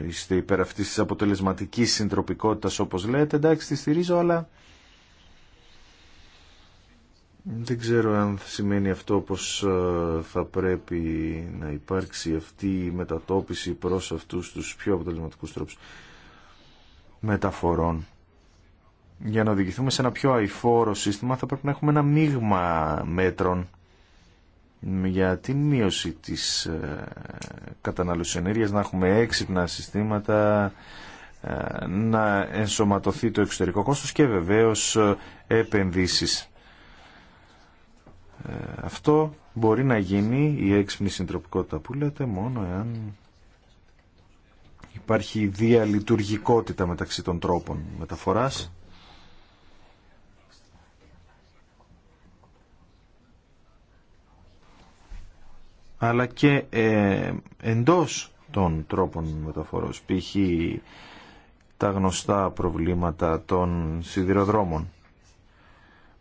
είστε υπέρ αυτής της αποτελεσματικής συντροπικότητας όπως λέτε, εντάξει τη στηρίζω, αλλά δεν ξέρω αν σημαίνει αυτό πως ε, θα πρέπει να υπάρξει αυτή η μετατόπιση προς αυτούς τους πιο αποτελεσματικούς τρόπους μεταφορών. Για να οδηγηθούμε σε ένα πιο αηφόρο σύστημα θα πρέπει να έχουμε ένα μείγμα μέτρων για την μείωση της ε, κατανάλωσης ενέργειας, να έχουμε έξυπνα συστήματα, ε, να ενσωματωθεί το εξωτερικό κόστος και βεβαίως επενδύσεις. Ε, αυτό μπορεί να γίνει η έξυπνη συντροπικότητα που λέτε μόνο εάν υπάρχει διαλειτουργικότητα μεταξύ των τρόπων μεταφοράς αλλά και ε, εντός των τρόπων που π.χ. τα γνωστά προβλήματα των σιδηροδρόμων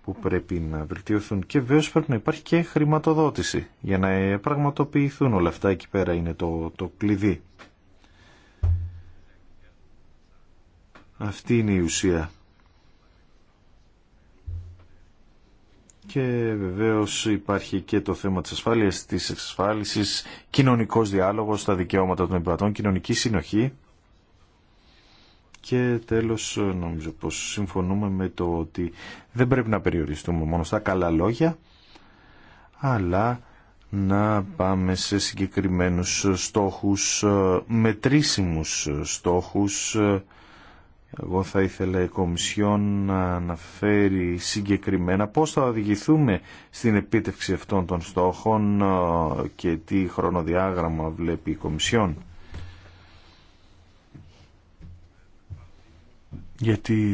που πρέπει να βελτιωθούν και βέβαια πρέπει να υπάρχει και χρηματοδότηση για να πραγματοποιηθούν όλα αυτά εκεί πέρα είναι το, το κλειδί. Αυτή είναι η ουσία. Και βεβαίως υπάρχει και το θέμα της ασφάλειας, της εξασφάλισης, κοινωνικός διάλογος, τα δικαιώματα των επιβατών, κοινωνική συνοχή. Και τέλος νομίζω πως συμφωνούμε με το ότι δεν πρέπει να περιοριστούμε μόνο στα καλά λόγια, αλλά να πάμε σε συγκεκριμένους στόχους, μετρήσιμους στόχους. Εγώ θα ήθελα η Κομισιόν να αναφέρει συγκεκριμένα πώς θα οδηγηθούμε στην επίτευξη αυτών των στόχων ε, και τι χρονοδιάγραμμα βλέπει η Κομισιόν. Γιατί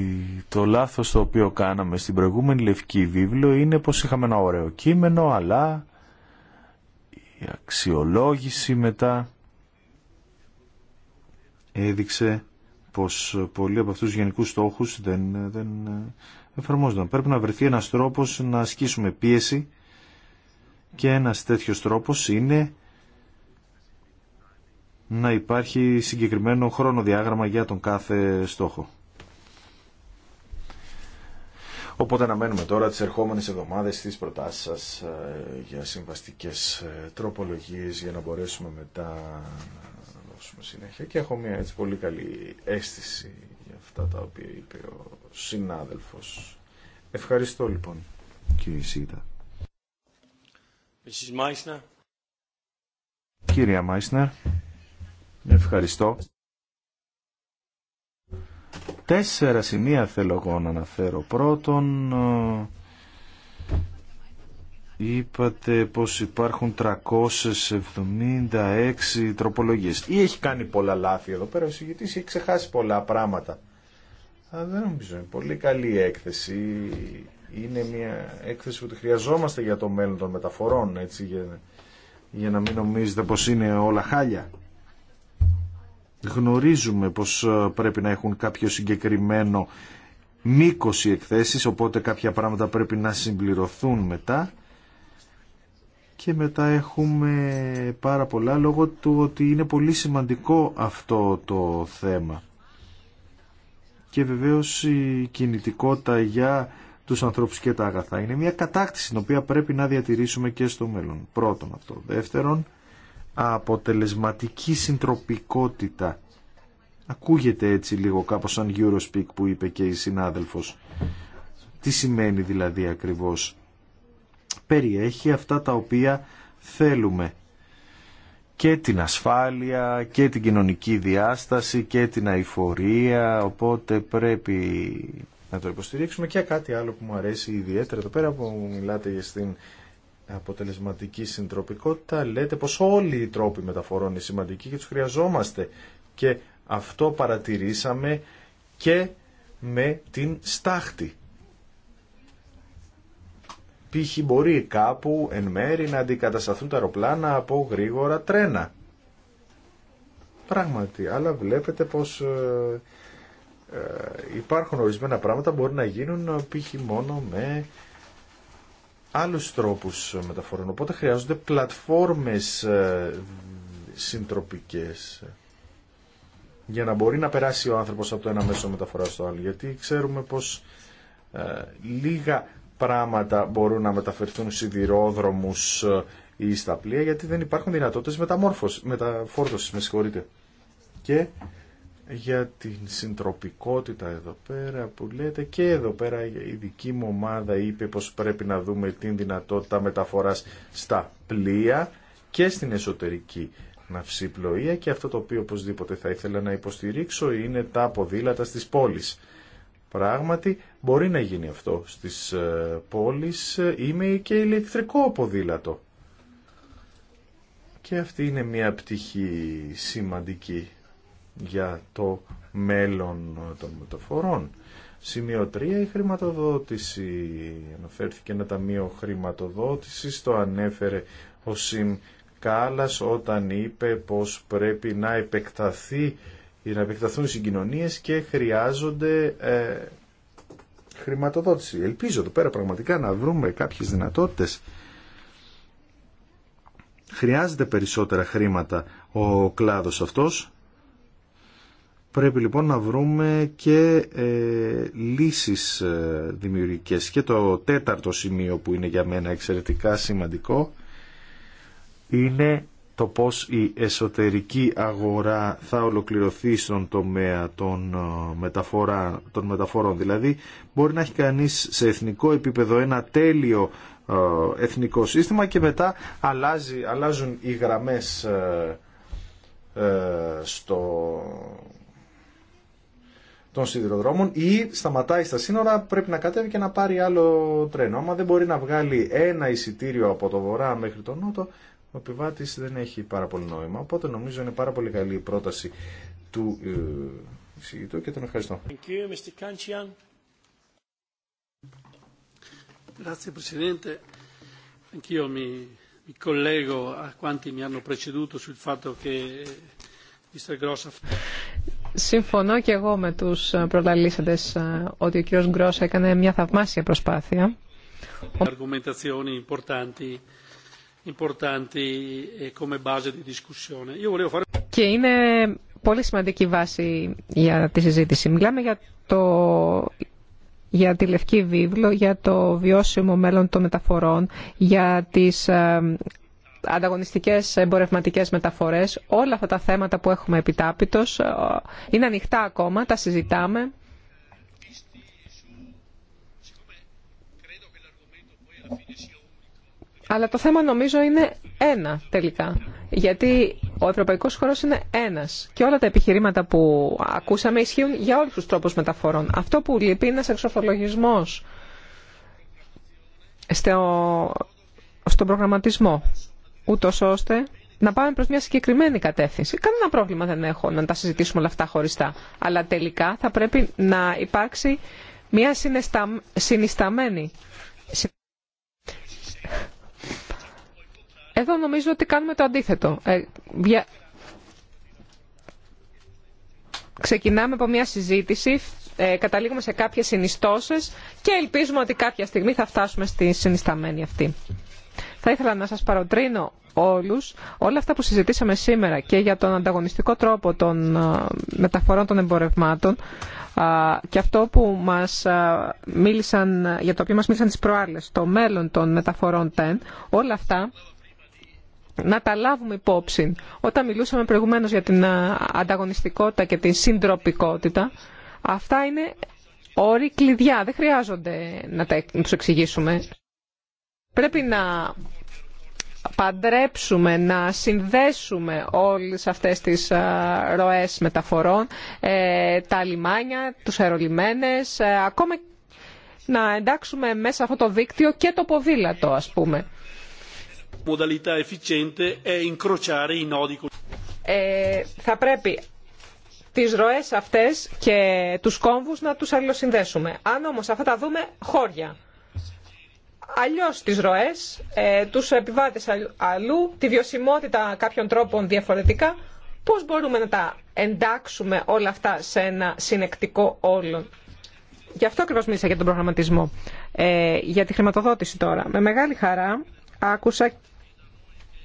το λάθος το οποίο κάναμε στην προηγούμενη λευκή βίβλο είναι πως είχαμε ένα ωραίο κείμενο, αλλά η αξιολόγηση μετά έδειξε πως πολλοί από αυτούς τους γενικούς στόχους δεν, δεν εφαρμόζονταν. Πρέπει να βρεθεί ένας τρόπος να ασκήσουμε πίεση και ένας τέτοιος τρόπος είναι να υπάρχει συγκεκριμένο χρονοδιάγραμμα για τον κάθε στόχο. Οπότε αναμένουμε τώρα τις ερχόμενες εβδομάδες τις προτάσεις σας ε, για συμβαστικές ε, τροπολογίες για να μπορέσουμε μετά να δώσουμε συνέχεια. Και έχω μια έτσι πολύ καλή αίσθηση για αυτά τα οποία είπε ο συνάδελφος. Ευχαριστώ λοιπόν κύριε Σίτα. Κύριε Μάισνερ, ευχαριστώ. Τέσσερα σημεία θέλω εγώ να αναφέρω. Πρώτον, ε, είπατε πως υπάρχουν 376 τροπολογίες. Ή έχει κάνει πολλά λάθη εδώ πέρα, ο συγγετής έχει ξεχάσει πολλά πράγματα. Α, δεν νομίζω, είναι πολύ καλή έκθεση. Είναι μια έκθεση που τη χρειαζόμαστε για το μέλλον των μεταφορών, έτσι, για, για να μην νομίζετε πως είναι όλα χάλια γνωρίζουμε πως ε, πρέπει να έχουν κάποιο συγκεκριμένο μήκος οι εκθέσεις, οπότε κάποια πράγματα πρέπει να συμπληρωθούν μετά. Και μετά έχουμε πάρα πολλά λόγω του ότι είναι πολύ σημαντικό αυτό το θέμα. Και βεβαίως η κινητικότητα για τους ανθρώπους και τα αγαθά είναι μια κατάκτηση την οποία πρέπει να διατηρήσουμε και στο μέλλον. Πρώτον αυτό. Δεύτερον, αποτελεσματική συντροπικότητα. Ακούγεται έτσι λίγο κάπως σαν Eurospeak που είπε και η συνάδελφος. Τι σημαίνει δηλαδή ακριβώς. Περιέχει αυτά τα οποία θέλουμε. Και την ασφάλεια και την κοινωνική διάσταση και την αηφορία. Οπότε πρέπει να το υποστηρίξουμε και κάτι άλλο που μου αρέσει ιδιαίτερα εδώ πέρα που μιλάτε για στην αποτελεσματική συντροπικότητα λέτε πως όλοι οι τρόποι μεταφορών είναι σημαντικοί και τους χρειαζόμαστε και αυτό παρατηρήσαμε και με την στάχτη. Π.χ. μπορεί κάπου εν μέρη να αντικατασταθούν τα αεροπλάνα από γρήγορα τρένα. Πράγματι, αλλά βλέπετε πως ε, ε υπάρχουν ορισμένα πράγματα που μπορεί να γίνουν ε, π.χ. μόνο με άλλους τρόπους μεταφορών. Οπότε χρειάζονται πλατφόρμες ε, συντροπικές για να μπορεί να περάσει ο άνθρωπος από το ένα μέσο μεταφοράς στο άλλο. Γιατί ξέρουμε πως ε, λίγα πράγματα μπορούν να μεταφερθούν σιδηρόδρομους ε, ή στα πλοία γιατί δεν υπάρχουν δυνατότητες μεταφόρτωσης, με συγχωρείτε. Και για την συντροπικότητα εδώ πέρα που λέτε και εδώ πέρα η δική μου ομάδα είπε πως πρέπει να δούμε την δυνατότητα μεταφοράς στα πλοία και στην εσωτερική ναυσιπλοεία και αυτό το οποίο οπωσδήποτε θα ήθελα να υποστηρίξω είναι τα ποδήλατα στις πόλεις. Πράγματι μπορεί να γίνει αυτό στις ε, πόλεις, είμαι και ηλεκτρικό ποδήλατο. Και αυτή είναι μια πτυχή σημαντική για το μέλλον των μεταφορών. Σημείο 3. Η χρηματοδότηση. Αναφέρθηκε ένα ταμείο χρηματοδότηση. Το ανέφερε ο Σιμ Κάλλας όταν είπε πως πρέπει να επεκταθεί να επεκταθούν οι συγκοινωνίες και χρειάζονται ε, χρηματοδότηση. Ελπίζω εδώ πέρα πραγματικά να βρούμε κάποιες δυνατότητες. Χρειάζεται περισσότερα χρήματα ο κλάδος αυτός Πρέπει λοιπόν να βρούμε και ε, λύσεις ε, δημιουργικές. Και το τέταρτο σημείο που είναι για μένα εξαιρετικά σημαντικό είναι το πώς η εσωτερική αγορά θα ολοκληρωθεί στον τομέα των, ε, μεταφορά, μεταφορών. Δηλαδή μπορεί να έχει κανείς σε εθνικό επίπεδο ένα τέλειο ε, εθνικό σύστημα και μετά αλλάζει, αλλάζουν οι γραμμές στο των σιδηροδρόμων ή σταματάει στα σύνορα, πρέπει να κατέβει και να πάρει άλλο τρένο. Άμα δεν μπορεί να βγάλει ένα εισιτήριο από το βορρά μέχρι τον νότο, ο πιβάτης δεν έχει πάρα πολύ νόημα. Οπότε νομίζω είναι πάρα πολύ καλή η πρόταση του ε, εισηγητού και τον ευχαριστώ. Συμφωνώ και εγώ με τους ε, προλαλήσαντες ε, ότι ο κύριος Γκρός έκανε μια θαυμάσια προσπάθεια. Eh, και είναι πολύ σημαντική βάση για τη συζήτηση. Μιλάμε για, το, για τη Λευκή Βίβλο, για το βιώσιμο μέλλον των μεταφορών, για τις ε, Ανταγωνιστικέ εμπορευματικέ μεταφορέ, όλα αυτά τα θέματα που έχουμε επιτάπητο ε, είναι ανοιχτά ακόμα, τα συζητάμε. Αλλά το θέμα νομίζω είναι ένα τελικά. Γιατί ο ευρωπαϊκός χώρος είναι ένας και όλα τα επιχειρήματα που ακούσαμε ισχύουν για όλους τους τρόπους μεταφορών. Αυτό που λείπει είναι ένας εξορθολογισμός στον προγραμματισμό ούτω ώστε να πάμε προς μια συγκεκριμένη κατεύθυνση. Κανένα πρόβλημα δεν έχω να τα συζητήσουμε όλα αυτά χωριστά. Αλλά τελικά θα πρέπει να υπάρξει μια συνισταμένη... Εδώ νομίζω ότι κάνουμε το αντίθετο. Ε, Ξεκινάμε από μια συζήτηση, ε, καταλήγουμε σε κάποιες συνιστώσεις και ελπίζουμε ότι κάποια στιγμή θα φτάσουμε στη συνισταμένη αυτή. Θα ήθελα να σας παροτρύνω όλους, όλα αυτά που συζητήσαμε σήμερα και για τον ανταγωνιστικό τρόπο των ε, μεταφορών των εμπορευμάτων και αυτό που μας μίλησαν, για το οποίο μας μίλησαν τις προάλλες, το μέλλον των μεταφορών TEN, όλα αυτά να τα λάβουμε υπόψη. Όταν μιλούσαμε προηγουμένως για την ανταγωνιστικότητα και την συντροπικότητα, αυτά είναι όροι κλειδιά, δεν χρειάζονται να τους εξηγήσουμε. Πρέπει να παντρέψουμε, να συνδέσουμε όλες αυτές τις ροές μεταφορών, ε, τα λιμάνια, τους αερολιμένες, ε, ακόμα να εντάξουμε μέσα αυτό το δίκτυο και το ποδήλατο, ας πούμε. Ε, θα πρέπει τις ροές αυτές και τους κόμβους να τους αλληλοσυνδέσουμε. Αν όμως αυτά τα δούμε χώρια, αλλιώς τις ροές, ε, τους επιβάτες αλλού, τη βιωσιμότητα κάποιων τρόπων διαφορετικά. Πώς μπορούμε να τα εντάξουμε όλα αυτά σε ένα συνεκτικό όλο. Γι' αυτό ακριβώ μίλησα για τον προγραμματισμό. Ε, για τη χρηματοδότηση τώρα. Με μεγάλη χαρά άκουσα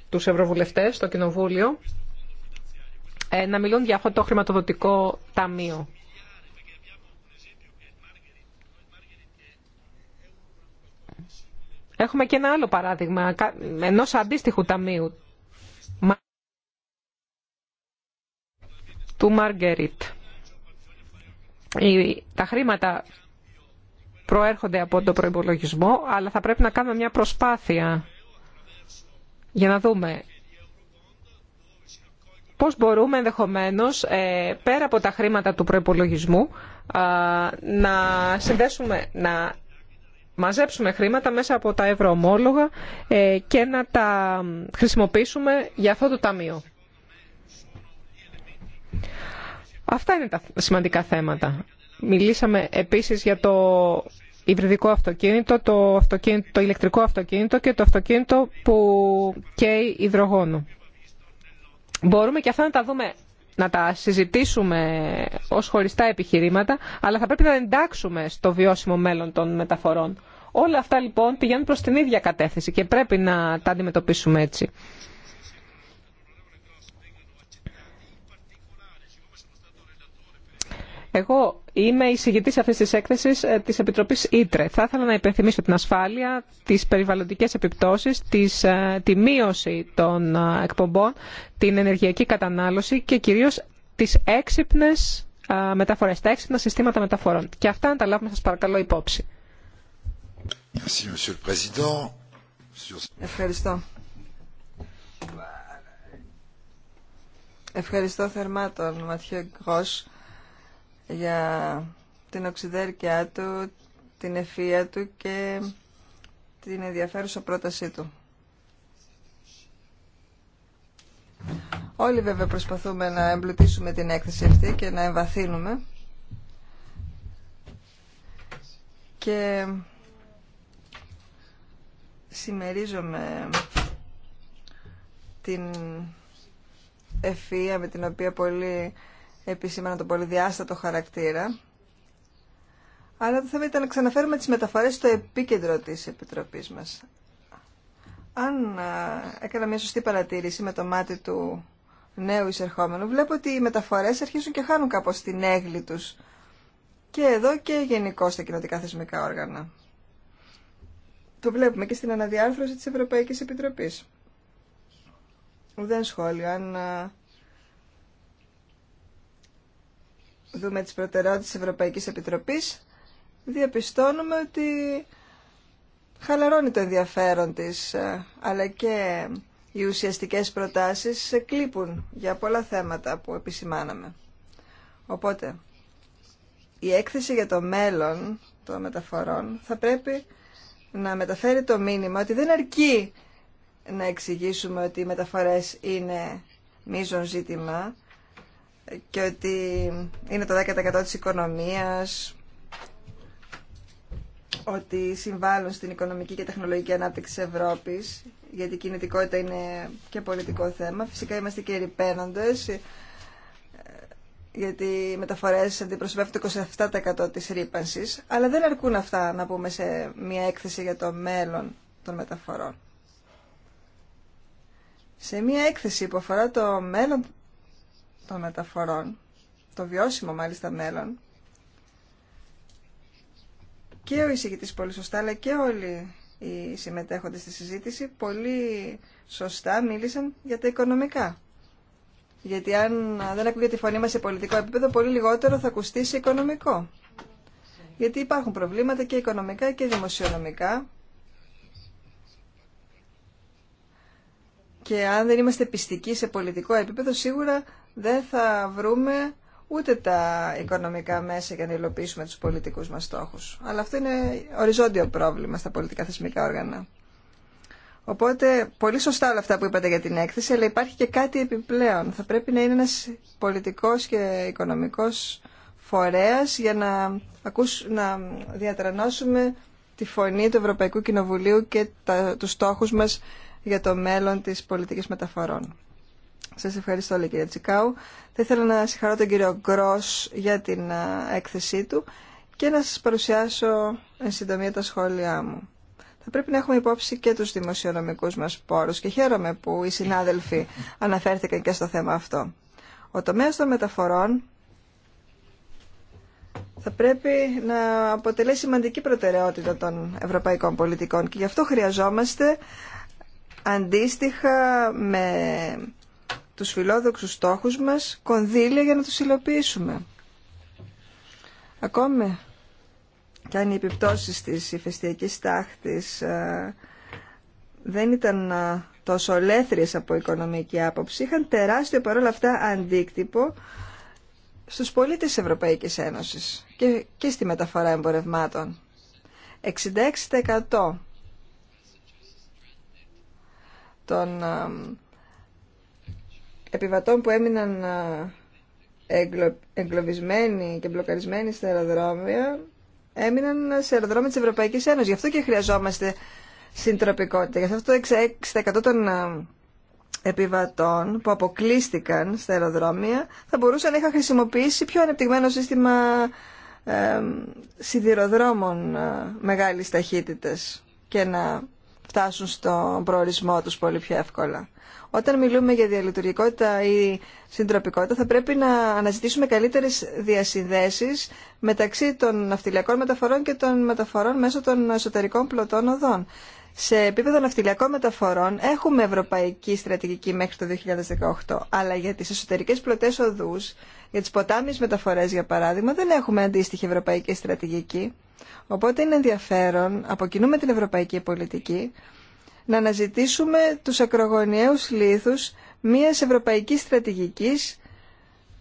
τους ευρωβουλευτές στο Κοινοβούλιο ε, να μιλούν για αυτό το χρηματοδοτικό ταμείο. Έχουμε και ένα άλλο παράδειγμα ενό αντίστοιχου ταμείου του Μάργκεριτ. Τα χρήματα προέρχονται από τον προϋπολογισμό, αλλά θα πρέπει να κάνουμε μια προσπάθεια για να δούμε πώς μπορούμε ενδεχομένως ε, πέρα από τα χρήματα του προϋπολογισμού να συνδέσουμε, να μαζέψουμε χρήματα μέσα από τα ευρωομόλογα ε, και να τα χρησιμοποιήσουμε για αυτό το ταμείο. Αυτά είναι τα σημαντικά θέματα. Μιλήσαμε επίσης για το υβριδικό αυτοκίνητο, το, αυτοκίνητο, το ηλεκτρικό αυτοκίνητο και το αυτοκίνητο που καίει υδρογόνο. Μπορούμε και αυτά να τα δούμε να τα συζητήσουμε ως χωριστά επιχειρήματα, αλλά θα πρέπει να εντάξουμε στο βιώσιμο μέλλον των μεταφορών. Όλα αυτά λοιπόν πηγαίνουν προς την ίδια κατεύθυνση και πρέπει να τα αντιμετωπίσουμε έτσι. Εγώ είμαι η συγγητής αυτής της έκθεσης ε, της Επιτροπής Ήτρε. Θα ήθελα να υπενθυμίσω την ασφάλεια, τις περιβαλλοντικές επιπτώσεις, τις, ε, τη μείωση των ε, εκπομπών, την ενεργειακή κατανάλωση και κυρίως τις έξυπνες μεταφορές, τα έξυπνα συστήματα μεταφορών. Και αυτά να τα σας παρακαλώ υπόψη. Ευχαριστώ. Ευχαριστώ θερμά τον Ματιό Γκρός για την οξυδέρκειά του, την ευφία του και την ενδιαφέρουσα πρότασή του. Όλοι βέβαια προσπαθούμε να εμπλουτίσουμε την έκθεση αυτή και να εμβαθύνουμε. Και συμμερίζομαι την ευφυΐα με την οποία πολύ επισήμανα τον πολυδιάστατο χαρακτήρα. Αλλά το θέμα ήταν να ξαναφέρουμε τις μεταφορές στο επίκεντρο της Επιτροπής μας. Αν έκανα μια σωστή παρατήρηση με το μάτι του νέου εισερχόμενου, βλέπω ότι οι μεταφορές αρχίζουν και χάνουν κάπως την έγκλη τους. Και εδώ και γενικώ στα κοινωτικά θεσμικά όργανα. Το βλέπουμε και στην αναδιάρθρωση της Ευρωπαϊκής Επιτροπής. Ουδέν σχόλιο. Αν δούμε τις προτεραιότητες της Ευρωπαϊκής Επιτροπής, διαπιστώνουμε ότι χαλαρώνει το ενδιαφέρον της, αλλά και οι ουσιαστικές προτάσεις κλείπουν για πολλά θέματα που επισημάναμε. Οπότε, η έκθεση για το μέλλον των μεταφορών θα πρέπει να μεταφέρει το μήνυμα ότι δεν αρκεί να εξηγήσουμε ότι οι μεταφορές είναι μείζον ζήτημα και ότι είναι το 10% της οικονομίας, ότι συμβάλλουν στην οικονομική και τεχνολογική ανάπτυξη της Ευρώπης, γιατί η κινητικότητα είναι και πολιτικό θέμα. Φυσικά είμαστε και ρηπαίνοντες, γιατί οι μεταφορέ αντιπροσωπεύουν το 27% της ρήπανση, αλλά δεν αρκούν αυτά να πούμε σε μια έκθεση για το μέλλον των μεταφορών. Σε μια έκθεση που αφορά το μέλλον των μεταφορών, το βιώσιμο μάλιστα μέλλον, και ο εισηγητή πολύ σωστά, αλλά και όλοι οι συμμετέχοντες στη συζήτηση πολύ σωστά μίλησαν για τα οικονομικά. Γιατί αν δεν ακούγεται η φωνή μα σε πολιτικό επίπεδο, πολύ λιγότερο θα ακουστεί σε οικονομικό. Γιατί υπάρχουν προβλήματα και οικονομικά και δημοσιονομικά. Και αν δεν είμαστε πιστικοί σε πολιτικό επίπεδο, σίγουρα δεν θα βρούμε ούτε τα οικονομικά μέσα για να υλοποιήσουμε τους πολιτικούς μας στόχους. Αλλά αυτό είναι οριζόντιο πρόβλημα στα πολιτικά θεσμικά όργανα. Οπότε, πολύ σωστά όλα αυτά που είπατε για την έκθεση, αλλά υπάρχει και κάτι επιπλέον. Θα πρέπει να είναι ένας πολιτικός και οικονομικός φορέας για να, να διατρανώσουμε τη φωνή του Ευρωπαϊκού Κοινοβουλίου και τα, τους στόχους μας για το μέλλον της πολιτικής μεταφορών. Σας ευχαριστώ όλοι κύριε Τσικάου. Θα ήθελα να συγχαρώ τον κύριο Γκρός για την έκθεσή του και να σας παρουσιάσω εν συντομία τα σχόλιά μου θα πρέπει να έχουμε υπόψη και τους δημοσιονομικούς μας πόρους και χαίρομαι που οι συνάδελφοι αναφέρθηκαν και στο θέμα αυτό. Ο τομέας των μεταφορών θα πρέπει να αποτελέσει σημαντική προτεραιότητα των ευρωπαϊκών πολιτικών και γι' αυτό χρειαζόμαστε αντίστοιχα με τους φιλόδοξους στόχους μας κονδύλια για να τους υλοποιήσουμε. Ακόμη και αν οι επιπτώσεις της ηφαιστειακής τάχτης ε, δεν ήταν ε, τόσο ολέθριες από οικονομική άποψη, είχαν τεράστιο παρόλα αυτά αντίκτυπο στους πολίτες της Ευρωπαϊκής Ένωσης και, και στη μεταφορά εμπορευμάτων. 66% των ε, επιβατών που έμειναν εγκλωβισμένοι και μπλοκαρισμένοι στα αεροδρόμια έμειναν σε αεροδρόμια της Ευρωπαϊκής Ένωσης. Γι' αυτό και χρειαζόμαστε συντροπικότητα. Γι' αυτό το 6% των ε, επιβατών που αποκλείστηκαν στα αεροδρόμια θα μπορούσαν να είχαν χρησιμοποιήσει πιο ανεπτυγμένο σύστημα ε, σιδηροδρόμων ε, μεγάλης ταχύτητας και να φτάσουν στον προορισμό τους πολύ πιο εύκολα. Όταν μιλούμε για διαλειτουργικότητα ή συντροπικότητα θα πρέπει να αναζητήσουμε καλύτερες διασυνδέσεις μεταξύ των ναυτιλιακών μεταφορών και των μεταφορών μέσω των εσωτερικών πλωτών οδών. Σε επίπεδο ναυτιλιακών μεταφορών έχουμε ευρωπαϊκή στρατηγική μέχρι το 2018, αλλά για τις εσωτερικές πλωτές οδούς για τις ποτάμιες μεταφορές, για παράδειγμα, δεν έχουμε αντίστοιχη ευρωπαϊκή στρατηγική. Οπότε είναι ενδιαφέρον, από την ευρωπαϊκή πολιτική, να αναζητήσουμε τους ακρογωνιαίους λίθους μιας ευρωπαϊκής στρατηγικής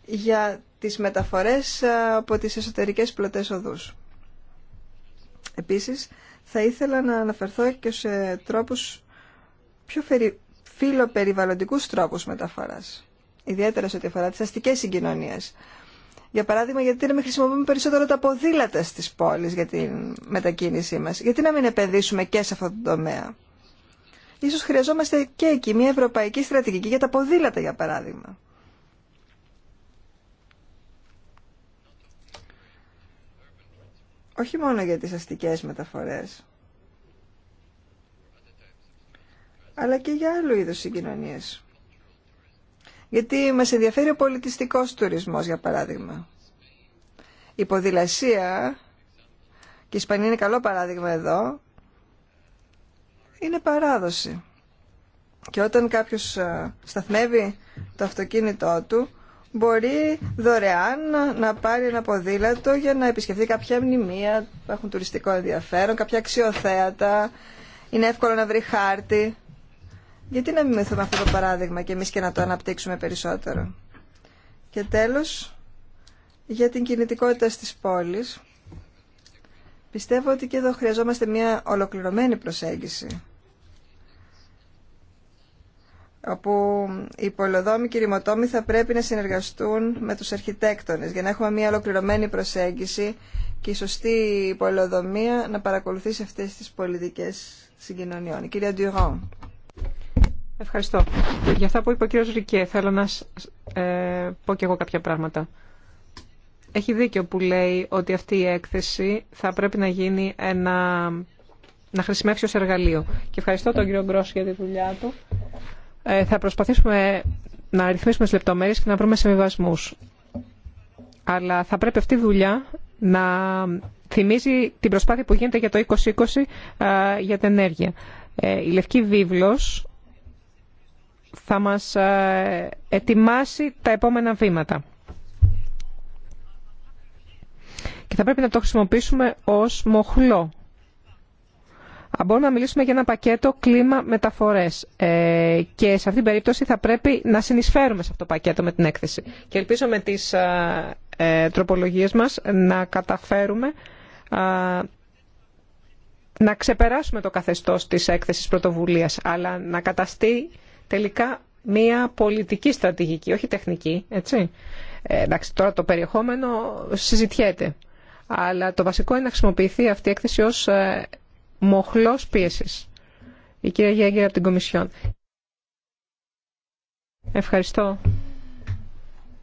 για τις μεταφορές ε, από τις εσωτερικές πλωτές οδούς. Επίσης, θα ήθελα να αναφερθώ και σε τρόπους πιο φιλοπεριβαλλοντικούς τρόπους μεταφοράς ιδιαίτερα σε ό,τι αφορά τι αστικές συγκοινωνίες. Για παράδειγμα, γιατί να μην χρησιμοποιούμε περισσότερο τα ποδήλατα στις πόλεις για την μετακίνησή μας. Γιατί να μην επενδύσουμε και σε αυτό το τομέα. Ίσως χρειαζόμαστε και εκεί μια ευρωπαϊκή στρατηγική για τα ποδήλατα, για παράδειγμα. Όχι μόνο για τις αστικές μεταφορές, αλλά και για άλλου είδους συγκοινωνίες. Γιατί μας ενδιαφέρει ο πολιτιστικός τουρισμός, για παράδειγμα. Η ποδηλασία, και η Ισπανία είναι καλό παράδειγμα εδώ, είναι παράδοση. Και όταν κάποιος ε, σταθμεύει το αυτοκίνητό του, μπορεί δωρεάν να πάρει ένα ποδήλατο για να επισκεφθεί κάποια μνημεία που έχουν τουριστικό ενδιαφέρον, κάποια αξιοθέατα, είναι εύκολο να βρει χάρτη. Γιατί να μιμηθούμε αυτό το παράδειγμα και εμείς και να το αναπτύξουμε περισσότερο. Και τέλος, για την κινητικότητα στις πόλεις, πιστεύω ότι και εδώ χρειαζόμαστε μια ολοκληρωμένη προσέγγιση όπου οι πολεοδόμοι και οι ρημοτόμοι θα πρέπει να συνεργαστούν με τους αρχιτέκτονες για να έχουμε μια ολοκληρωμένη προσέγγιση και η σωστή πολεοδομία να παρακολουθήσει αυτές τις πολιτικές συγκοινωνιών. Κυρία Ευχαριστώ. Για αυτά που είπε ο κύριος Ρικέ, θέλω να ε, πω και εγώ κάποια πράγματα. Έχει δίκιο που λέει ότι αυτή η έκθεση θα πρέπει να γίνει ένα, να χρησιμεύσει ως εργαλείο. Και ευχαριστώ τον κύριο Γκρός για τη δουλειά του. Ε, θα προσπαθήσουμε να ρυθμίσουμε τις λεπτομέρειες και να βρούμε συμβιβασμού. Αλλά θα πρέπει αυτή η δουλειά να θυμίζει την προσπάθεια που γίνεται για το 2020 για την ενέργεια. Ε, η Λευκή Βίβλος θα μας ε, ετοιμάσει τα επόμενα βήματα. Και θα πρέπει να το χρησιμοποιήσουμε ως μοχλό. Μπορούμε να μιλήσουμε για ένα πακέτο κλίμα μεταφορές ε, και σε αυτήν την περίπτωση θα πρέπει να συνεισφέρουμε σε αυτό το πακέτο με την έκθεση. Και ελπίζω με τις ε, τροπολογίες μας να καταφέρουμε να ξεπεράσουμε το καθεστώς της έκθεσης πρωτοβουλίας αλλά να καταστεί τελικά μία πολιτική στρατηγική, όχι τεχνική, έτσι. Ε, εντάξει, τώρα το περιεχόμενο συζητιέται. Αλλά το βασικό είναι να χρησιμοποιηθεί αυτή η έκθεση ως ε, μοχλός πίεσης. Η κυρία Γέγκερ από την Κομισιόν. Ευχαριστώ.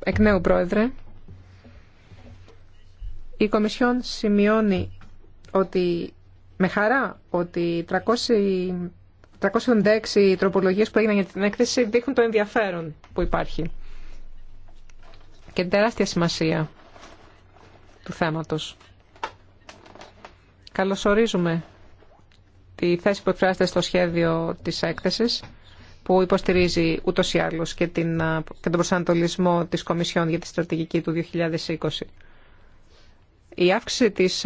Εκ νέου, Πρόεδρε. Η Κομισιόν σημειώνει ότι με χαρά ότι 300 376 τροπολογίες που έγιναν για την έκθεση δείχνουν το ενδιαφέρον που υπάρχει και την τεράστια σημασία του θέματος. Καλωσορίζουμε τη θέση που εκφράζεται στο σχέδιο της έκθεσης που υποστηρίζει ούτως ή άλλως και, τον προσανατολισμό της Κομισιόν για τη στρατηγική του 2020. Η αύξηση της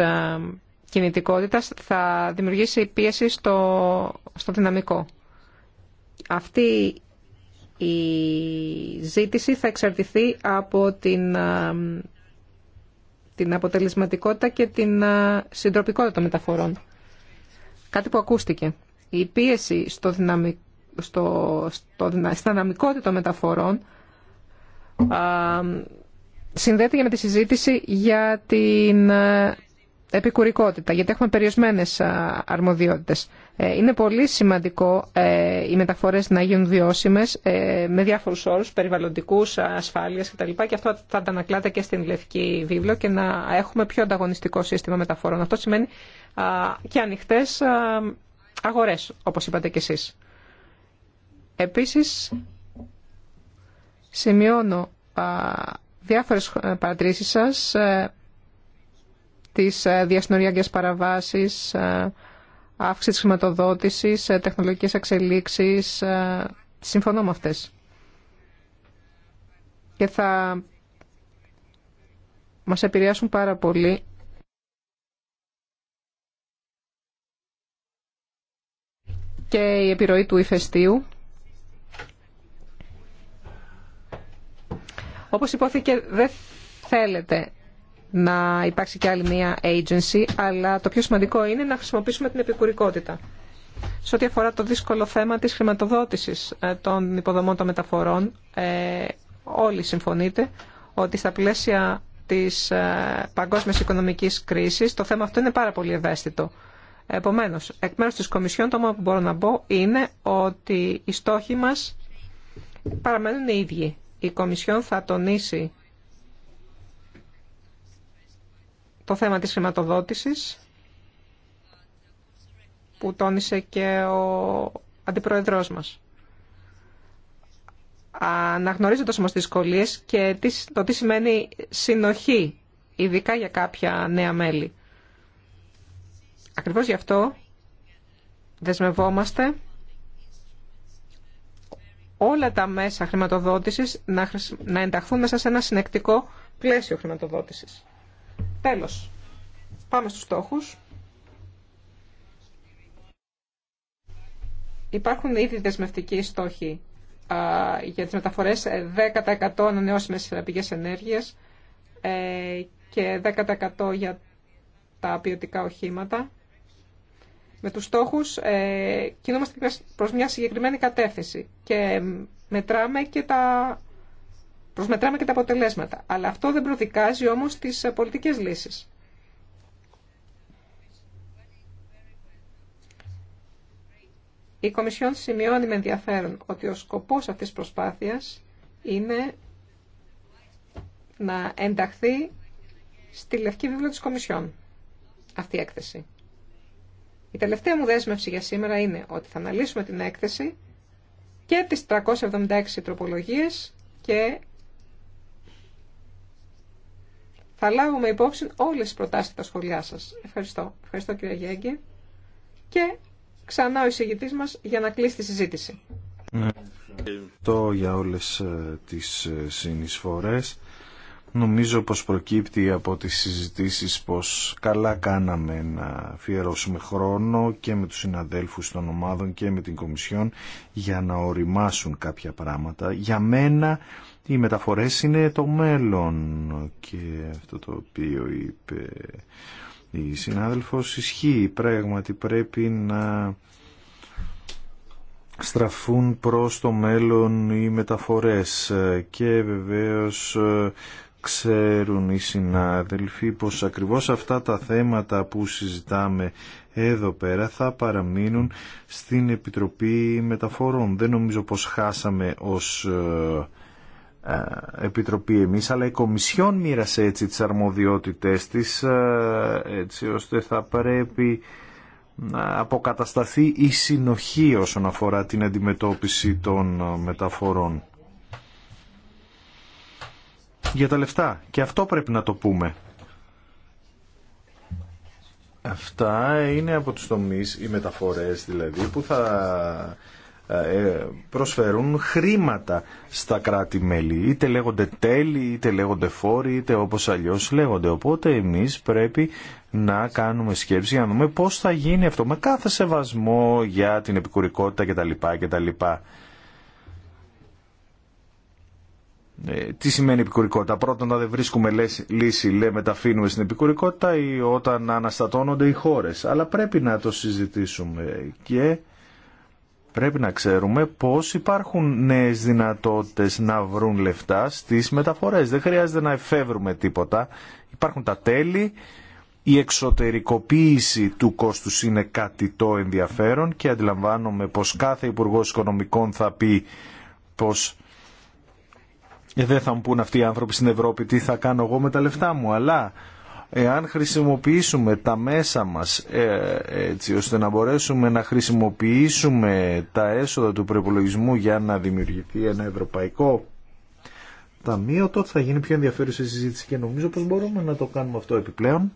θα δημιουργήσει πίεση στο, στο δυναμικό. Αυτή η ζήτηση θα εξαρτηθεί από την, την αποτελεσματικότητα και την συντροπικότητα των μεταφορών. Κάτι που ακούστηκε. Η πίεση στο δυναμικό, στο, στο, στα δυναμικότητα των μεταφορών α, συνδέεται με τη συζήτηση για την επικουρικότητα, γιατί έχουμε περιορισμένες αρμοδιότητες. Ε, είναι πολύ σημαντικό ε, οι μεταφορές να γίνουν βιώσιμες ε, με διάφορους όρους, περιβαλλοντικούς, ασφάλειας κτλ. Και αυτό θα αντανακλάται και στην Λευκή Βίβλο και να έχουμε πιο ανταγωνιστικό σύστημα μεταφορών. Αυτό σημαίνει και ανοιχτές αγορές, όπως είπατε κι εσείς. Επίσης, σημειώνω διάφορες παρατηρήσεις σας τις διασυνοριακές παραβάσεις, αύξηση της ε, ε, χρηματοδότησης, ε, τεχνολογικές εξελίξεις. Συμφωνώ με αυτές. Και θα μας επηρεάσουν πάρα πολύ και η επιρροή του ηφαιστείου. Όπως υπόθηκε, δεν θέλετε να υπάρξει και άλλη μία agency, αλλά το πιο σημαντικό είναι να χρησιμοποιήσουμε την επικουρικότητα. Σε ό,τι αφορά το δύσκολο θέμα της χρηματοδότησης ε, των υποδομών των μεταφορών, ε, όλοι συμφωνείτε ότι στα πλαίσια της ε, παγκόσμιας οικονομικής κρίσης το θέμα αυτό είναι πάρα πολύ ευαίσθητο. Επομένως, εκ μέρους της Κομισιόν το μόνο που μπορώ να πω είναι ότι οι στόχοι μας παραμένουν οι ίδιοι. Η Κομισιόν θα τονίσει το θέμα της χρηματοδότησης που τόνισε και ο αντιπρόεδρός μας. Αναγνωρίζοντας όμως τις δυσκολίες και το τι σημαίνει συνοχή, ειδικά για κάποια νέα μέλη. Ακριβώς γι' αυτό δεσμευόμαστε όλα τα μέσα χρηματοδότησης να ενταχθούν μέσα σε ένα συνεκτικό πλαίσιο χρηματοδότησης. Τέλος. Πάμε στους στόχους. Υπάρχουν ήδη δεσμευτικοί στόχοι α, για τις μεταφορές 10% ανανεώσιμες πηγές ενέργειας ε, και 10% για τα ποιοτικά οχήματα. Με τους στόχους ε, κινούμαστε προς μια συγκεκριμένη κατεύθυνση και μετράμε και τα Προσμετράμε και τα αποτελέσματα. Αλλά αυτό δεν προδικάζει όμως τις ε, πολιτικές λύσεις. Η Κομισιόν σημειώνει με ενδιαφέρον ότι ο σκοπός αυτής της προσπάθειας είναι να ενταχθεί στη Λευκή Βίβλο της Κομισιόν αυτή η έκθεση. Η τελευταία μου δέσμευση για σήμερα είναι ότι θα αναλύσουμε την έκθεση και τις 376 τροπολογίες και Θα λάβουμε υπόψη όλες τις προτάσεις και τα σχολιά σας. Ευχαριστώ. Ευχαριστώ κύριε Γέγκε. Και ξανά ο εισηγητής μας για να κλείσει τη συζήτηση. Ευχαριστώ για όλες ε, τις ε, συνεισφορές. Νομίζω πως προκύπτει από τις συζητήσεις πως καλά κάναμε να αφιερώσουμε χρόνο και με τους συναδέλφους των ομάδων και με την Κομισιόν για να οριμάσουν κάποια πράγματα. Για μένα οι μεταφορές είναι το μέλλον και αυτό το οποίο είπε η συνάδελφος ισχύει πράγματι πρέπει να στραφούν προς το μέλλον οι μεταφορές και βεβαίως ε, ξέρουν οι συνάδελφοι πως ακριβώς αυτά τα θέματα που συζητάμε εδώ πέρα θα παραμείνουν στην Επιτροπή Μεταφορών. Δεν νομίζω πως χάσαμε ως ε, ε, Επιτροπή εμείς, αλλά η Κομισιόν μοίρασε έτσι τις αρμοδιότητες της, ε, έτσι ώστε θα πρέπει να αποκατασταθεί η συνοχή όσον αφορά την αντιμετώπιση των ε, μεταφορών. Για τα λεφτά. Και αυτό πρέπει να το πούμε. Αυτά είναι από τους τομείς, οι μεταφορές δηλαδή, που θα ε, προσφέρουν χρήματα στα κράτη-μέλη. Είτε λέγονται τέλη, είτε λέγονται φόροι, είτε όπως αλλιώς λέγονται. Οπότε εμείς πρέπει να κάνουμε σκέψη για να δούμε πώς θα γίνει αυτό με κάθε σεβασμό για την επικουρικότητα κτλ. κτλ. Ε, τι σημαίνει επικουρικότητα. Πρώτον, όταν δεν βρίσκουμε λύση, λέμε τα αφήνουμε στην επικουρικότητα ή όταν αναστατώνονται οι χώρες. Αλλά πρέπει να το συζητήσουμε και Πρέπει να ξέρουμε πώς υπάρχουν νέες δυνατότητες να βρουν λεφτά στις μεταφορές. Δεν χρειάζεται να εφεύρουμε τίποτα. Υπάρχουν τα τέλη, η εξωτερικοποίηση του κόστους είναι κάτι το ενδιαφέρον και αντιλαμβάνομαι πως κάθε υπουργό Οικονομικών θα πει πως «Ε, δεν θα μου πούν αυτοί οι άνθρωποι στην Ευρώπη τι θα κάνω εγώ με τα λεφτά μου, αλλά εάν χρησιμοποιήσουμε τα μέσα μας ε, έτσι ώστε να μπορέσουμε να χρησιμοποιήσουμε τα έσοδα του προπολογισμού για να δημιουργηθεί ένα ευρωπαϊκό ταμείο, τότε θα γίνει πιο ενδιαφέρουσα η συζήτηση και νομίζω πως μπορούμε να το κάνουμε αυτό επιπλέον.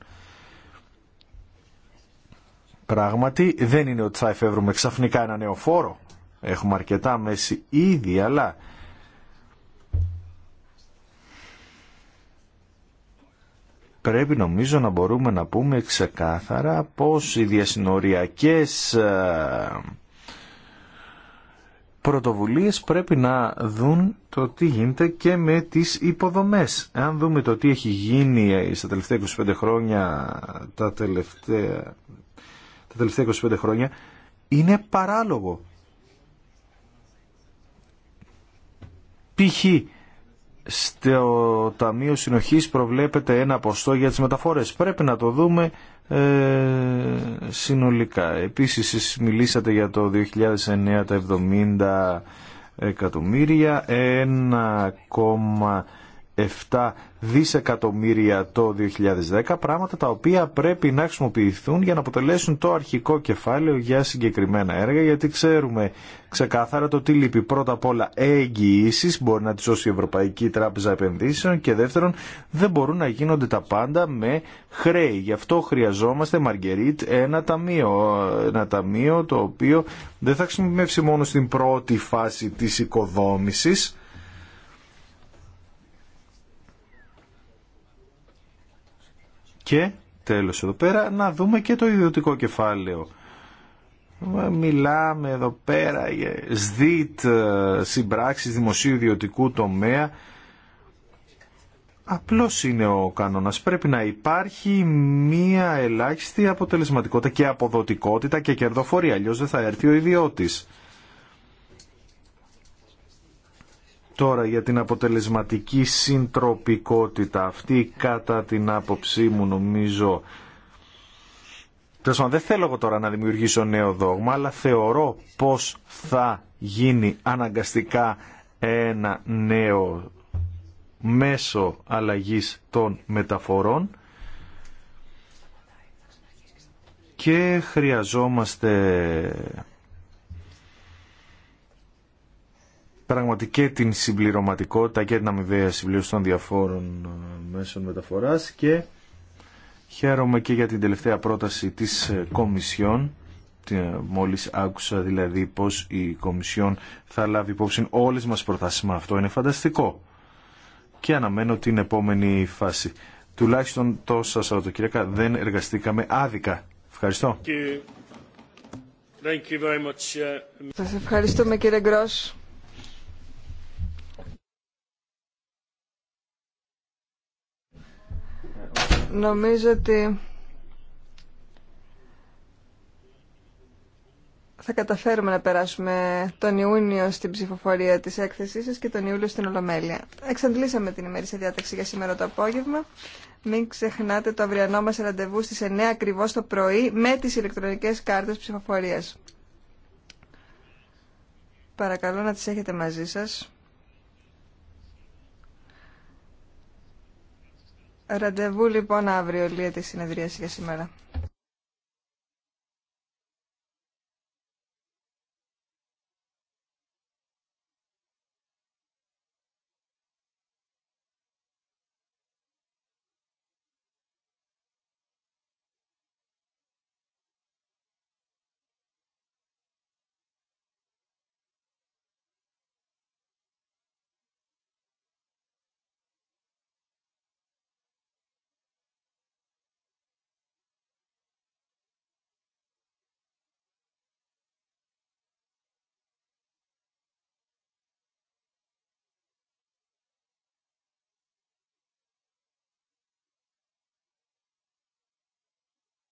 Πράγματι δεν είναι ότι θα εφεύρουμε ξαφνικά ένα νέο φόρο. Έχουμε αρκετά μέση ήδη, αλλά πρέπει νομίζω να μπορούμε να πούμε ξεκάθαρα πως οι διασυνοριακές ε, πρωτοβουλίες πρέπει να δουν το τι γίνεται και με τις υποδομές. Αν δούμε το τι έχει γίνει ε, στα τελευταία 25 χρόνια, τα τελευταία, τα τελευταία 25 χρόνια, είναι παράλογο. Π.χ στο Ταμείο Συνοχής προβλέπεται ένα ποστό για τις μεταφορές. Πρέπει να το δούμε ε, συνολικά. Επίσης, μιλήσατε για το 2009 τα 70 εκατομμύρια, 7 δισεκατομμύρια το 2010, πράγματα τα οποία πρέπει να χρησιμοποιηθούν για να αποτελέσουν το αρχικό κεφάλαιο για συγκεκριμένα έργα, γιατί ξέρουμε ξεκάθαρα το τι λείπει. Πρώτα απ' όλα εγγυήσει μπορεί να τι σώσει η Ευρωπαϊκή Τράπεζα Επενδύσεων και δεύτερον δεν μπορούν να γίνονται τα πάντα με χρέη. Γι' αυτό χρειαζόμαστε, Μαργκερίτ, ένα ταμείο, ένα ταμείο το οποίο δεν θα χρησιμοποιήσει μόνο στην πρώτη φάση της οικοδόμηση Και τέλος εδώ πέρα να δούμε και το ιδιωτικό κεφάλαιο. Μιλάμε εδώ πέρα για ΣΔΙΤ, ε, συμπράξεις δημοσίου ιδιωτικού τομέα. Απλώς είναι ο κανόνας. Πρέπει να υπάρχει μία ελάχιστη αποτελεσματικότητα και αποδοτικότητα και κερδοφορία. Αλλιώς δεν θα έρθει ο ιδιώτης. Τώρα για την αποτελεσματική συντροπικότητα αυτή κατά την άποψή μου νομίζω δεν θέλω εγώ τώρα να δημιουργήσω νέο δόγμα, αλλά θεωρώ πως θα γίνει αναγκαστικά ένα νέο μέσο αλλαγής των μεταφορών και χρειαζόμαστε Πραγματικά και την συμπληρωματικότητα και την αμοιβαία συμπλήρωση των διαφόρων ε, μέσων μεταφοράς και χαίρομαι και για την τελευταία πρόταση της ε, Κομισιόν ε, μόλις άκουσα δηλαδή πως η Κομισιόν θα λάβει υπόψη όλες μας προτάσεις με αυτό είναι φανταστικό και αναμένω την επόμενη φάση τουλάχιστον τόσα Σαββατοκύριακα δεν εργαστήκαμε άδικα ευχαριστώ uh, Σας ευχαριστούμε κύριε Γκρός Νομίζω ότι θα καταφέρουμε να περάσουμε τον Ιούνιο στην ψηφοφορία της έκθεσής σας και τον Ιούλιο στην Ολομέλεια. Εξαντλήσαμε την ημερήσια διάταξη για σήμερα το απόγευμα. Μην ξεχνάτε το αυριανό μας ραντεβού στις 9 ακριβώς το πρωί με τις ηλεκτρονικές κάρτες ψηφοφορίας. Παρακαλώ να τις έχετε μαζί σας. Ραντεβού λοιπόν αύριο λύεται τη συνεδρίαση για σήμερα.